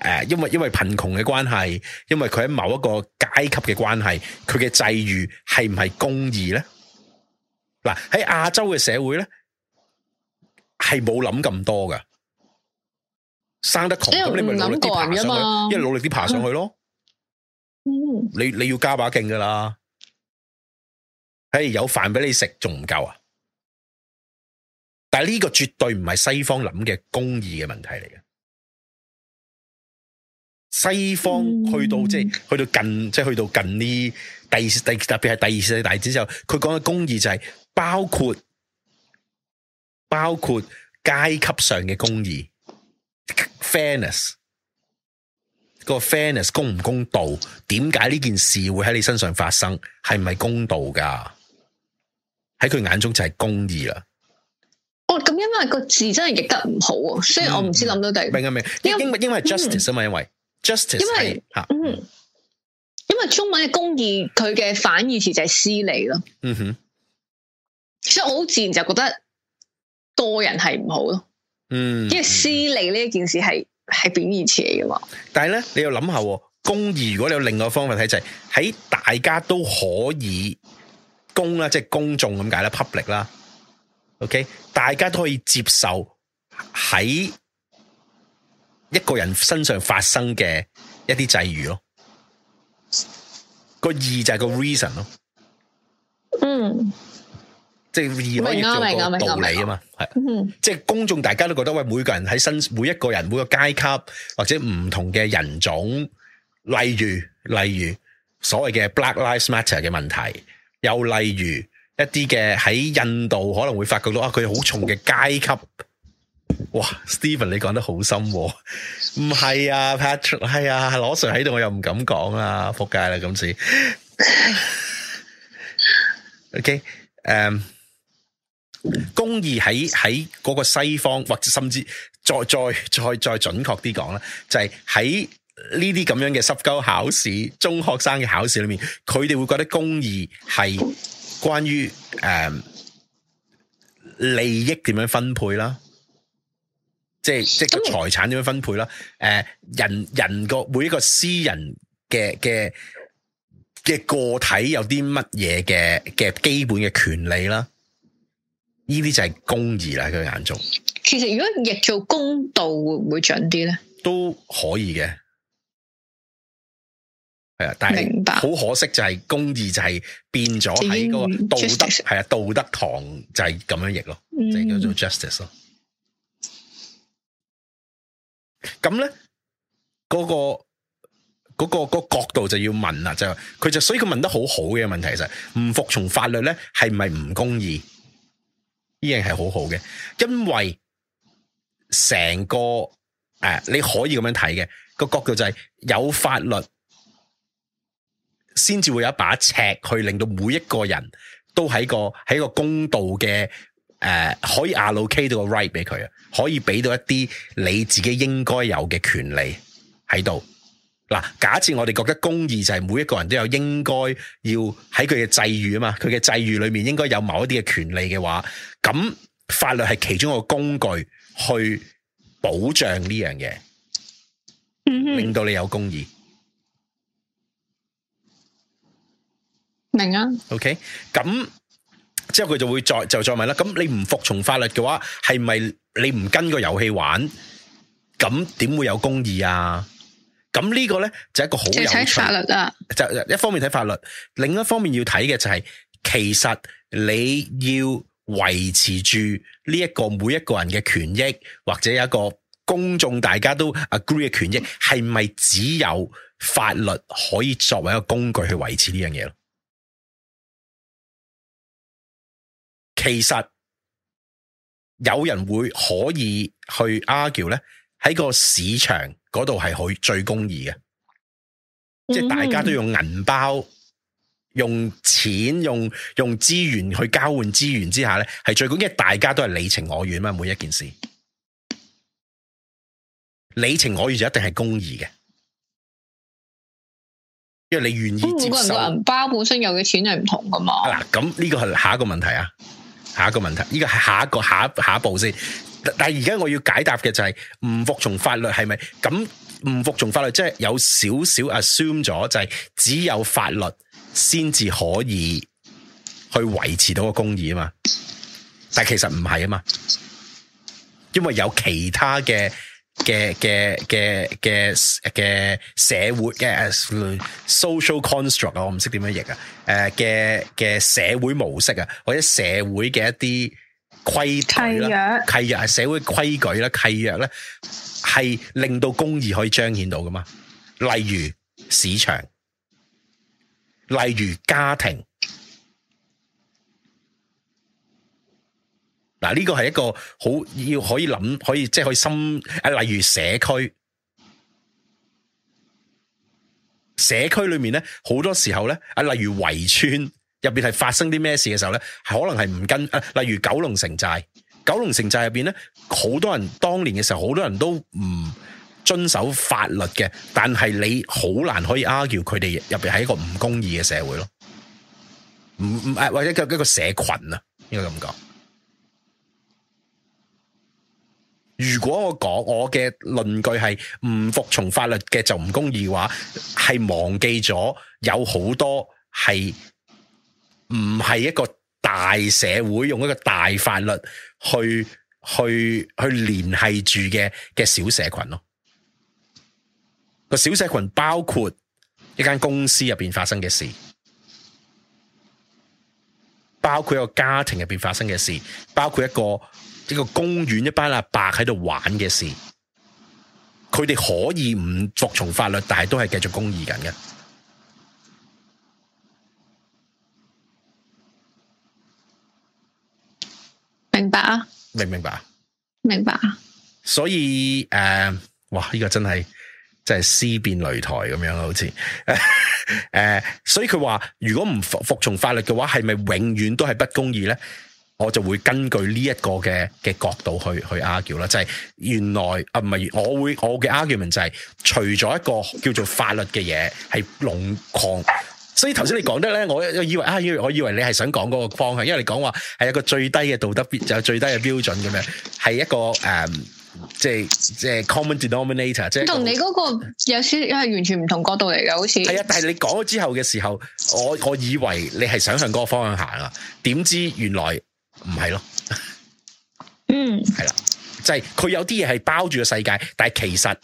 誒，因為因為貧窮嘅關係，因為佢喺某一個階級嘅關係，佢嘅際遇係唔係公義咧？嗱，喺亞洲嘅社會咧，係冇諗咁多噶，生得窮咁你咪努力啲爬上去，因為努力啲爬上去咯。嗯，你你要加把勁噶啦。係有飯俾你食，仲唔夠啊？但係呢個絕對唔係西方諗嘅公義嘅問題嚟嘅。西方去到，嗯、即係去到近，即係去到近呢第第特別係第二次大戰之後，佢講嘅公義就係包括包括階級上嘅公義，嗯、，fairness 個 fairness 公唔公道？點解呢件事會喺你身上發生？係唔係公道噶？喺佢眼中就係公義啦。哦，咁因為個字真係譯得唔好啊，所以我唔知諗，嗯、到第。明啊明，因因為 justice 啊嘛，因為。因為 Justice，因為，是嗯，因為中文嘅公義，佢嘅反義詞就係私利咯。嗯哼，所以我好自然就覺得個人係唔好咯。嗯，因為私利呢一件事係係貶義詞嚟噶嘛。但係咧，你要諗下，公義如果你有另外嘅方面睇就係、是、喺大家都可以公啦，即、就、係、是、公眾咁解啦，public 啦。OK，大家都可以接受喺。一個人身上發生嘅一啲際遇咯，個意就係個 reason 咯，嗯，即係可以做道理啊嘛，係，即係、就是、公眾大家都覺得喂，每個人喺身，每一個人每個階級或者唔同嘅人種，例如例如所謂嘅 Black Lives Matter 嘅問題，又例如一啲嘅喺印度可能會發覺到啊，佢好重嘅階級。哇，Steven，你講得好深喎！唔係啊，Patrick，係啊，羅 Sir 喺度，我又唔敢講啦，仆街啦，今次。OK，誒，公義喺喺嗰個西方，或者甚至再再再再準確啲講啦，就係喺呢啲咁樣嘅濕鳩考試，中學生嘅考試裏面，佢哋會覺得公義係關於誒，利益點樣分配啦。即係即係財產點樣分配啦？誒那，人人個每一個私人嘅嘅嘅個體有啲乜嘢嘅嘅基本嘅權利啦？呢啲就係公義啦，喺佢眼中。其實如果譯做公道會唔會準啲咧？都可以嘅，係啊，但係好白可惜就係公義就係變咗喺個道德係啊正，道德堂就係咁樣譯咯，嗯、就叫做 justice 咯。咁咧，嗰、個嗰、個、個角度就要問啦，就佢就所以佢問得好好嘅問題就，唔服從法律咧係唔係唔公義？呢樣係好好嘅，因為成個誒你可以咁樣睇嘅、個角度就係有法律先至會有一把尺去令到每一個人都喺個喺個公道嘅。誒、uh, right，可以 allocate 到個 right 俾佢啊，可以俾到一啲你自己應該有嘅權利喺度。嗱，假設我哋覺得公義就係每一個人都有應該要喺佢嘅際遇啊嘛，佢嘅際遇裏面應該有某一啲嘅權利嘅話，咁法律係其中一個工具去保障呢樣嘢，嗯，令到你有公義，明啊？OK，咁。之後佢就會再就再問啦。咁你唔服從法律嘅話，係咪你唔跟個遊戲玩？咁點會有公義啊？咁呢個咧就係、一個好有趣嘅，就睇法律啦。就一方面睇法律，另一方面要睇嘅就係、是，其實你要維持住呢一個每一個人嘅權益，或者有一個公眾大家都 agree 嘅權益，係咪只有法律可以作為一個工具去維持呢樣嘢咯？其實有人會可以去 argue，咧，喺個市場嗰度係去最公義嘅，即係大家都用銀包、用錢、用用資源去交換資源之下咧，係最緊嘅。大家都係你情我願嘛，每一件事你情我願就一定係公義嘅，因為你願意接。每個人嘅銀包本身有嘅錢係唔同噶嘛。嗱、啊、咁、這、呢個係下一個問題啊。下一個問題，呢個係下一個下一下一步先。但係而家我要解答嘅就係，唔服從法律係咪？咁唔服從法律，即係有少少 assume 咗，就係只有法律先至可以去維持到個公義啊嘛。但係其實唔係啊嘛，因為有其他嘅。嘅嘅嘅嘅嘅社會嘅誒 social construct 啊，我唔識點樣譯啊誒嘅嘅社會模式啊，或者社會嘅一啲規條啦、契約係社會規矩啦、契約咧，係令到公義可以彰顯到噶嘛？例如市場，例如家庭。嗱，呢個係一個好要可以諗，可以即係可以心、啊、例如社區，社區裏面咧，好多時候咧，啊，例如圍村入邊係發生啲咩事嘅時候咧，可能係唔跟啊。例如九龍城寨，九龍城寨入邊咧，好多人當年嘅時候，好多人都唔遵守法律嘅，但係你好難可以阿 e 佢哋入邊係一個唔公義嘅社會咯。唔唔誒，或者叫一,一個社群啊，應該咁講。如果我講我嘅論據係唔服從法律嘅就唔公義嘅話，係忘記咗有好多係唔係一個大社會用一個大法律去去去聯繫住嘅嘅小社群咯。個小社群包括一間公司入邊發生嘅事，包括一個家庭入邊發生嘅事，包括一個。一個公園一班阿伯喺度玩嘅事，佢哋可以唔服從法律，但係都係繼續公義緊嘅。明白啊？明唔明白？明白啊？所以誒、呃，哇！呢、這個真係真係思辨擂台咁樣咯，好似誒、 *laughs* 呃，所以佢話如果唔服服從法律嘅話，係咪永遠都係不公義咧？我就會根據呢一個嘅嘅角度去去 argue 啦，就係原來啊唔係我會我嘅 argument 就係除咗一個叫做法律嘅嘢係濫狂，所以頭先你講得咧，我以為啊，我以為你係想講嗰個方向，因為你講話係一個最低嘅道德，就係最低嘅標準咁樣，係一個誒，即係即係 common denominator，即係同你嗰個有少係完全唔同角度嚟嘅，好似係啊，但係你講咗之後嘅時候，我我以為你係想向嗰個方向行啊，點知原來。唔係不咯， *laughs* 嗯，係啦，就係、是、佢有啲嘢係包住個世界，但係其實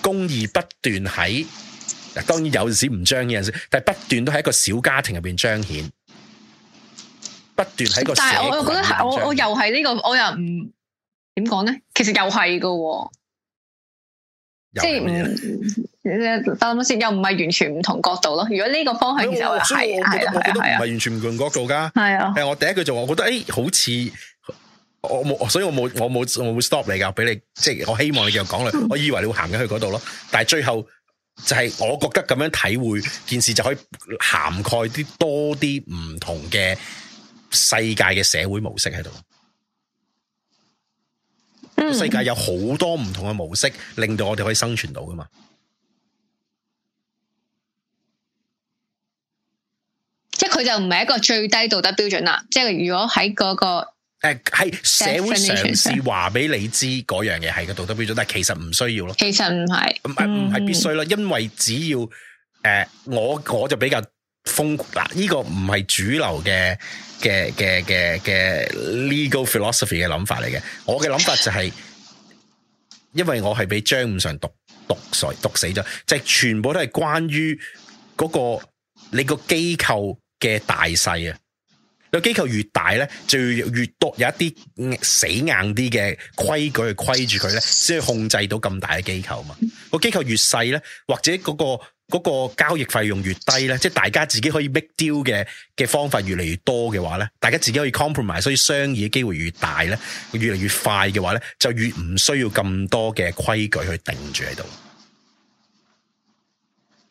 公義不斷喺，嗱，當然有陣時唔彰顯，有陣時，但係不斷都喺一個小家庭入邊彰顯，不斷喺個裡面。但係我又覺得我我又係呢、這個，我又唔點講咧，其實又係噶。是即係唔，誒，等先，又唔係完全唔同角度咯。如果呢個方向其實就係係係唔係完全唔同角度噶？係啊，誒、啊，是啊、我第一句就話我覺得，誒、哎，好似我冇，所以我冇，我冇，我會 stop 你噶，俾你即係，我希望你繼續講啦。 *laughs* 我以為你會行緊去嗰度咯，但係最後就係我覺得咁樣體會件事，就可以涵蓋啲多啲唔同嘅世界嘅社會模式喺度。世界有好多唔同嘅模式，令到我哋可以生存到噶嘛、嗯？即係佢就唔係一個最低道德標準啦。即係如果喺嗰個誒，係社會嘗試話俾你知嗰樣嘢係個道德標準，但係其實唔需要咯。其實唔係唔係必須咯，因為只要誒、呃、我我就比較。封嗱，呢個唔係主流嘅嘅嘅嘅嘅 legal philosophy 嘅諗法嚟嘅。我嘅諗法就係，因為我係俾張五常毒毒衰毒死咗，即係、是、全部都係關於嗰、個你個機的、個機構嘅大細啊。個機構越大咧，就越多有，有一啲死硬啲嘅規矩去規住佢咧，先係控制到咁大嘅機構啊嘛。個機構越細咧，或者嗰、嗰個。嗰個交易費用越低咧，即係大家自己可以 make deal 嘅嘅方法越嚟越多嘅話咧，大家自己可以 compromise，所以商議嘅機會越大咧，越嚟越快嘅話咧，就越唔需要咁多嘅規矩去定住喺度。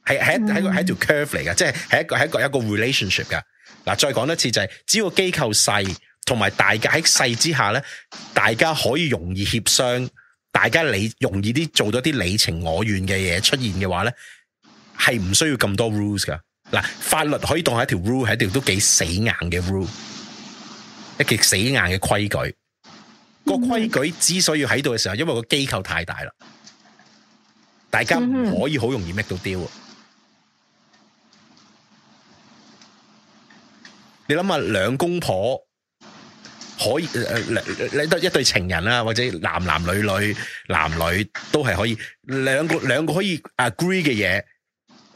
係係一係係一條 curve 嚟㗎，即係係一個係一個一個 relationship 噶。嗱，再講一次就係、是，只要機構細同埋大家喺細之下咧，大家可以容易協商，大家容易啲做咗啲你情我願嘅嘢出現嘅話咧。係唔需要咁多 rules 噶，嗱，法律可以當係一條 rule，係一條都幾死硬嘅 rule，一極死硬嘅規矩。個規矩之所以喺度嘅時候，因為個機構太大啦，大家唔可以好容易 make 到 deal。你諗下，兩公婆可以誒誒，你得一對情人啦，或者男男女女、男女都係可以，兩個兩個可以 agree 嘅嘢。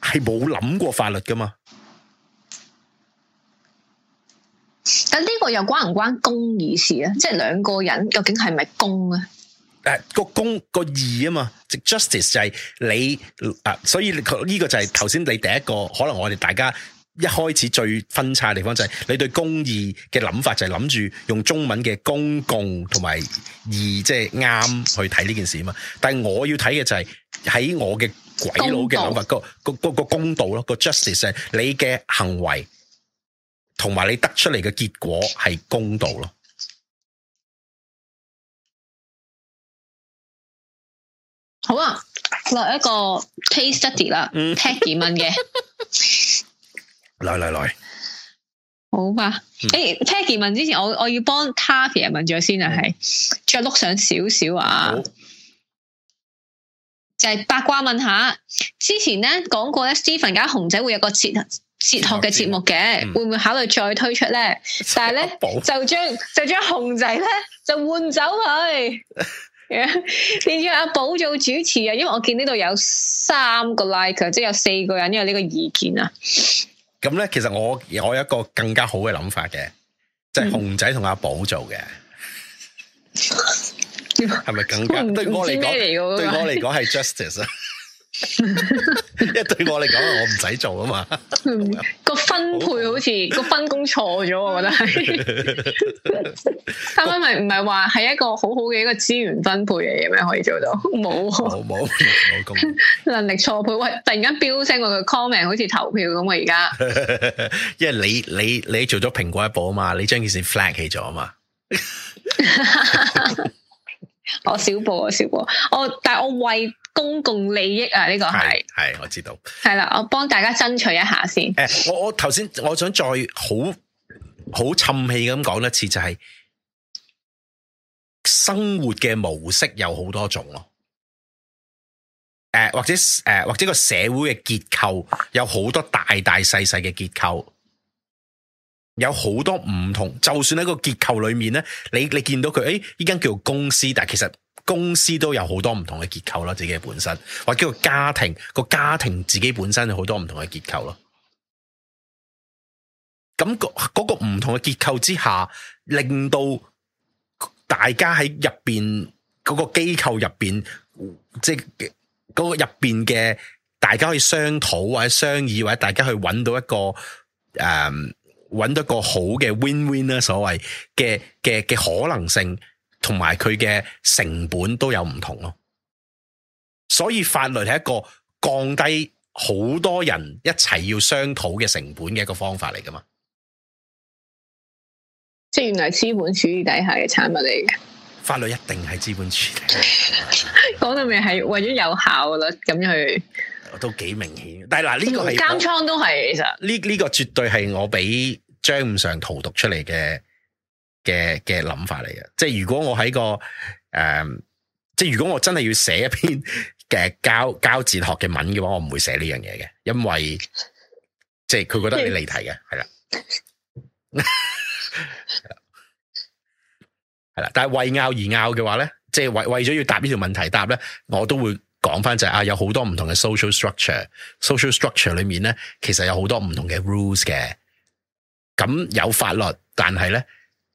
係冇諗過法律噶嘛？咁呢個又關唔關公義事啊？即係兩個人究竟係咪公啊？誒、呃，個公、個義啊嘛，即 justice 就係你啊、呃，所以呢個就係頭先你第一個，可能我哋大家一開始最分叉嘅地方就係你對公義嘅諗法就係諗住用中文嘅公共同埋義，即係啱去睇呢件事嘛。但係我要睇嘅就係喺我嘅。鬼佬嘅諗法，道個個個，個公道咯，個 justice，你嘅行為同埋你得出嚟嘅結果係公道咯。好啊，落一個 case study 啦 t e g g y 問嘅，來來來，好吧。誒 t e g g y 問之前，我我要幫 Tavia 問咗先啊，係着碌上少少啊。就係八卦問下，之前咧講過咧，Stephen 加熊仔會有個哲哲學嘅節目嘅，學會唔會考慮再推出咧？學但係咧、啊、就將， *laughs* 就，將就將熊仔咧就換走佢，你讓 *laughs* 阿寶做主持啊？因為我見呢度有三個 like，即係有四個人有呢個意見啊。咁咧、嗯，其實我我有一個更加好嘅諗法嘅，就係、是、熊仔同阿寶做嘅。 *laughs* 係咪更加我不對我嚟講？嚟對我嚟講係 justice 啊！因 *laughs* 為對我嚟講，我唔使做啊嘛。個、嗯、 *laughs* 好分配好似個分工錯咗，我覺得係。啱啱咪唔係話係一個很好好嘅一個資源分配嘅嘢咩？可以做到冇冇冇冇功能力錯配喂！突然間飆升我個 comment，好似投票咁啊！而家 *laughs* 因為你你你做咗蘋果一步啊嘛，你將件事 flag 起咗啊嘛。 *laughs* *laughs* 我小步，我小步，我、哦、但係我為公共利益啊！呢個係係我知道，係啦，我幫大家爭取一下先。誒、欸，我我頭先我想再好好氹氣咁講一次，就係、是、生活嘅模式有好多種咯、啊。誒、呃，或者誒、呃，或者個社會嘅結構有好多大大細細嘅結構。有好多唔同，就算喺個結構裏面咧，你你見到佢，誒、哎，呢間叫做公司，但係其實公司都有好多唔同嘅結構啦，自己本身或叫做家庭，個家庭自己本身有好多唔同嘅結構咯。咁、那、嗰個唔、那個、同嘅結構之下，令到大家喺入邊嗰個機構入邊，即係嗰、那個入邊嘅大家可以商討或者商議，或者大家去揾到一個誒。嗯揾到個好嘅 win win 咧，所謂嘅嘅嘅可能性，同埋佢嘅成本都有唔同咯。所以法律係一個降低好多人一齊要商討嘅成本嘅一個方法嚟噶嘛。即係原來資本主義底下嘅產物嚟嘅。法律一定係資本處理。講 *laughs* 到咪係為咗有效率，咁樣去都幾明顯。但係嗱，呢、這個係監倉都係其實呢呢個絕對係我俾張五常荼毒出嚟嘅嘅嘅諗法嚟嘅。即係如果我喺個、呃、即係如果我真係要寫一篇嘅交交哲學嘅文嘅話，我唔會寫呢樣嘢嘅，因為即係佢覺得你離題嘅，係啦 *laughs* 的。 *laughs* 係啦，但係為拗而拗嘅話咧，即、就、係、是、為為咗要答呢條問題答咧，我都會講翻就係、是、啊，有好多唔同嘅 social structure，social structure 裏面咧，其實有好多唔同嘅 rules 嘅。咁有法律，但係咧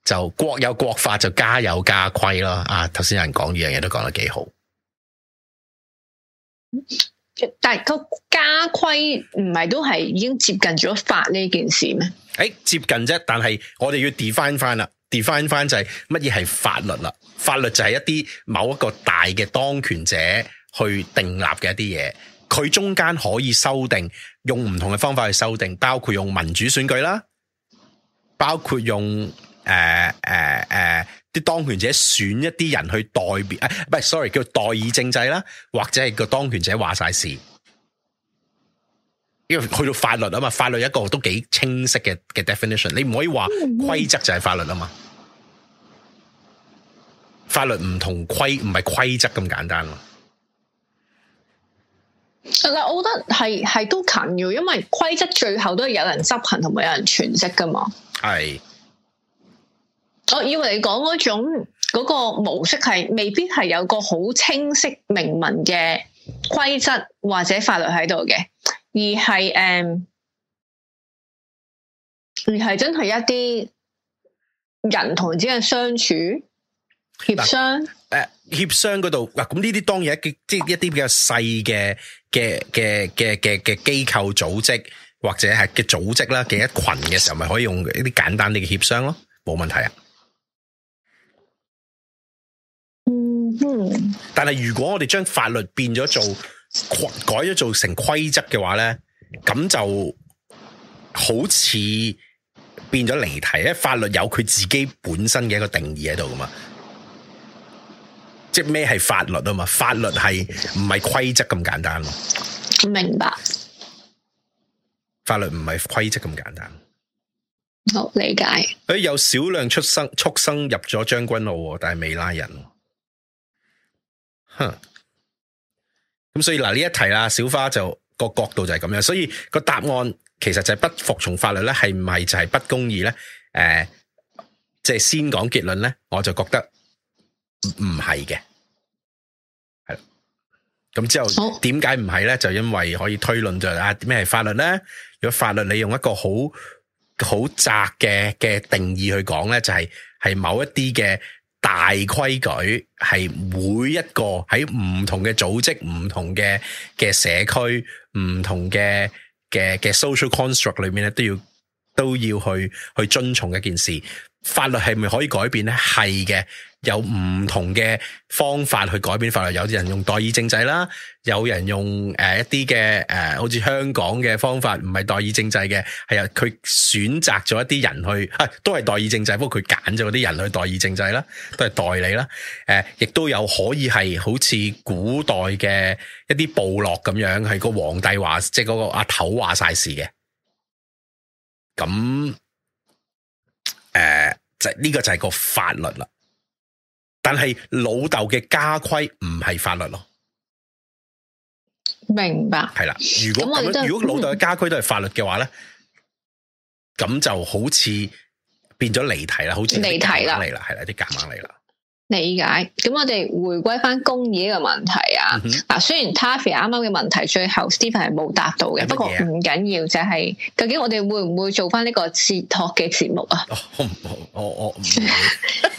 就國有國法，就家有家規咯。啊，頭先有人講呢樣嘢都講得幾好。但係個家規唔係都係已經接近咗法呢件事咩？誒、欸，接近啫，但係我哋要 define 翻啦。define 翻就係乜嘢係法律啦？法律就係一啲某一個大嘅當權者去訂立嘅一啲嘢，佢中間可以修訂，用唔同嘅方法去修訂，包括用民主選舉啦，包括用誒誒誒，啲、呃呃呃、當權者選一啲人去代表誒，唔係、啊，sorry，叫代議政制啦，或者係個當權者話晒事。因去到法律啊嘛，法律一個都幾清晰嘅嘅 definition，你唔可以話規則就係法律啊嘛。嗯、法律唔同規，唔係規則咁簡單咯。嗱，我覺得係係都緊要嘅，因為規則最後都係有人執行同埋有人詮釋噶嘛。係是，我以為你講嗰種嗰、嗰個模式係未必係有個好清晰明文嘅規則或者法律喺度嘅。而係誒、嗯，而係真係一啲人同人之間嘅相處協商誒、呃，協商嗰度嗱，咁呢啲當然一即係一啲比較細嘅嘅嘅嘅嘅嘅機構組織或者係嘅組織啦嘅一群嘅時候，咪可以用一啲簡單啲嘅協商咯，冇問題啊。嗯，嗯，但係如果我哋將法律變咗做。改咗做成規則嘅話咧，咁就好似變咗離題啊！法律有佢自己本身嘅一個定義喺度噶嘛，即係咩係法律啊嘛？法律係唔係規則咁簡單咯？明白。法律唔係規則咁簡單。好理解。誒，有少量出生畜生入咗將軍澳，但係未拉人。哼。咁所以嗱呢一題啦，小花就個角度就係咁樣，所以個答案，其實就係不服從法律咧，係唔係就係不公義咧？誒、呃，即係先講結論咧，我就覺得唔係嘅，係啦，咁之後點解唔係咧？就因為可以推論就啊，咩係法律咧？如果法律你用一個好好窄嘅嘅定義去講咧，就係係某一啲嘅大規矩係每一個喺唔同嘅組織、唔同嘅嘅社區、唔同嘅嘅嘅 social construct 裏面咧，都要都要去去遵從一件事。法律係咪可以改變咧？係嘅。有唔同嘅方法去改變法律，有啲人用代議政制啦，有人用誒一啲嘅誒，好似香港嘅方法，唔係代議政制嘅，係呀，佢選擇咗一啲人去，啊都係代議政制，不過佢揀咗啲人去代議政制啦，都係代理啦。誒、啊，亦都有可以係好似古代嘅一啲部落咁樣，係個皇帝話，即係嗰個阿頭話晒事嘅。咁誒，就呢個就係個法律啦。但是老豆嘅家規唔是法律，明白。如果老豆嘅家規都是法律嘅話，那就好似變咗離題了，好似離題啦，啲硬嚟理解，咁我哋回歸翻公義呢個問題啊。嗱、嗯哼啊，雖然 Taffy 啱啱嘅問題最後、嗯、哼 Stephen 係冇答到嘅，不過唔緊要，就係、是、究竟我哋會唔會做翻呢個切託嘅節目啊？我唔，我我唔會。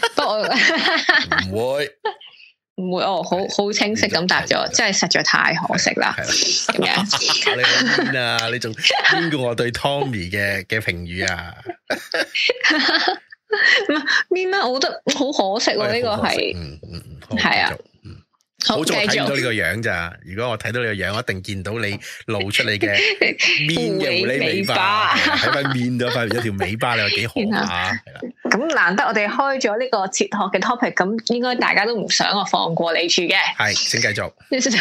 *laughs* 不過我唔會，唔 *laughs* 會， *laughs* 會。哦，好好清晰咁答咗，的真係實在太可惜啦。咁 *laughs* 樣看你啊？ *laughs* 你仲經過我對 Tommy 嘅嘅評語啊？ *laughs* 唔係面我覺得好可惜喎，呢個係，嗯嗯嗯，係啊，嗯、好仲睇唔到呢個樣咋？如果我睇到你個樣，我一定見到你露出你嘅面嘅狐狸尾巴，喺塊面度，塊住條尾巴， *laughs* 你有幾好？咁難得我哋開咗呢個哲學嘅 topic，咁應該大家都唔想我放過你住嘅。係，請繼續。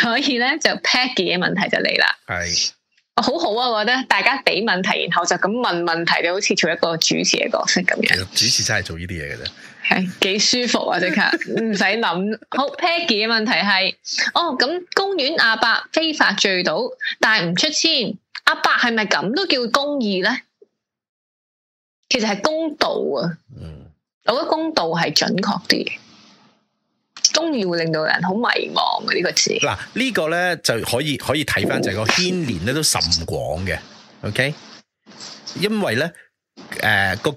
可以咧，就 Pack 嘅問題就嚟啦。係。哦、好好啊，我覺得大家俾問題，然後就咁問問題，你好似做一個主持嘅角色咁樣。主持真係做呢啲嘢嘅啫，係幾、哎、舒服啊！即 *laughs* 刻唔使諗。好 *laughs* ，Peggy 嘅問題係，哦，咁公園阿伯非法聚賭，但係唔出千，阿伯係咪咁都叫公義咧？其實係公道啊。嗯，我覺得公道係準確啲。中意會令到人好迷茫嘅呢個詞。嗱，呢個咧就可以可以睇翻，就係個牽連咧都甚廣嘅，OK？因為咧，誒個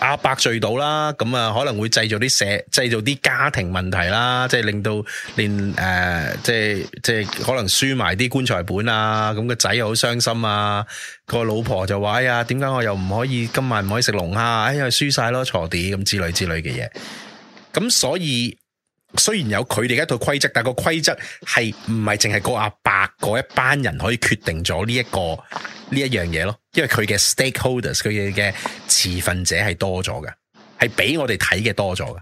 阿伯醉到啦，咁啊可能會製造啲社製造啲家庭問題啦，即係令到令誒即係即係可能輸埋啲棺材本啊，咁個仔又好傷心啊，個老婆就話呀，點解我又唔可以今晚唔可以食龍蝦？哎呀，輸晒咯，坐地咁之類之類嘅嘢。咁所以。雖然有佢哋一套規則，但個規則係唔係淨係個阿伯嗰一班人可以決定咗呢、這個、一個呢一樣嘢咯，因為佢嘅 stakeholders 佢嘅持份者係多咗嘅，係比我哋睇嘅多咗嘅。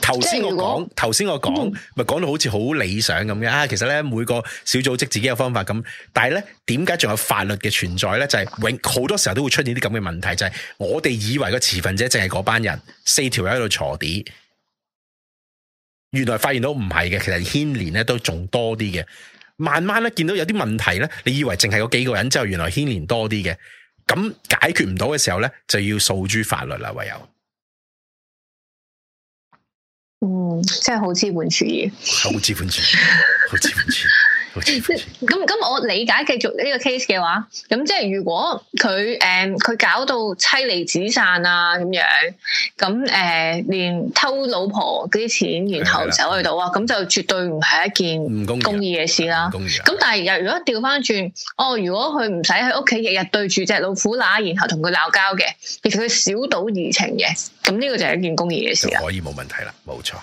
頭先、嗯、我講，頭先果我講，咪講到好似好理想咁嘅啊！其實咧，每個小組織自己有方法咁，但係咧，點解仲有法律嘅存在咧？就係、是、永好多時候都會出現啲咁嘅問題，就係、是、我哋以為個持份者淨係嗰班人四條友喺度鋤地，原來發現到唔係嘅，其實牽連咧都仲多啲嘅。慢慢咧見到有啲問題咧，你以為淨係嗰幾個人之後，原來牽連多啲嘅，咁解決唔到嘅時候咧，就要訴諸法律啦，唯有。嗯，真係好資本主義，好資本主義，好資本主義。咁咁我理解繼續呢個 case 嘅話，咁即係如果佢誒佢搞到妻離子散啊咁樣，咁誒、嗯、連偷老婆啲錢，然後走去賭啊，咁的就絕對唔係一件唔公義嘅事啦。咁但係如果調翻轉，哦，如果佢唔使喺屋企日日對住隻老虎乸，然後同佢鬧交嘅，其實佢小賭怡情嘅，咁呢個就係一件公義嘅事。可以冇問題啦，冇錯。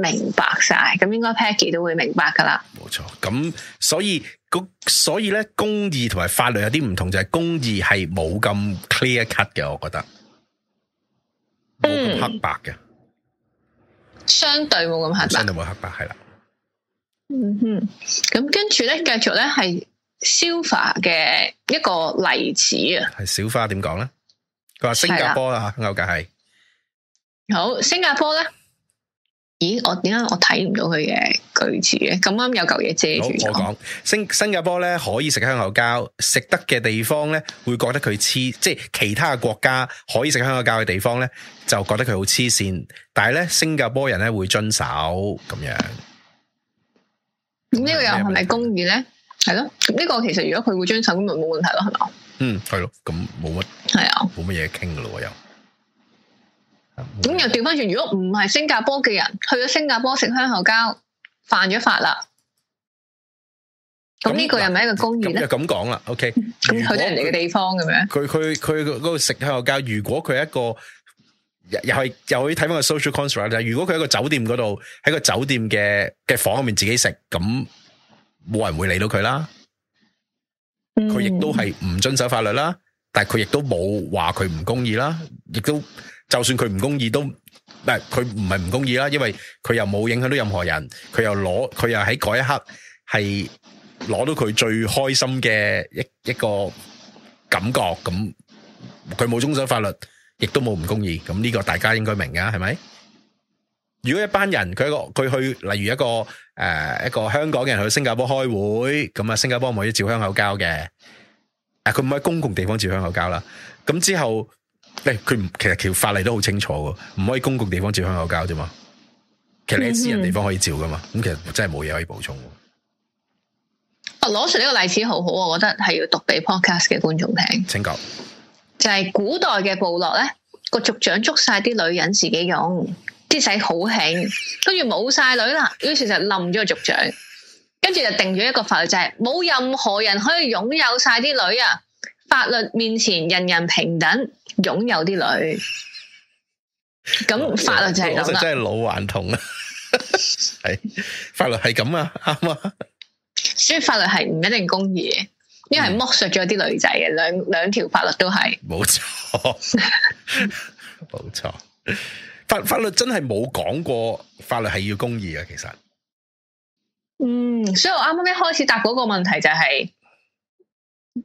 明白晒，咁應該 Peggy 都會明白噶啦。冇錯，咁所以個所以咧，公義同埋法律有啲唔同，就係、是、公義係冇咁 clear cut 嘅，我覺得，冇、嗯、黑白嘅，相對冇咁黑白，相對冇黑白係啦。嗯哼，咁跟住咧，繼續咧係 Sofa 嘅一個例子啊。係小花點講咧？佢話新加坡啦、啊、吓，歐界係好新加坡咧。咦，我點解我睇唔到佢嘅句子嘅？咁啱有嚿嘢遮住。我講新新加坡咧可以食香口膠，食得嘅地方咧會覺得佢黐，即係其他嘅國家可以食香口膠嘅地方咧就覺得佢好黐線。但係咧新加坡人咧會遵守咁樣。咁呢個又係咪公義咧？係咯，呢個其實如果佢會遵守咁咪冇問題咯，係咪？嗯，係咯，咁冇乜係啊，冇乜嘢傾噶咯又。咁又調翻轉，如果唔係新加坡嘅人去咗新加坡食香口膠，犯咗法啦。咁呢個又係一個公義咧？咁就咁講啦。OK，咁去咗人哋嘅地方咁樣。佢佢佢嗰度食香口膠。如果佢係一個又係又可以睇翻個 social construct。就係，如果佢喺個酒店嗰度喺個酒店嘅嘅房入面自己食，咁冇人會理到佢啦。佢亦都係唔遵守法律啦，但係佢亦都冇話佢唔公義啦，亦都。就算佢唔公義都唔係佢唔係唔公義啦，因為佢又冇影響到任何人，佢又攞佢又喺嗰一刻係攞到佢最開心嘅一一個感覺咁，佢冇遵守法律，亦都冇唔公義，咁呢個大家應該明㗎，係咪？如果一班人佢個佢去例如一個誒一個香港嘅人去新加坡開會，咁啊新加坡可以照香口交嘅，啊佢唔喺公共地方照香口交啦，咁之後。誒，佢其實條法例都好清楚嘅，唔可以公共地方照香口膠啫嘛。其實你喺私人地方可以照噶嘛。咁、嗯、哼其實真係冇嘢可以補充。啊，攞出呢個例子好好，我覺得係要讀俾 podcast 嘅觀眾聽。請講教，就係古代嘅部落咧，個族長捉晒啲女人自己用，啲仔好興，跟住冇晒女啦，於是就冧咗個族長，跟住就定咗一個法律就係，冇任何人可以擁有晒啲女啊。法律面前人人平等。擁有啲女，咁法律就係真係老頑童係、 *laughs* 哎、法律係咁啊，啱、啊。所以法律係唔一定公義，因為剝削咗啲女仔嘅，嗯、兩兩條法律都係。冇沒錯，冇 *laughs* 錯。法法律真係冇講過，法律係要公義嘅。其實，嗯，所以我啱啱一開始答嗰個問題就係、是，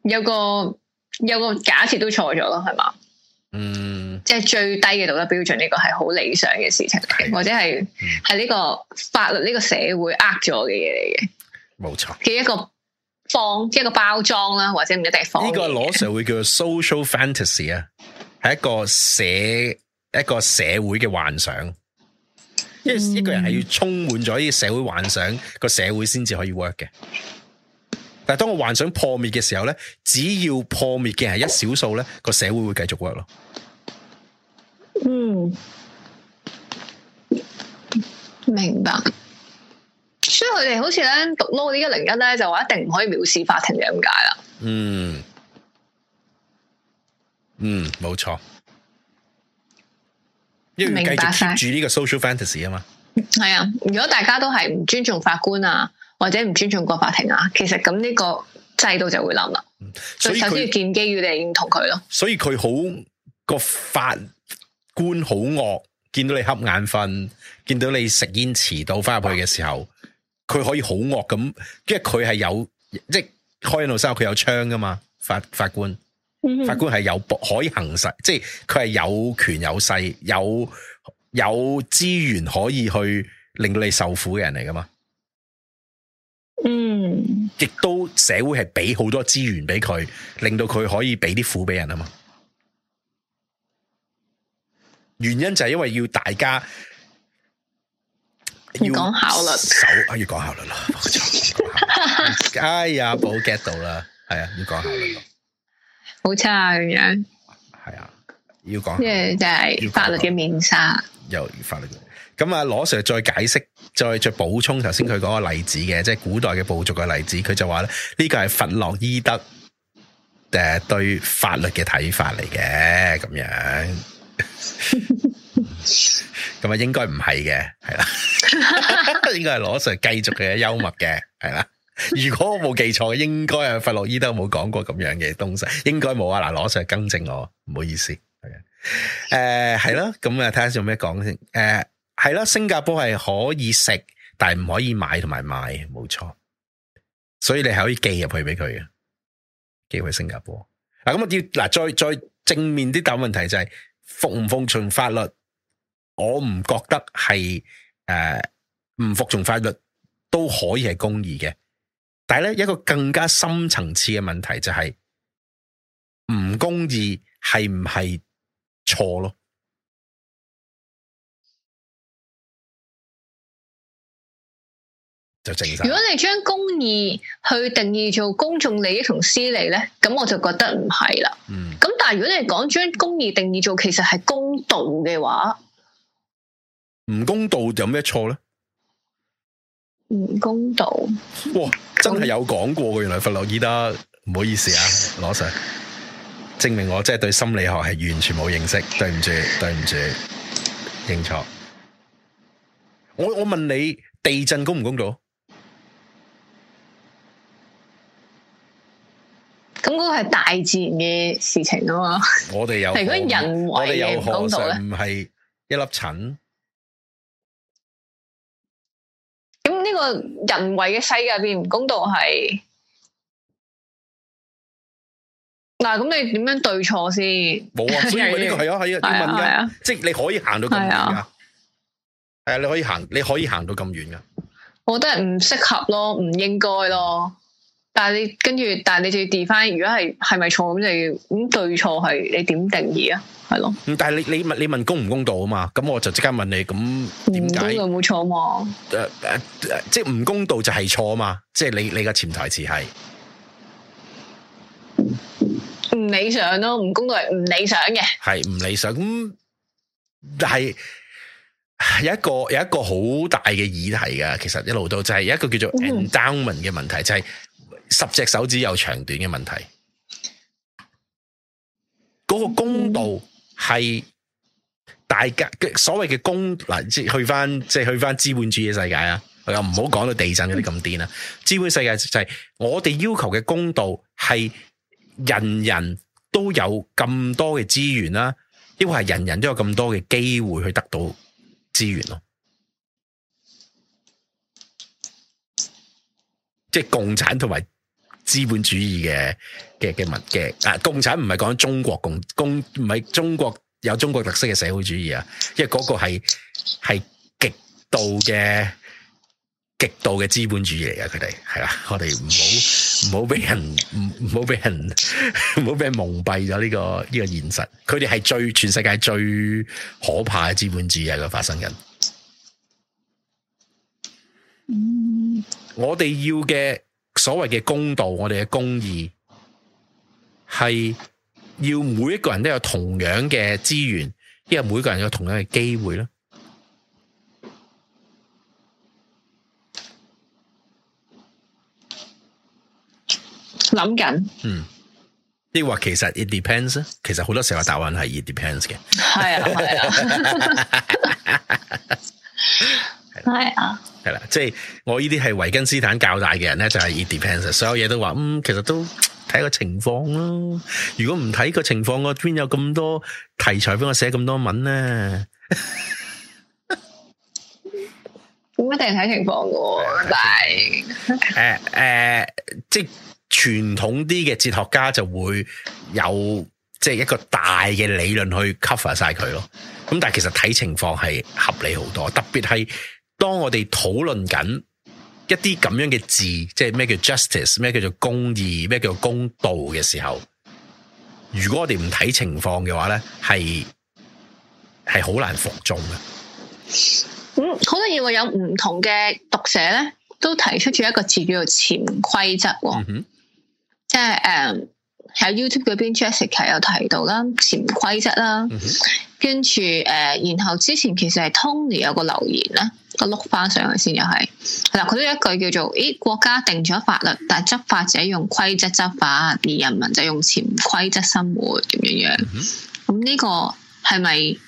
有個有個假設都錯咗咯，係嘛？嗯，即係最低嘅道德標準，呢個係好理想嘅事情嚟嘅，係嘅或者係係呢個法律呢、呢個社會呃咗嘅嘢嚟嘅，冇錯嘅一個方，其一個包裝啦、啊，或者唔一定係方。呢個攞社會叫做 social fantasy 啊，係一個社一個社會嘅幻想，嗯、因為一個人係要充滿咗呢個社會幻想，個社會先至可以 work 嘅。但係當我幻想破滅嘅時候咧，只要破滅嘅人係一少數咧，個社會會繼續 work 咯。嗯，明白。所以佢哋好似咧讀撈啲一零一咧，就話一定唔可以藐視法庭嘅咁解啦。嗯，嗯，冇錯。因為繼續 keep 住呢個 social fantasy 啊嘛。係啊，如果大家都係唔尊重法官啊，或者唔尊重個法庭啊，其實咁呢個制度就會冧啦。所以，佢所以首先要建基於你認同佢咯。所以佢好個法。官好惡，見到你瞌眼瞓，見到你食煙遲到翻入去嘅時候，佢可以好惡咁，因為佢係有，即係開到度候，佢有槍噶嘛，法法官，嗯、哼法官係有可以行使，即係佢係有權有勢，有有資源可以去令到你受苦嘅人嚟噶嘛，嗯，亦都社會係俾好多資源俾佢，令到佢可以俾啲苦俾人啊嘛。原因就係因為要大家要講效率，要講效率啦。哎呀，冇 get 到啦，係啊，要講效率，好差啊，咁樣。係啊，要講即係法律嘅面紗，又法律嘅。咁啊，羅 sir 再解釋，再再補充頭先佢講個例子嘅，即係古代嘅部族嘅例子。佢就話咧，呢個係弗洛伊德誒對法律嘅睇法嚟嘅，咁樣。咁啊， *laughs* 應該唔係嘅，係啦， *laughs* 應該係羅 Sir 繼續嘅幽默嘅，係啦。 *laughs* 如果我冇記錯，應該啊弗洛伊德冇講過咁樣嘅東西，應該冇啊。嗱，羅 Sir 更正我，唔好意思，係誒，係、呃、啦。咁啊，睇下仲咩講先。誒、呃，係啦，新加坡係可以食，但係唔可以買同埋賣，冇錯。所以你係可以寄入去俾佢嘅，寄去新加坡。嗱，咁啊要嗱，再再正面啲答問題就係、是。服唔服從法律，我唔覺得係誒唔服從法律都可以係公義嘅。但係咧一個更加深層次嘅問題就係，唔公義係唔係錯咯？就如果你將公義去定義做公眾利益同私利咧，咁我就覺得唔係啦。咁、嗯、但係如果你講將公義定義做其實係公道嘅話，唔公道有咩錯咧？唔公道？哇，真係有講過嘅，原來弗洛伊德，唔好意思啊，羅 Sir，證明我真係對心理學係完全冇認識，對唔住，對唔住，認錯。我我問你，地震公唔公道？咁嗰個係大自然嘅事情啊嘛，我哋有係嗰啲人為嘅唔公道咧，唔係一粒塵。咁呢個人為嘅世界變唔公道係嗱，咁、啊、你點樣對錯先？冇啊，所以我呢、這個係可 *laughs* 啊，以、啊啊、問噶，啊啊、即係你可以行到咁遠噶，係啊，啊，你可以行，你可以行到咁遠噶。我覺得唔適合咯，唔應該咯。但係你跟住，但係你就要 define，如果係係咪錯，咁就要咁對錯，係你點定義啊？係咯？但係你你問你問公唔公道啊嘛？咁我就即刻問你咁點解？冇錯嘛，、呃呃呃、嘛？即係唔、啊、公道就係錯啊嘛？即係你你個潛台詞係唔理想咯？唔公道係唔理想嘅，係唔理想咁，但係有一個有一個好大嘅議題㗎。其實一路到就係、是、有一個叫做 endowment 嘅問題、嗯、就係、是。十隻手指有長短嘅問題，嗰個公道係大家嘅所謂嘅公嗱，即係去翻即係去翻資本主義嘅世界啊！又唔好講到地震嗰啲咁癲啦。資本世界就係我哋要求嘅公道係人人都有咁多嘅資源啦，抑或係人人都有咁多嘅機會去得到資源咯，即係共產同埋。資本主義嘅嘅嘅物嘅啊！共產唔係講中國共共，唔係中國有中國特色嘅社會主義啊！因為嗰個係係極度嘅極度嘅資本主義嚟噶，佢哋係啦，我哋唔好唔好俾人唔好俾人唔好俾人蒙蔽咗呢個呢個現實。佢哋係最全世界最可怕嘅資本主義喺度發生緊。嗯，我哋要嘅。所謂嘅公道，我哋嘅公義係要每一個人都有同樣嘅資源，亦係每個人都有同樣嘅機會咯。諗緊緊，嗯，亦話其實 it depends，其實好多時候答案係 it depends 嘅，係啊，係啊。 *laughs* *laughs* 係啊，係啦、啊，即、就、係、是、我呢啲係維根斯坦教大嘅人咧，就係、是、it depends 所有嘢都話，嗯，其實都睇個情況囉。如果唔睇個情況，我邊有咁多題材俾我寫咁多文咧？咁 *laughs* 一定係睇情況噶，啊、況但係誒誒， *laughs* uh, uh, 即係傳統啲嘅哲學家就會有即係一個大嘅理論去 cover 晒佢咯。咁但係其實睇情況係合理好多，特別係。當我哋討論緊一啲咁樣嘅字，即係咩叫 justice，咩叫做公義，咩叫做公道嘅時候，如果我哋唔睇情況嘅話咧，係係好難服眾嘅。嗯，好得意話有唔同嘅讀者咧，都提出住一個字叫做潛規則，嗯、哼即係誒。Um, 喺 YouTube 嗰邊，Jessica 有提到啦，潛規則啦，跟住誒，然後之前其實係 Tony 有個留言咧，我碌 o 翻上去先，就係，又係嗱，佢都有一句叫做，誒，國家定咗法律，但係執法者用規則執法，而人民就用潛規則生活，咁樣樣。咁呢、嗯、哼個係咪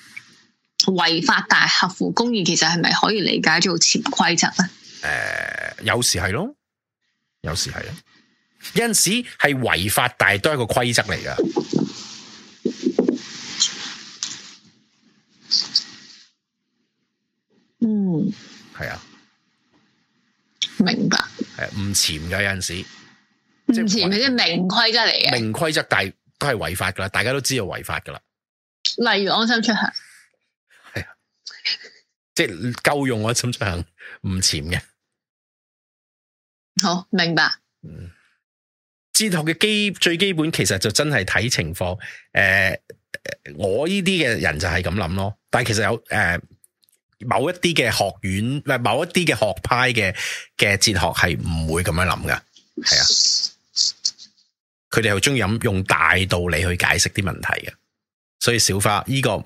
違法但係合乎公義？其實係咪可以理解做潛規則咧？誒、呃，有時係咯，有時係咯。有陣時係違法，但係都係個規則嚟噶。嗯，係啊，明白。係唔潛嘅，有陣時唔潛嘅，唔潛即係明規則嚟嘅。明規則，但係都係違法噶啦，大家都知道違法噶啦。例如安心出行，係啊，即係夠用我、啊、安心出行唔潛嘅。潛好，明白。嗯。哲學嘅基最基本，其實就真係睇情況。誒、呃，我呢啲嘅人就係咁諗咯。但係其實有誒、呃，某一啲嘅學院唔係、呃、某一啲嘅學派嘅嘅哲學係唔會咁樣諗噶。係啊，佢哋 *laughs* 又中意用大道理去解釋啲問題嘅。所以小花呢、呢個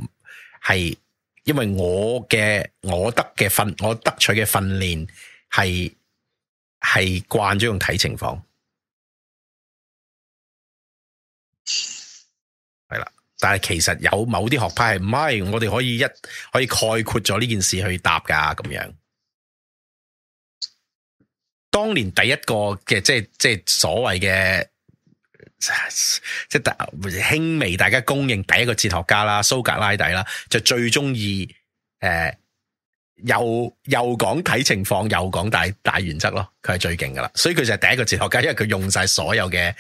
係因為我嘅我得嘅訓我得取嘅訓練係係慣咗用睇情況。但係其實有某啲學派係唔係，我哋可以一可以概括咗呢件事去答噶咁樣。當年第一個嘅即係即係所謂嘅即係輕微大家公認第一個哲學家啦，蘇格拉底啦，就最中意誒，又又講睇情況，又講大大原則咯。佢係最勁噶啦，所以佢就係第一個哲學家，因為佢用晒所有嘅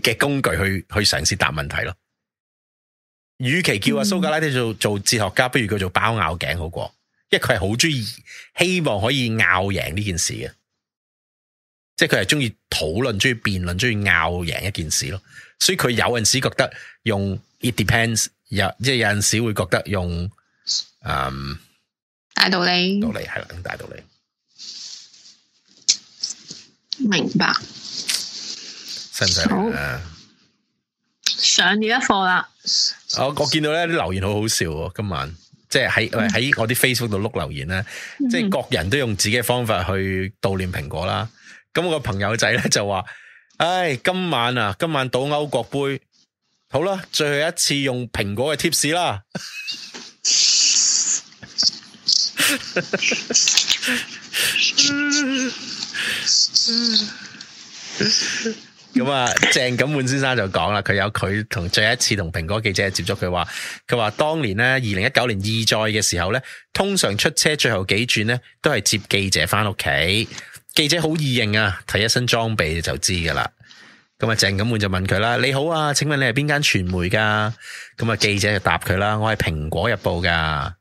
嘅工具去去嘗試答問題咯。與其叫阿蘇格拉底做做哲學家，不如叫做包拗頸好過，因為佢係好中意希望可以拗贏呢件事嘅，即係佢係中意討論、中意辯論、中意拗贏一件事咯。所以佢有陣時覺得用 it depends，有即係有陣時會覺得用誒、嗯、大道理，道理係啦，大道理，明白，使唔使好上咗一課啦？我我見到咧啲留言好好笑，今晚即係喺喺我啲 Facebook 度碌留言咧，mm hmm. 即係各人都用自己嘅方法去悼念蘋果啦。咁我個朋友仔咧就話，唉，今晚啊，今晚賭歐國盃，好啦，最後一次用蘋果嘅貼士啦。 *laughs* mm hmm. mm hmm. 咁啊，鄭錦滿先生就講啦，佢有佢同最後一次同蘋果記者接觸，佢話佢話當年咧，二零一九年二載嘅時候咧，通常出車最後幾轉咧，都係接記者翻屋企。記者好易認啊，睇一身裝備就知噶啦。咁啊，鄭錦滿就問佢啦：你好啊，請問你係邊間傳媒噶？咁啊，記者就答佢啦：我係蘋果日報噶。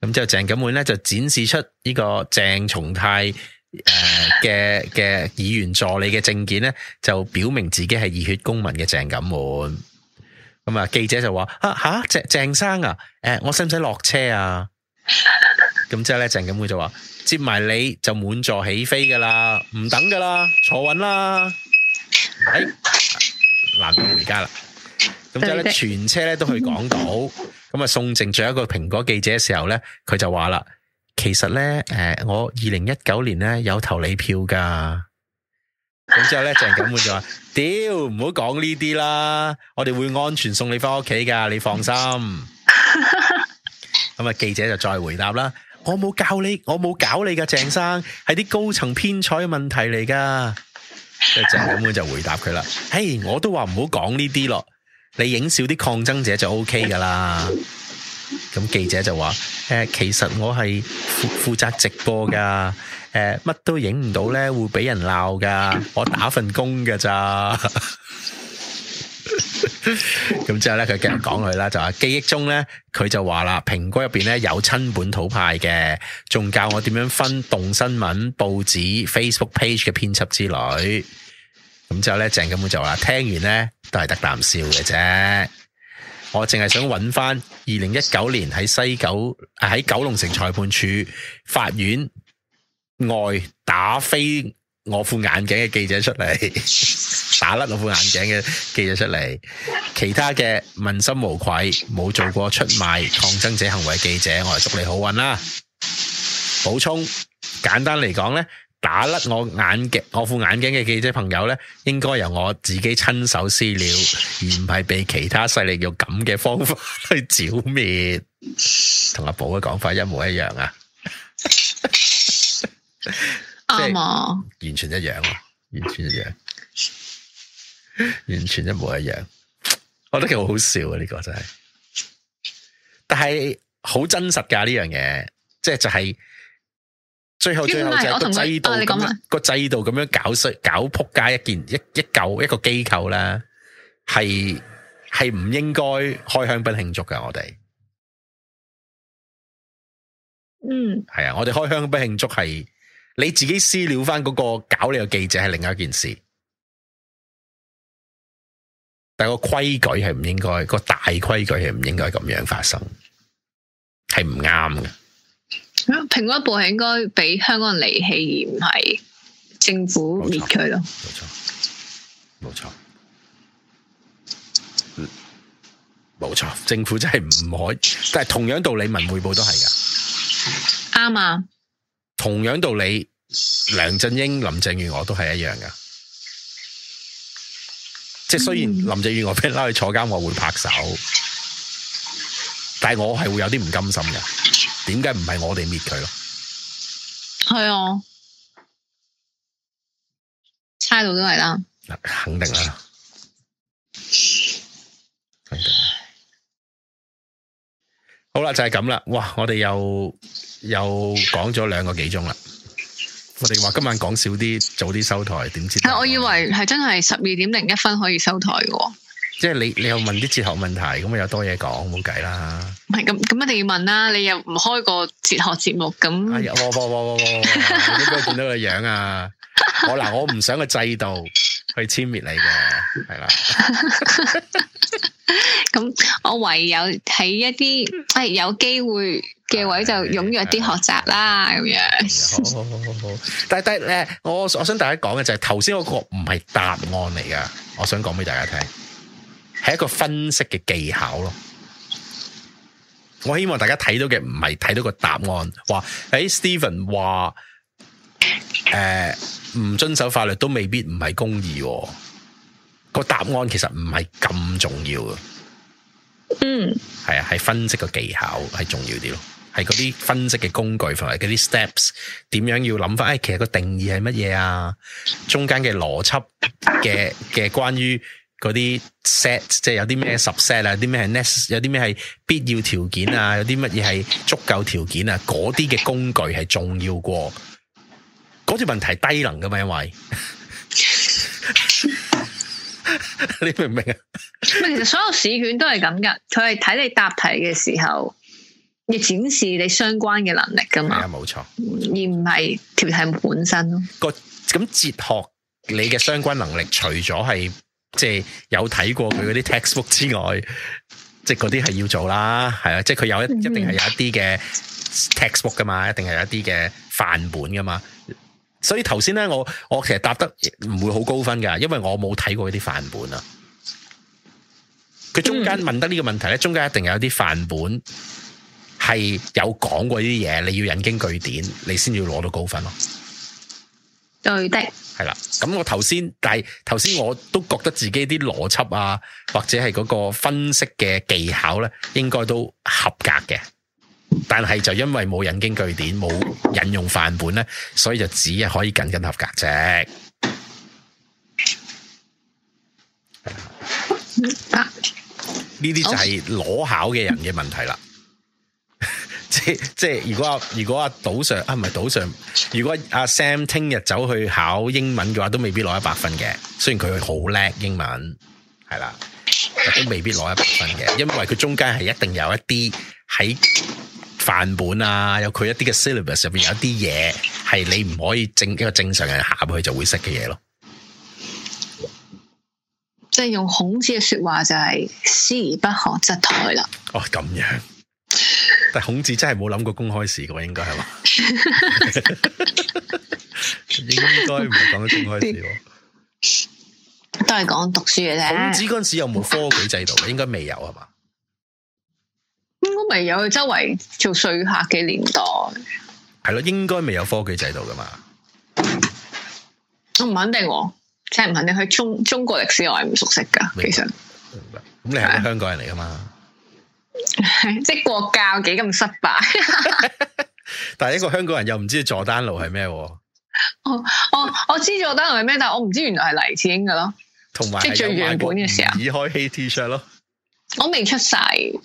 咁之後，鄭錦滿咧就展示出呢個鄭松泰。誒嘅嘅議員助理嘅證件咧，就表明自己係熱血公民嘅鄭錦滿。咁、嗯、啊，記者就話：吓吓鄭鄭生啊！誒、呃，我使唔使落車啊？咁之後咧，鄭錦滿就話、是：接埋你就滿座起飛噶啦，唔等噶啦，坐穩啦。誒、哎，難道回家啦。咁之後咧，全車咧都去港島。咁啊，送剩咗一個蘋果記者嘅時候咧，佢就話啦。其實咧，誒、呃，我二零一九年咧有投你票噶，咁之 *laughs* 後咧鄭錦滿就話，屌，唔好講呢啲啦，我哋會安全送你返屋企噶，你放心。咁啊，記者就再回答啦， *laughs* 我冇教你，我冇搞你噶，鄭生係啲高層編採嘅問題嚟噶。鄭錦滿就回答佢啦，嘿， *laughs* hey, 我都話唔好講呢啲咯，你影少啲抗爭者就 O K 噶啦。 *laughs* 咁記者就話：誒、呃，其實我係負責直播噶，誒、呃，乜都影唔到咧，會俾人鬧噶。我打份工噶咋？咁 *laughs* 之後咧，佢繼續講佢啦，就話記憶中咧，佢就話啦，蘋果入邊咧有親本土派嘅，仲教我點樣分動新聞報紙、 *laughs* Facebook page 嘅編輯之類。咁之後咧，鄭根本就話聽完咧，都係得啖笑嘅啫。我淨係想揾翻二零一九年喺西九、喺九龍城裁判處法院外打飛我副眼鏡嘅記者出嚟，打甩我副眼鏡嘅記者出嚟，其他嘅問心無愧、冇做過出賣抗爭者行為嘅記者，我嚟祝你好運啦！補充，簡單嚟講咧。打甩我眼鏡，我副眼鏡嘅記者朋友咧，應該由我自己親手私了，而唔係被其他勢力用咁嘅方法去剿滅。同阿寶嘅講法一模一樣啊！啱 *laughs* 啊、就係，嗯、完全一樣，啊，完全一樣，完全一模一樣。我覺得佢好好笑啊！呢個真係，但係好真實噶呢樣嘢，即係就係。最後最後就個制度個樣制度咁樣搞衰搞仆街一件一一舊一個機構啦，係係唔應該開香檳慶祝嘅。我哋嗯係啊，我哋開香檳慶祝係你自己私了翻嗰個搞你嘅記者係另外一件事，但係個規矩係唔應該，個大規矩係唔應該咁樣發生，係唔啱嘅。蘋果部係應該俾香港人離棄，而唔係政府滅佢咯。冇錯，冇錯，冇錯，冇錯，政府真係唔可以。但係同樣道理，文匯報都係噶。啱啊！同樣道理，梁振英、林鄭月娥都係一樣噶。即係、嗯、雖然林鄭月娥俾人拉去坐監，我會拍手，但係我係會有啲唔甘心噶。點解唔係我哋滅佢咯？係啊，猜到都係啦。嗱，肯定啦，肯定。好啦，就係咁啦。哇，我哋又又講咗兩個幾鐘啦。我哋話今晚講少啲，早啲收台，點知？但係我以為係真係十二點零一分可以收台嘅。即係你，你又問啲哲學問題，咁又多嘢講，冇計啦。唔係咁，咁一定要問啦，啊。你又唔開個哲學節目咁。我我我我我應該見到個樣啊！我嗱，我唔想個制度去殲滅你嘅，係啦。咁 *laughs* *laughs* 我唯有喺一啲誒有機會嘅位就踴躍啲學習啦，咁樣。好好好好好。但但誒，我我想大家講嘅就係頭先嗰個唔係答案嚟噶，我想講俾大家聽。係一個分析嘅技巧咯，我希望大家睇到嘅唔係睇到個答案，話誒，Stephen 話誒唔遵守法律都未必唔係公義喎，個答案其實唔係咁重要嘅。嗯，係啊，係分析嘅技巧係重要啲咯，係嗰啲分析嘅工具，同埋嗰啲 steps，點樣要諗翻？誒，其實個定義係乜嘢啊？中間嘅邏輯嘅嘅關於。嗰啲 set 即係有啲咩 subset 啊，有啲咩係 nest，有啲咩係必要條件啊，有啲乜嘢係足夠條件啊，嗰啲嘅工具係重要過嗰條問題低能噶嘛？因 *laughs* 為 *laughs* *laughs* 你明唔明啊？其實所有試卷都係咁噶，佢係睇你答題嘅時候，要展示你相關嘅能力噶嘛？係啊，冇錯，而唔係條題本身咯。個咁哲學你嘅相關能力，除咗係。即係有睇過佢嗰啲 textbook 之外，即係嗰啲係要做啦，係啊！即係佢有一一定係有一啲嘅 textbook 噶嘛，一定係有一啲嘅範本噶嘛。所以頭先咧，我我其實答得唔會好高分噶，因為我冇睇過嗰啲範本啊。佢中間問得呢個問題咧，中間一定有啲範本係有講過呢啲嘢，你要引經據典，你先要攞到高分咯。對的，係啦。咁我頭先，但係頭先我都覺得自己啲邏輯啊，或者係嗰個分析嘅技巧咧，應該都合格嘅。但係就因為冇引經據典，冇引用範本咧，所以就只係可以僅僅合格啫。呢啲、啊、就係裸考嘅人嘅問題啦。 *laughs* 即即係如果阿如果阿島上啊唔係島上，如果阿、啊啊啊、Sam 聽日走去考英文嘅話，都未必攞一百分嘅。雖然佢好叻英文，係啦，都未必攞一百分嘅，因為佢中間係一定有一啲喺範本啊，有佢一啲嘅 syllabus 上邊有一啲嘢係你唔可以正一個正常人考去就會識嘅嘢咯。即係用孔子嘅說話就係思而不學則殆啦。哦，咁樣。但孔子真係冇諗過公開試嘅，應該係嘛？ *laughs* *laughs* 應該唔係講緊公開試，都係講讀書嘅啫。孔子嗰陣時有冇科舉制度？應該未有係嘛？應該未有，周圍做稅客嘅年代係咯。應該未有科舉制度噶嘛？我唔肯定喎，即係唔肯定。去中中國歷史我係唔熟悉噶，其實。明白。咁你係香港人嚟噶嘛？即係國教幾咁失敗， *laughs* *laughs* 但係一個香港人又唔知佐丹奴係咩？哦，我我知佐丹奴係咩，但係我唔知原來係黎智英嘅咯。同埋即係最原本嘅時候，以開 T 恤咯。我未出晒。誒、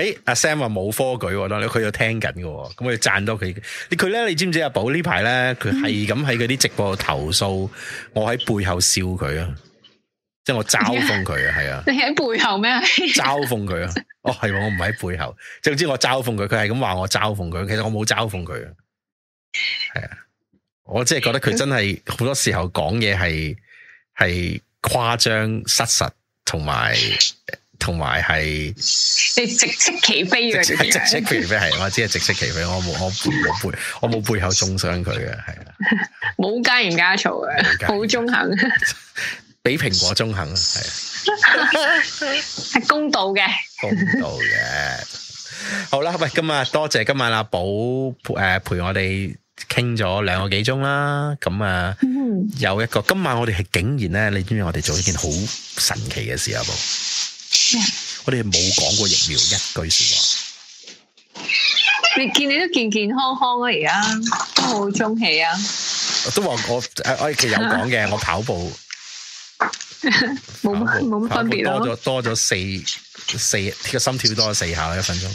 欸，阿 Sam 話冇科舉咯，佢又聽緊嘅，咁我要讚多佢。佢咧，你知唔知阿寶呢排咧，佢係咁喺嗰啲直播度投訴，嗯、我喺背後笑佢啊。嗯、即係我嘲諷佢啊，係啊。你喺背後咩？嘲諷佢啊！哦，係我唔喺背後，就知我嘲諷佢，佢係咁話我嘲諷佢，其實我冇嘲諷佢，係啊，我即係覺得佢真係好多時候講嘢，係係誇張失實，同埋同埋係你直斥其非嘅直斥樣其非，係，我只係直斥其非，我冇我冇背，我冇背， *laughs* 背後中傷佢嘅，係啊，冇加鹽加醋嘅，好中肯。 *laughs* 俾蘋果中肯啊，係啊，係公道嘅，公道嘅。好啦，喂，今日多謝今晚阿寶誒陪我哋傾咗兩個幾鐘啦。咁啊，有一個今晚我哋係竟然咧，你知唔知我哋做一件好神奇嘅事啊？寶，我哋冇講過疫苗一句說話。你見你都健健康康啊，而家都冇中氣啊。我都話我誒，我其實有講嘅，我跑步。冇冇冇乜分別，多咗多咗四四個心跳多咗四下啦，一分鐘。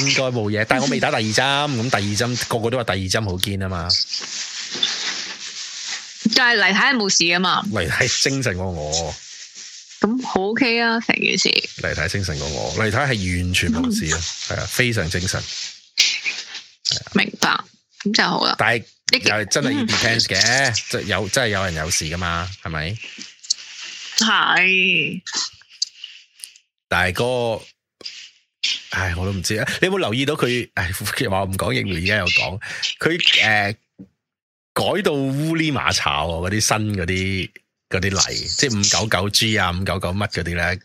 應該冇嘢，但係我未打第二針，咁第二針個個都話第二針好堅啊嘛。但係黎太係冇事啊嘛，黎太精神過我。咁好 OK 啊，成件事。黎太精神過我，黎太係完全冇事啊，係啊，嗯，非常精神。明白，咁就好啦。但係。又有真係要 depends 嘅，嗯、有真係有人有事噶嘛，係咪？係是。大哥，唉，我都唔知。你有冇留意到佢？唉，我不話唔講疫苗，而家又講佢誒，改到烏哩馬炒啊！嗰啲新嗰啲嗰啲例，即係五九九 G 啊，五九九乜嗰啲咧？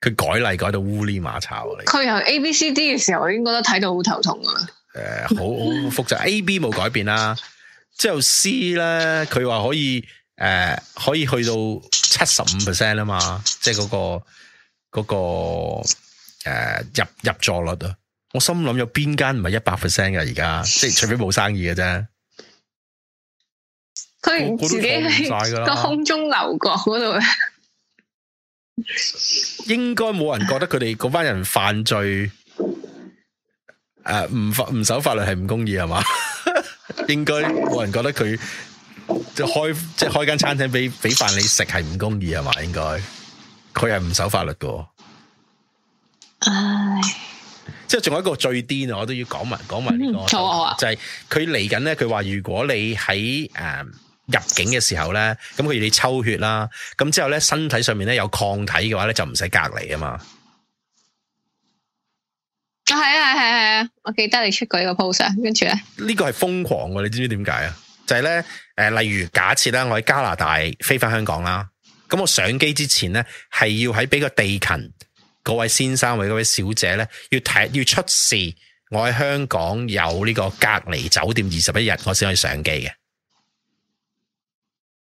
佢改例改到烏哩馬炒佢、啊、由 A B C D 嘅時候，已經覺得睇到好頭痛啊！誒，好好、呃、複雜。A、B 冇改變啦，之後 C 咧，佢話可以誒、呃，可以去到七十五 percent 啦嘛，即係嗰、嗰個嗰、嗰個誒、呃、入入座率啊。我心諗有邊間唔係一百 percent 嘅而家、啊，即係除非冇生意嘅啫。佢自己喺個、哦、空中樓閣嗰度， *laughs* 應該冇人覺得佢哋嗰班人犯罪。誒，唔、uh，法唔守法律係唔公義係嘛？是吧 *laughs* 應該冇人覺得佢即係開即係、就是、開間餐廳俾俾飯你食係唔公義係嘛？應該佢係唔守法律噶。唉、uh，即係仲有一個最癲啊！我都要講埋講埋。說說呢個錯啊。嗯、就係佢嚟緊咧，佢話如果你喺誒、呃、入境嘅時候咧，咁佢要你抽血啦，咁之後咧身體上面咧有抗體嘅話咧，就唔使隔離啊嘛。係啊係係啊，啊，我記得你出過呢個 post, 呢個 post 跟住咧，呢個係瘋狂嘅，你知唔知點解啊？就係、是、咧，誒、呃，例如假設咧，我喺加拿大飛翻香港啦，咁我上機之前咧，係要喺俾個地勤，嗰位先生或者位小姐咧，要睇要出示我喺香港有呢個隔離酒店二十一日，我先可以上機嘅。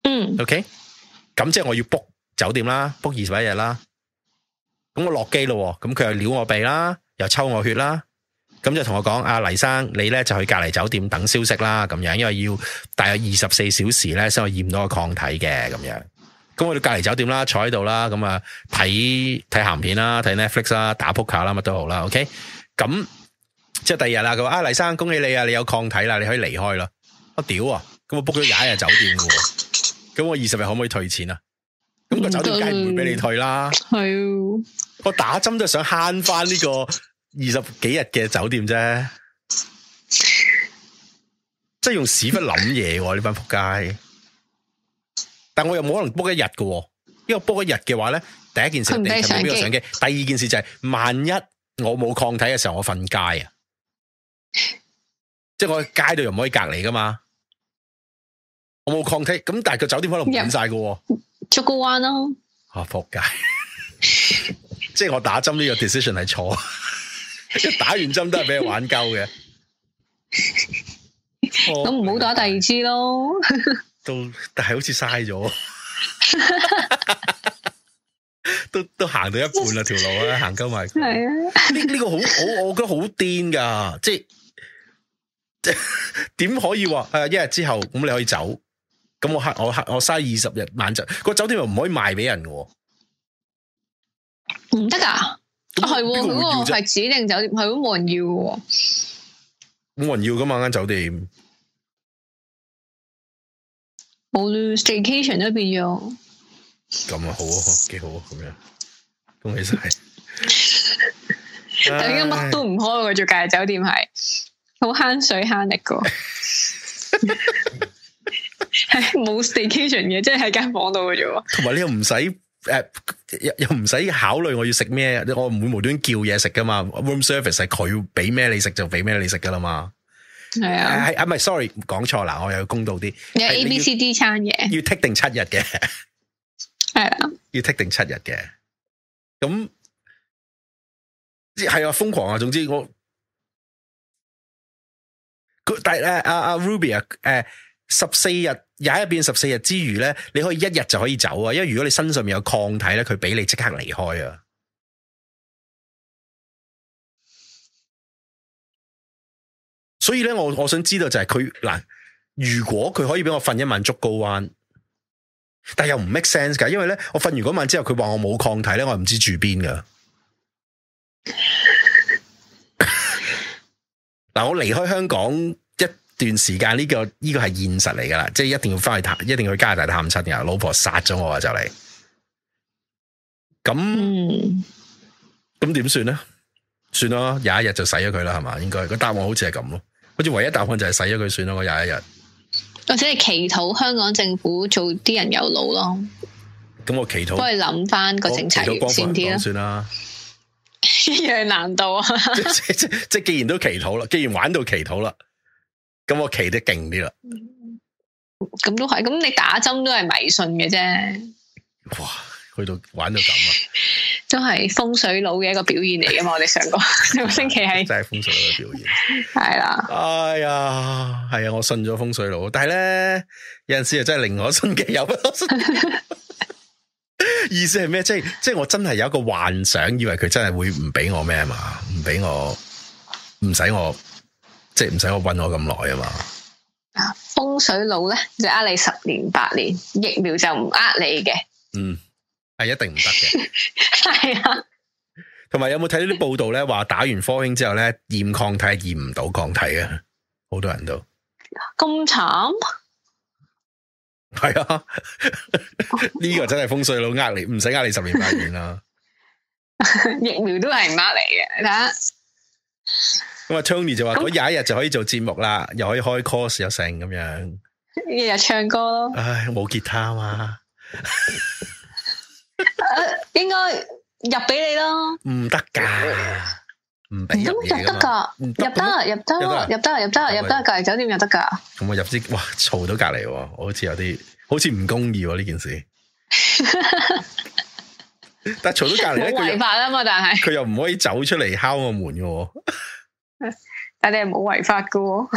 嗯，OK，咁即係我要 book 酒店啦，book 二十一日啦，咁我落機咯，咁佢又撩我鼻啦。就抽我血啦，咁就同我講：阿、啊、黎生，你咧就去隔離酒店等消息啦，咁樣，因為要大約二十四小時咧先可以驗到個抗體嘅，咁樣。咁我哋隔離酒店啦，坐喺度啦，咁啊睇睇鹹片啦，睇 Netflix 啦，打撲克啦，乜都好啦。OK，咁即係第二日啦。佢話：阿、啊、黎生，恭喜你啊，你有抗體啦，你可以離開啦。我、啊、屌啊！咁我 book 咗廿日酒店喎。咁我二十日可唔可以退錢啊？咁、那個酒店梗唔會俾你退啦。係，我打針都想慳翻呢個。二十幾日嘅酒店啫，即係用屎忽諗嘢喎呢班仆街。但我又冇可能 book 一日嘅，因為 book 一日嘅話咧，第一件事你係冇呢個上機，第二件事就係、是、萬一我冇抗體嘅時候，我瞓街啊， *laughs* 即係我喺街度又唔可以隔離噶嘛。我冇抗體，咁但係個酒店可能喺度滿晒嘅，出個彎咯。啊，仆街、啊！ *laughs* 即係我打針呢個 decision 係錯。打完針都係俾人玩鳩嘅，咁唔好打第二次咯。都但係好似嘥咗，都都行到一半啦，條 *laughs* 路啊，行鳩埋。係啊、 *laughs* 呢個，呢、呢、呢個好，我我覺得好癲噶，即係即係點可以話誒、啊？一日之後咁你可以走，咁我吓我吓我嘥二十日晚晝，嗰個酒店又唔可以賣俾人嘅，唔得噶。係咁，係指定酒店，係好冇人要嘅。冇人要噶嘛間酒店。冇啦，Staycation 都變咗。咁啊好啊，幾好啊，咁樣，恭喜晒。等間乜都唔開嘅，做假日酒店係好慳水慳力噶。係冇 Staycation 嘅，即係喺間房度嘅啫。同埋你又唔使。誒，uh, 又又唔使考慮我要食咩，我唔會無端叫嘢食噶嘛。Room service 係佢俾咩你食就俾咩你食噶啦嘛。係啊的，係啊、uh,，唔、uh, 係，sorry，講錯啦，我又要公道啲。有 A、B、C、D 餐嘅，要剔定七日嘅，係 *laughs* 啊的，要剔定七日嘅。咁，係啊，瘋狂啊，總之我，佢但係咧阿阿 Ruby 啊，誒，十四日。廿一變十四日之餘咧，你可以一日就可以走啊！因為如果你身上面有抗體咧，佢俾你即刻離開啊！所以咧，我我想知道就係佢嗱，如果佢可以俾我瞓一晚竹篙灣，但又唔 make sense 噶，因為咧我瞓完嗰晚之後，佢話我冇抗體咧，我又唔知住邊噶。嗱， *laughs* 我離開香港。段時間呢、呢個呢、呢個係現實嚟噶啦，即係一定要翻去探，一定要去加拿大探親噶。老婆殺咗我啊，就嚟。咁咁點算呢？算啦，廿一日就洗咗佢啦，係嘛？應該個答案好似係咁咯，好似唯一答案就係洗咗佢算啦，我廿一日。或者係祈禱香港政府做啲人有腦咯。咁我祈禱，我係諗翻個政策完善啲啦。一樣 *laughs* 難度啊 *laughs* 即！即即，即既然都祈禱啦，既然玩到祈禱啦。咁我企得勁啲啦，咁都係，咁你打針都係迷信嘅啫。哇，去到玩到咁啊，都係風水佬嘅一個表現嚟噶嘛？ *laughs* 我哋上個星期係 *laughs* 真係風水佬嘅表現，係啦 *laughs* 的。哎呀，係啊，我信咗風水佬，但係咧有陣時又真係令我心機有令 *laughs* *laughs* 意思係咩？即係即係我真係有一個幻想，以為佢真係會唔俾我咩啊嘛？唔俾我唔使我。即係唔使我問我咁耐啊嘛！風水佬咧就呃你十年八年，疫苗就唔呃你嘅。嗯，係一定唔得嘅。係啊，同埋有冇睇到啲報道咧？話打完科興之後咧，驗抗體驗唔到抗體啊！好多人都咁慘，係、嗯、是啊！呢 *laughs* 個真係風水佬呃你，唔使呃你十年八年啦。疫苗都係唔呃你嘅，你睇下。咁啊，Tony 就話佢廿一日就可以做節目啦，又可以開 course，又成咁樣，日日唱歌咯。唉，冇吉他啊嘛，誒，應該入俾你咯，唔得噶，唔俾入，入得噶，入得啊，入得，入得，入得，入得，隔籬酒店入得噶。咁我入之哇，嘈到隔籬，我好似有啲，好似唔公義呢件事。但係嘈到隔籬咧，佢違法啊嘛，但係佢又唔可以走出嚟敲我門噶。但你係冇違法噶喎，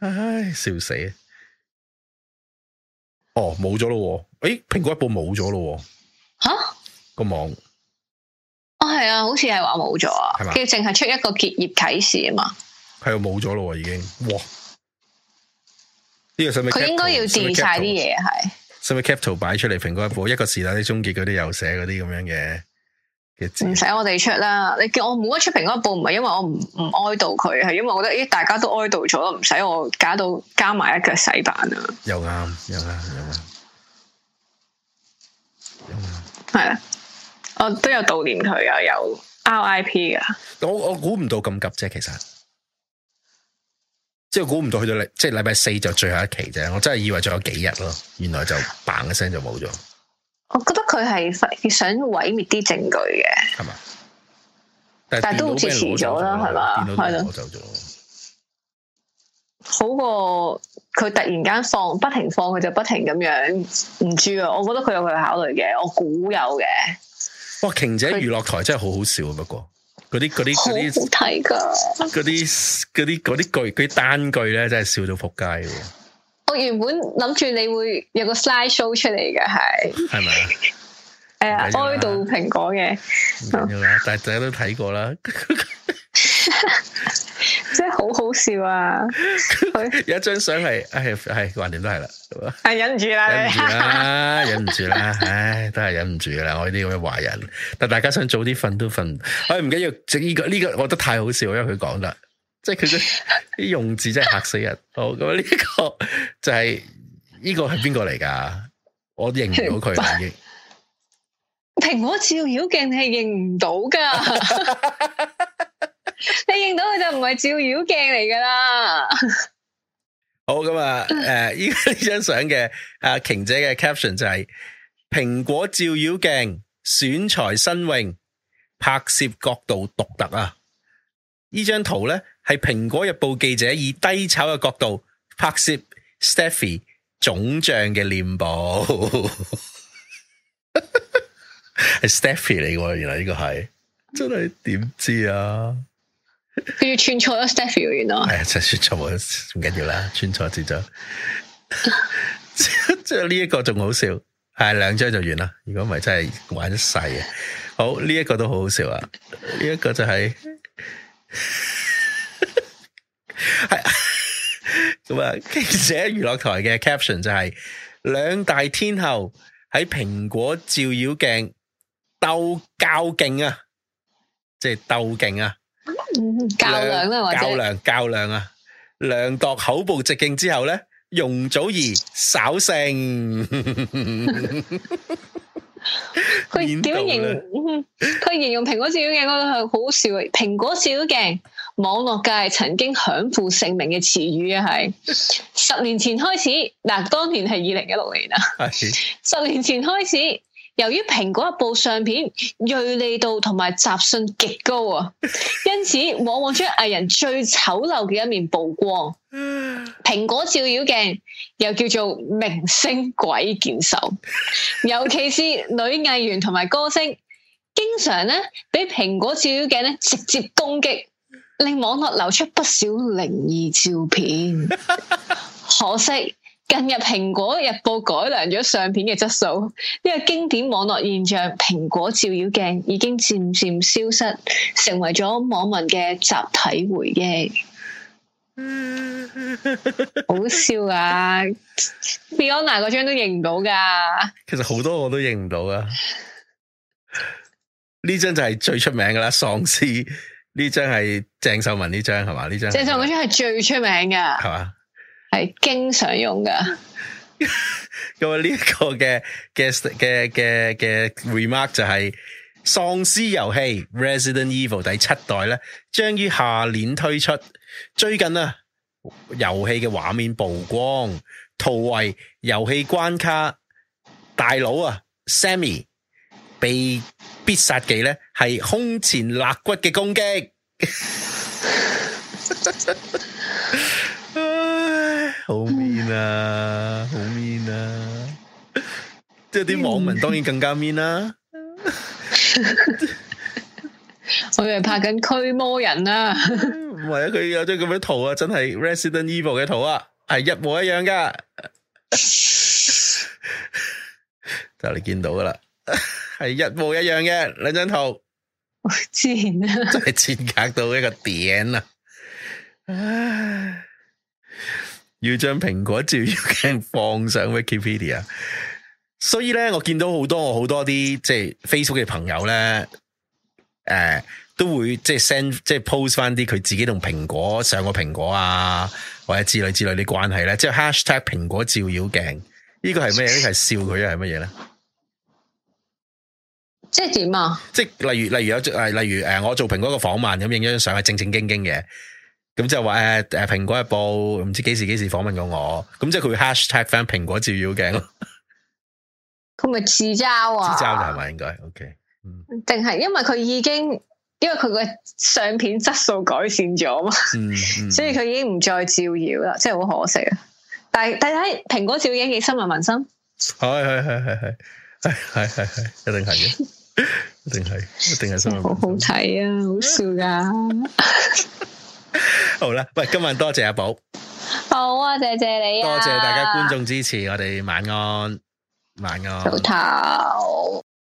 唉，笑死了！哦，冇咗咯，誒，蘋果日報冇咗咯，吓個蛤網，哦，係啊，好似係話冇咗啊，佢淨係出一個結業啟事啊嘛，係啊，冇咗、哎、咯，已經，哇，呢個使咪佢應該要墊晒啲嘢係，使咪 cap 圖擺出嚟，蘋的果日報一個時代嘅，終結嗰啲又寫嗰啲咁樣嘅。唔使我哋出啦，你叫我冇得出屏嗰一步，唔係因為我唔唔哀悼佢，係因為我覺得咦，大家都哀悼咗，唔使我搞到加埋一腳洗版啊！又啱，又啱，又啱，係啦，我都有悼念佢啊，有 RIP 㗎有 R.！我我估唔到咁急啫，其實即係估唔到去到禮，即係禮拜四就最後一期啫，我真係以為仲有幾日咯，原來就砰一聲就冇咗。我覺得佢係想毀滅啲證據嘅，但係都好似遲咗啦，係嘛？係咯吧，好過佢突然間放，不停放佢就不停咁樣，唔知啊！我覺得佢有佢考慮嘅，我估有嘅。哇、哦！《瓊姐娛樂台》真係好好笑啊！他不過嗰啲嗰啲嗰啲好睇噶，嗰啲嗰啲啲句嗰啲單句咧，句真係笑到仆街。我原本諗住你會有個 slide show 出嚟嘅，係係咪？誒吧，哀悼蘋果嘅，但大家都睇過啦， *laughs* 真係好好笑啊！ *laughs* 有一張相係，係係橫掂都係啦，係忍唔住啦你，忍唔住啦，忍唔住啦，唉，都係忍唔住噶啦，我呢啲咁嘅壞人，但大家想早啲瞓都瞓，唉、哎，唔緊要，即呢個呢個，這個、我覺得太好笑，因為佢講啦。即係佢啲用字真係嚇死人，好，咁呢個就係、是、呢、這個係邊個嚟噶？我認唔到佢啊！已經蘋 *laughs* 果照妖鏡，係認唔到噶？你認到佢就唔係照妖鏡嚟噶啦。 *laughs* 好，咁、呃、這個、啊！誒、就是，呢呢張相嘅阿瓊姐嘅 caption 就係蘋果照妖鏡，選材新穎，拍攝角度獨特啊！呢張圖咧。係蘋果日報記者以低醜嘅角度拍攝 Stephy 腫脹嘅臉部，係 Stephy 嚟嘅喎，原來呢個係真係點知啊？佢要串錯咗 Stephy，原來係真係串錯，唔緊要啦，串錯字咗。即係呢一個仲好笑，係、哎、兩張就完啦。如果唔係真係玩一世啊！好，呢、這、一個都好好笑啊！呢、這、一個就係、是。係咁啊！記者娛樂台嘅 caption 就係兩大天后喺蘋果照妖鏡鬥較勁啊，即係鬥勁啊，較量啊，較量較量啊！量度口部直徑之後咧，容祖兒稍勝。佢點形容？佢形容蘋果照妖鏡嗰個係好笑，蘋果照妖鏡。網絡界曾經享負盛名嘅詞語啊，係十年前開始，嗱，當年係二零一六年啦。十年前開始，由於蘋果一部相片銳利度同埋雜訊極高啊，因此往往將藝人最醜陋嘅一面曝光。蘋果照妖鏡又叫做明星鬼見愁，尤其是女藝員同埋歌星，經常咧俾蘋果照妖鏡咧直接攻擊。令網絡流出不少靈異照片， *laughs* 可惜近日蘋果日報改良咗相片嘅質素，呢、這個經典網絡現象“蘋果照妖鏡”已經漸漸消失，成為咗網民嘅集體回憶。 *laughs* 好笑噶，Beoner 嗰張都認唔到噶。其實好多我都認唔到啊，呢 *laughs* 張就係最出名噶啦，喪屍。呢張係鄭秀文呢張係嘛？呢張鄭秀文嗰張係最出名噶，係嘛吧？係經常用噶。咁啊呢個嘅嘅嘅嘅嘅 remark 就係喪屍遊戲 Resident Evil 第七代咧，將於下年推出。最近啊，遊戲嘅畫面曝光，圖為遊戲關卡大佬啊 Sammy 被。必殺技咧係胸前肋骨嘅攻擊，好 mean 啊，好 mean 啊！即係啲網民當然更加 mean 啦。我以為拍緊驅魔人啊，唔係啊！佢有啲咁嘅圖啊，真係 Resident Evil 嘅圖啊，係一模一樣噶，就你見到噶啦。係一模一樣嘅兩張圖，前啊！真係賤格到一個點啊！ *laughs* 要將蘋果照妖鏡放上 Wikipedia， *laughs* 所以咧，我見到好多我好多啲即係 Facebook 嘅朋友咧，誒、呃，都會即係 send 即係 post 翻啲佢自己同蘋果上個蘋果啊，或者之類之類啲關係咧，即係 hashtag 蘋果照妖鏡，這個這個，呢個係咩？呢個係笑佢啊？係乜嘢咧？即係點啊？即係例如，例如有誒，例如誒、呃，我做蘋果的訪一個訪問咁，影咗張相係正正經經嘅。咁就話誒誒，蘋、呃、果日報唔知幾時幾時訪問過我，咁即係佢會 hash tag 翻蘋果照妖鏡。佢咪自嘲啊？自嘲係嘛？應該 OK、嗯。定係因為佢已經，因為佢嘅相片質素改善咗嘛，嗯嗯、所以佢已經唔再照妖啦，即係好可惜啊！但係睇睇蘋果照妖鏡嘅新聞民生，係係係係係係係係一定係嘅。 *laughs* *laughs* 一定係，一定係，新聞好好睇，啊，好笑㗎。 *laughs* *laughs* 好啦，喂，今晚多謝，謝阿寶，好啊，謝謝你、啊，多謝大家觀眾支持，我哋晚安，晚安，早唞安。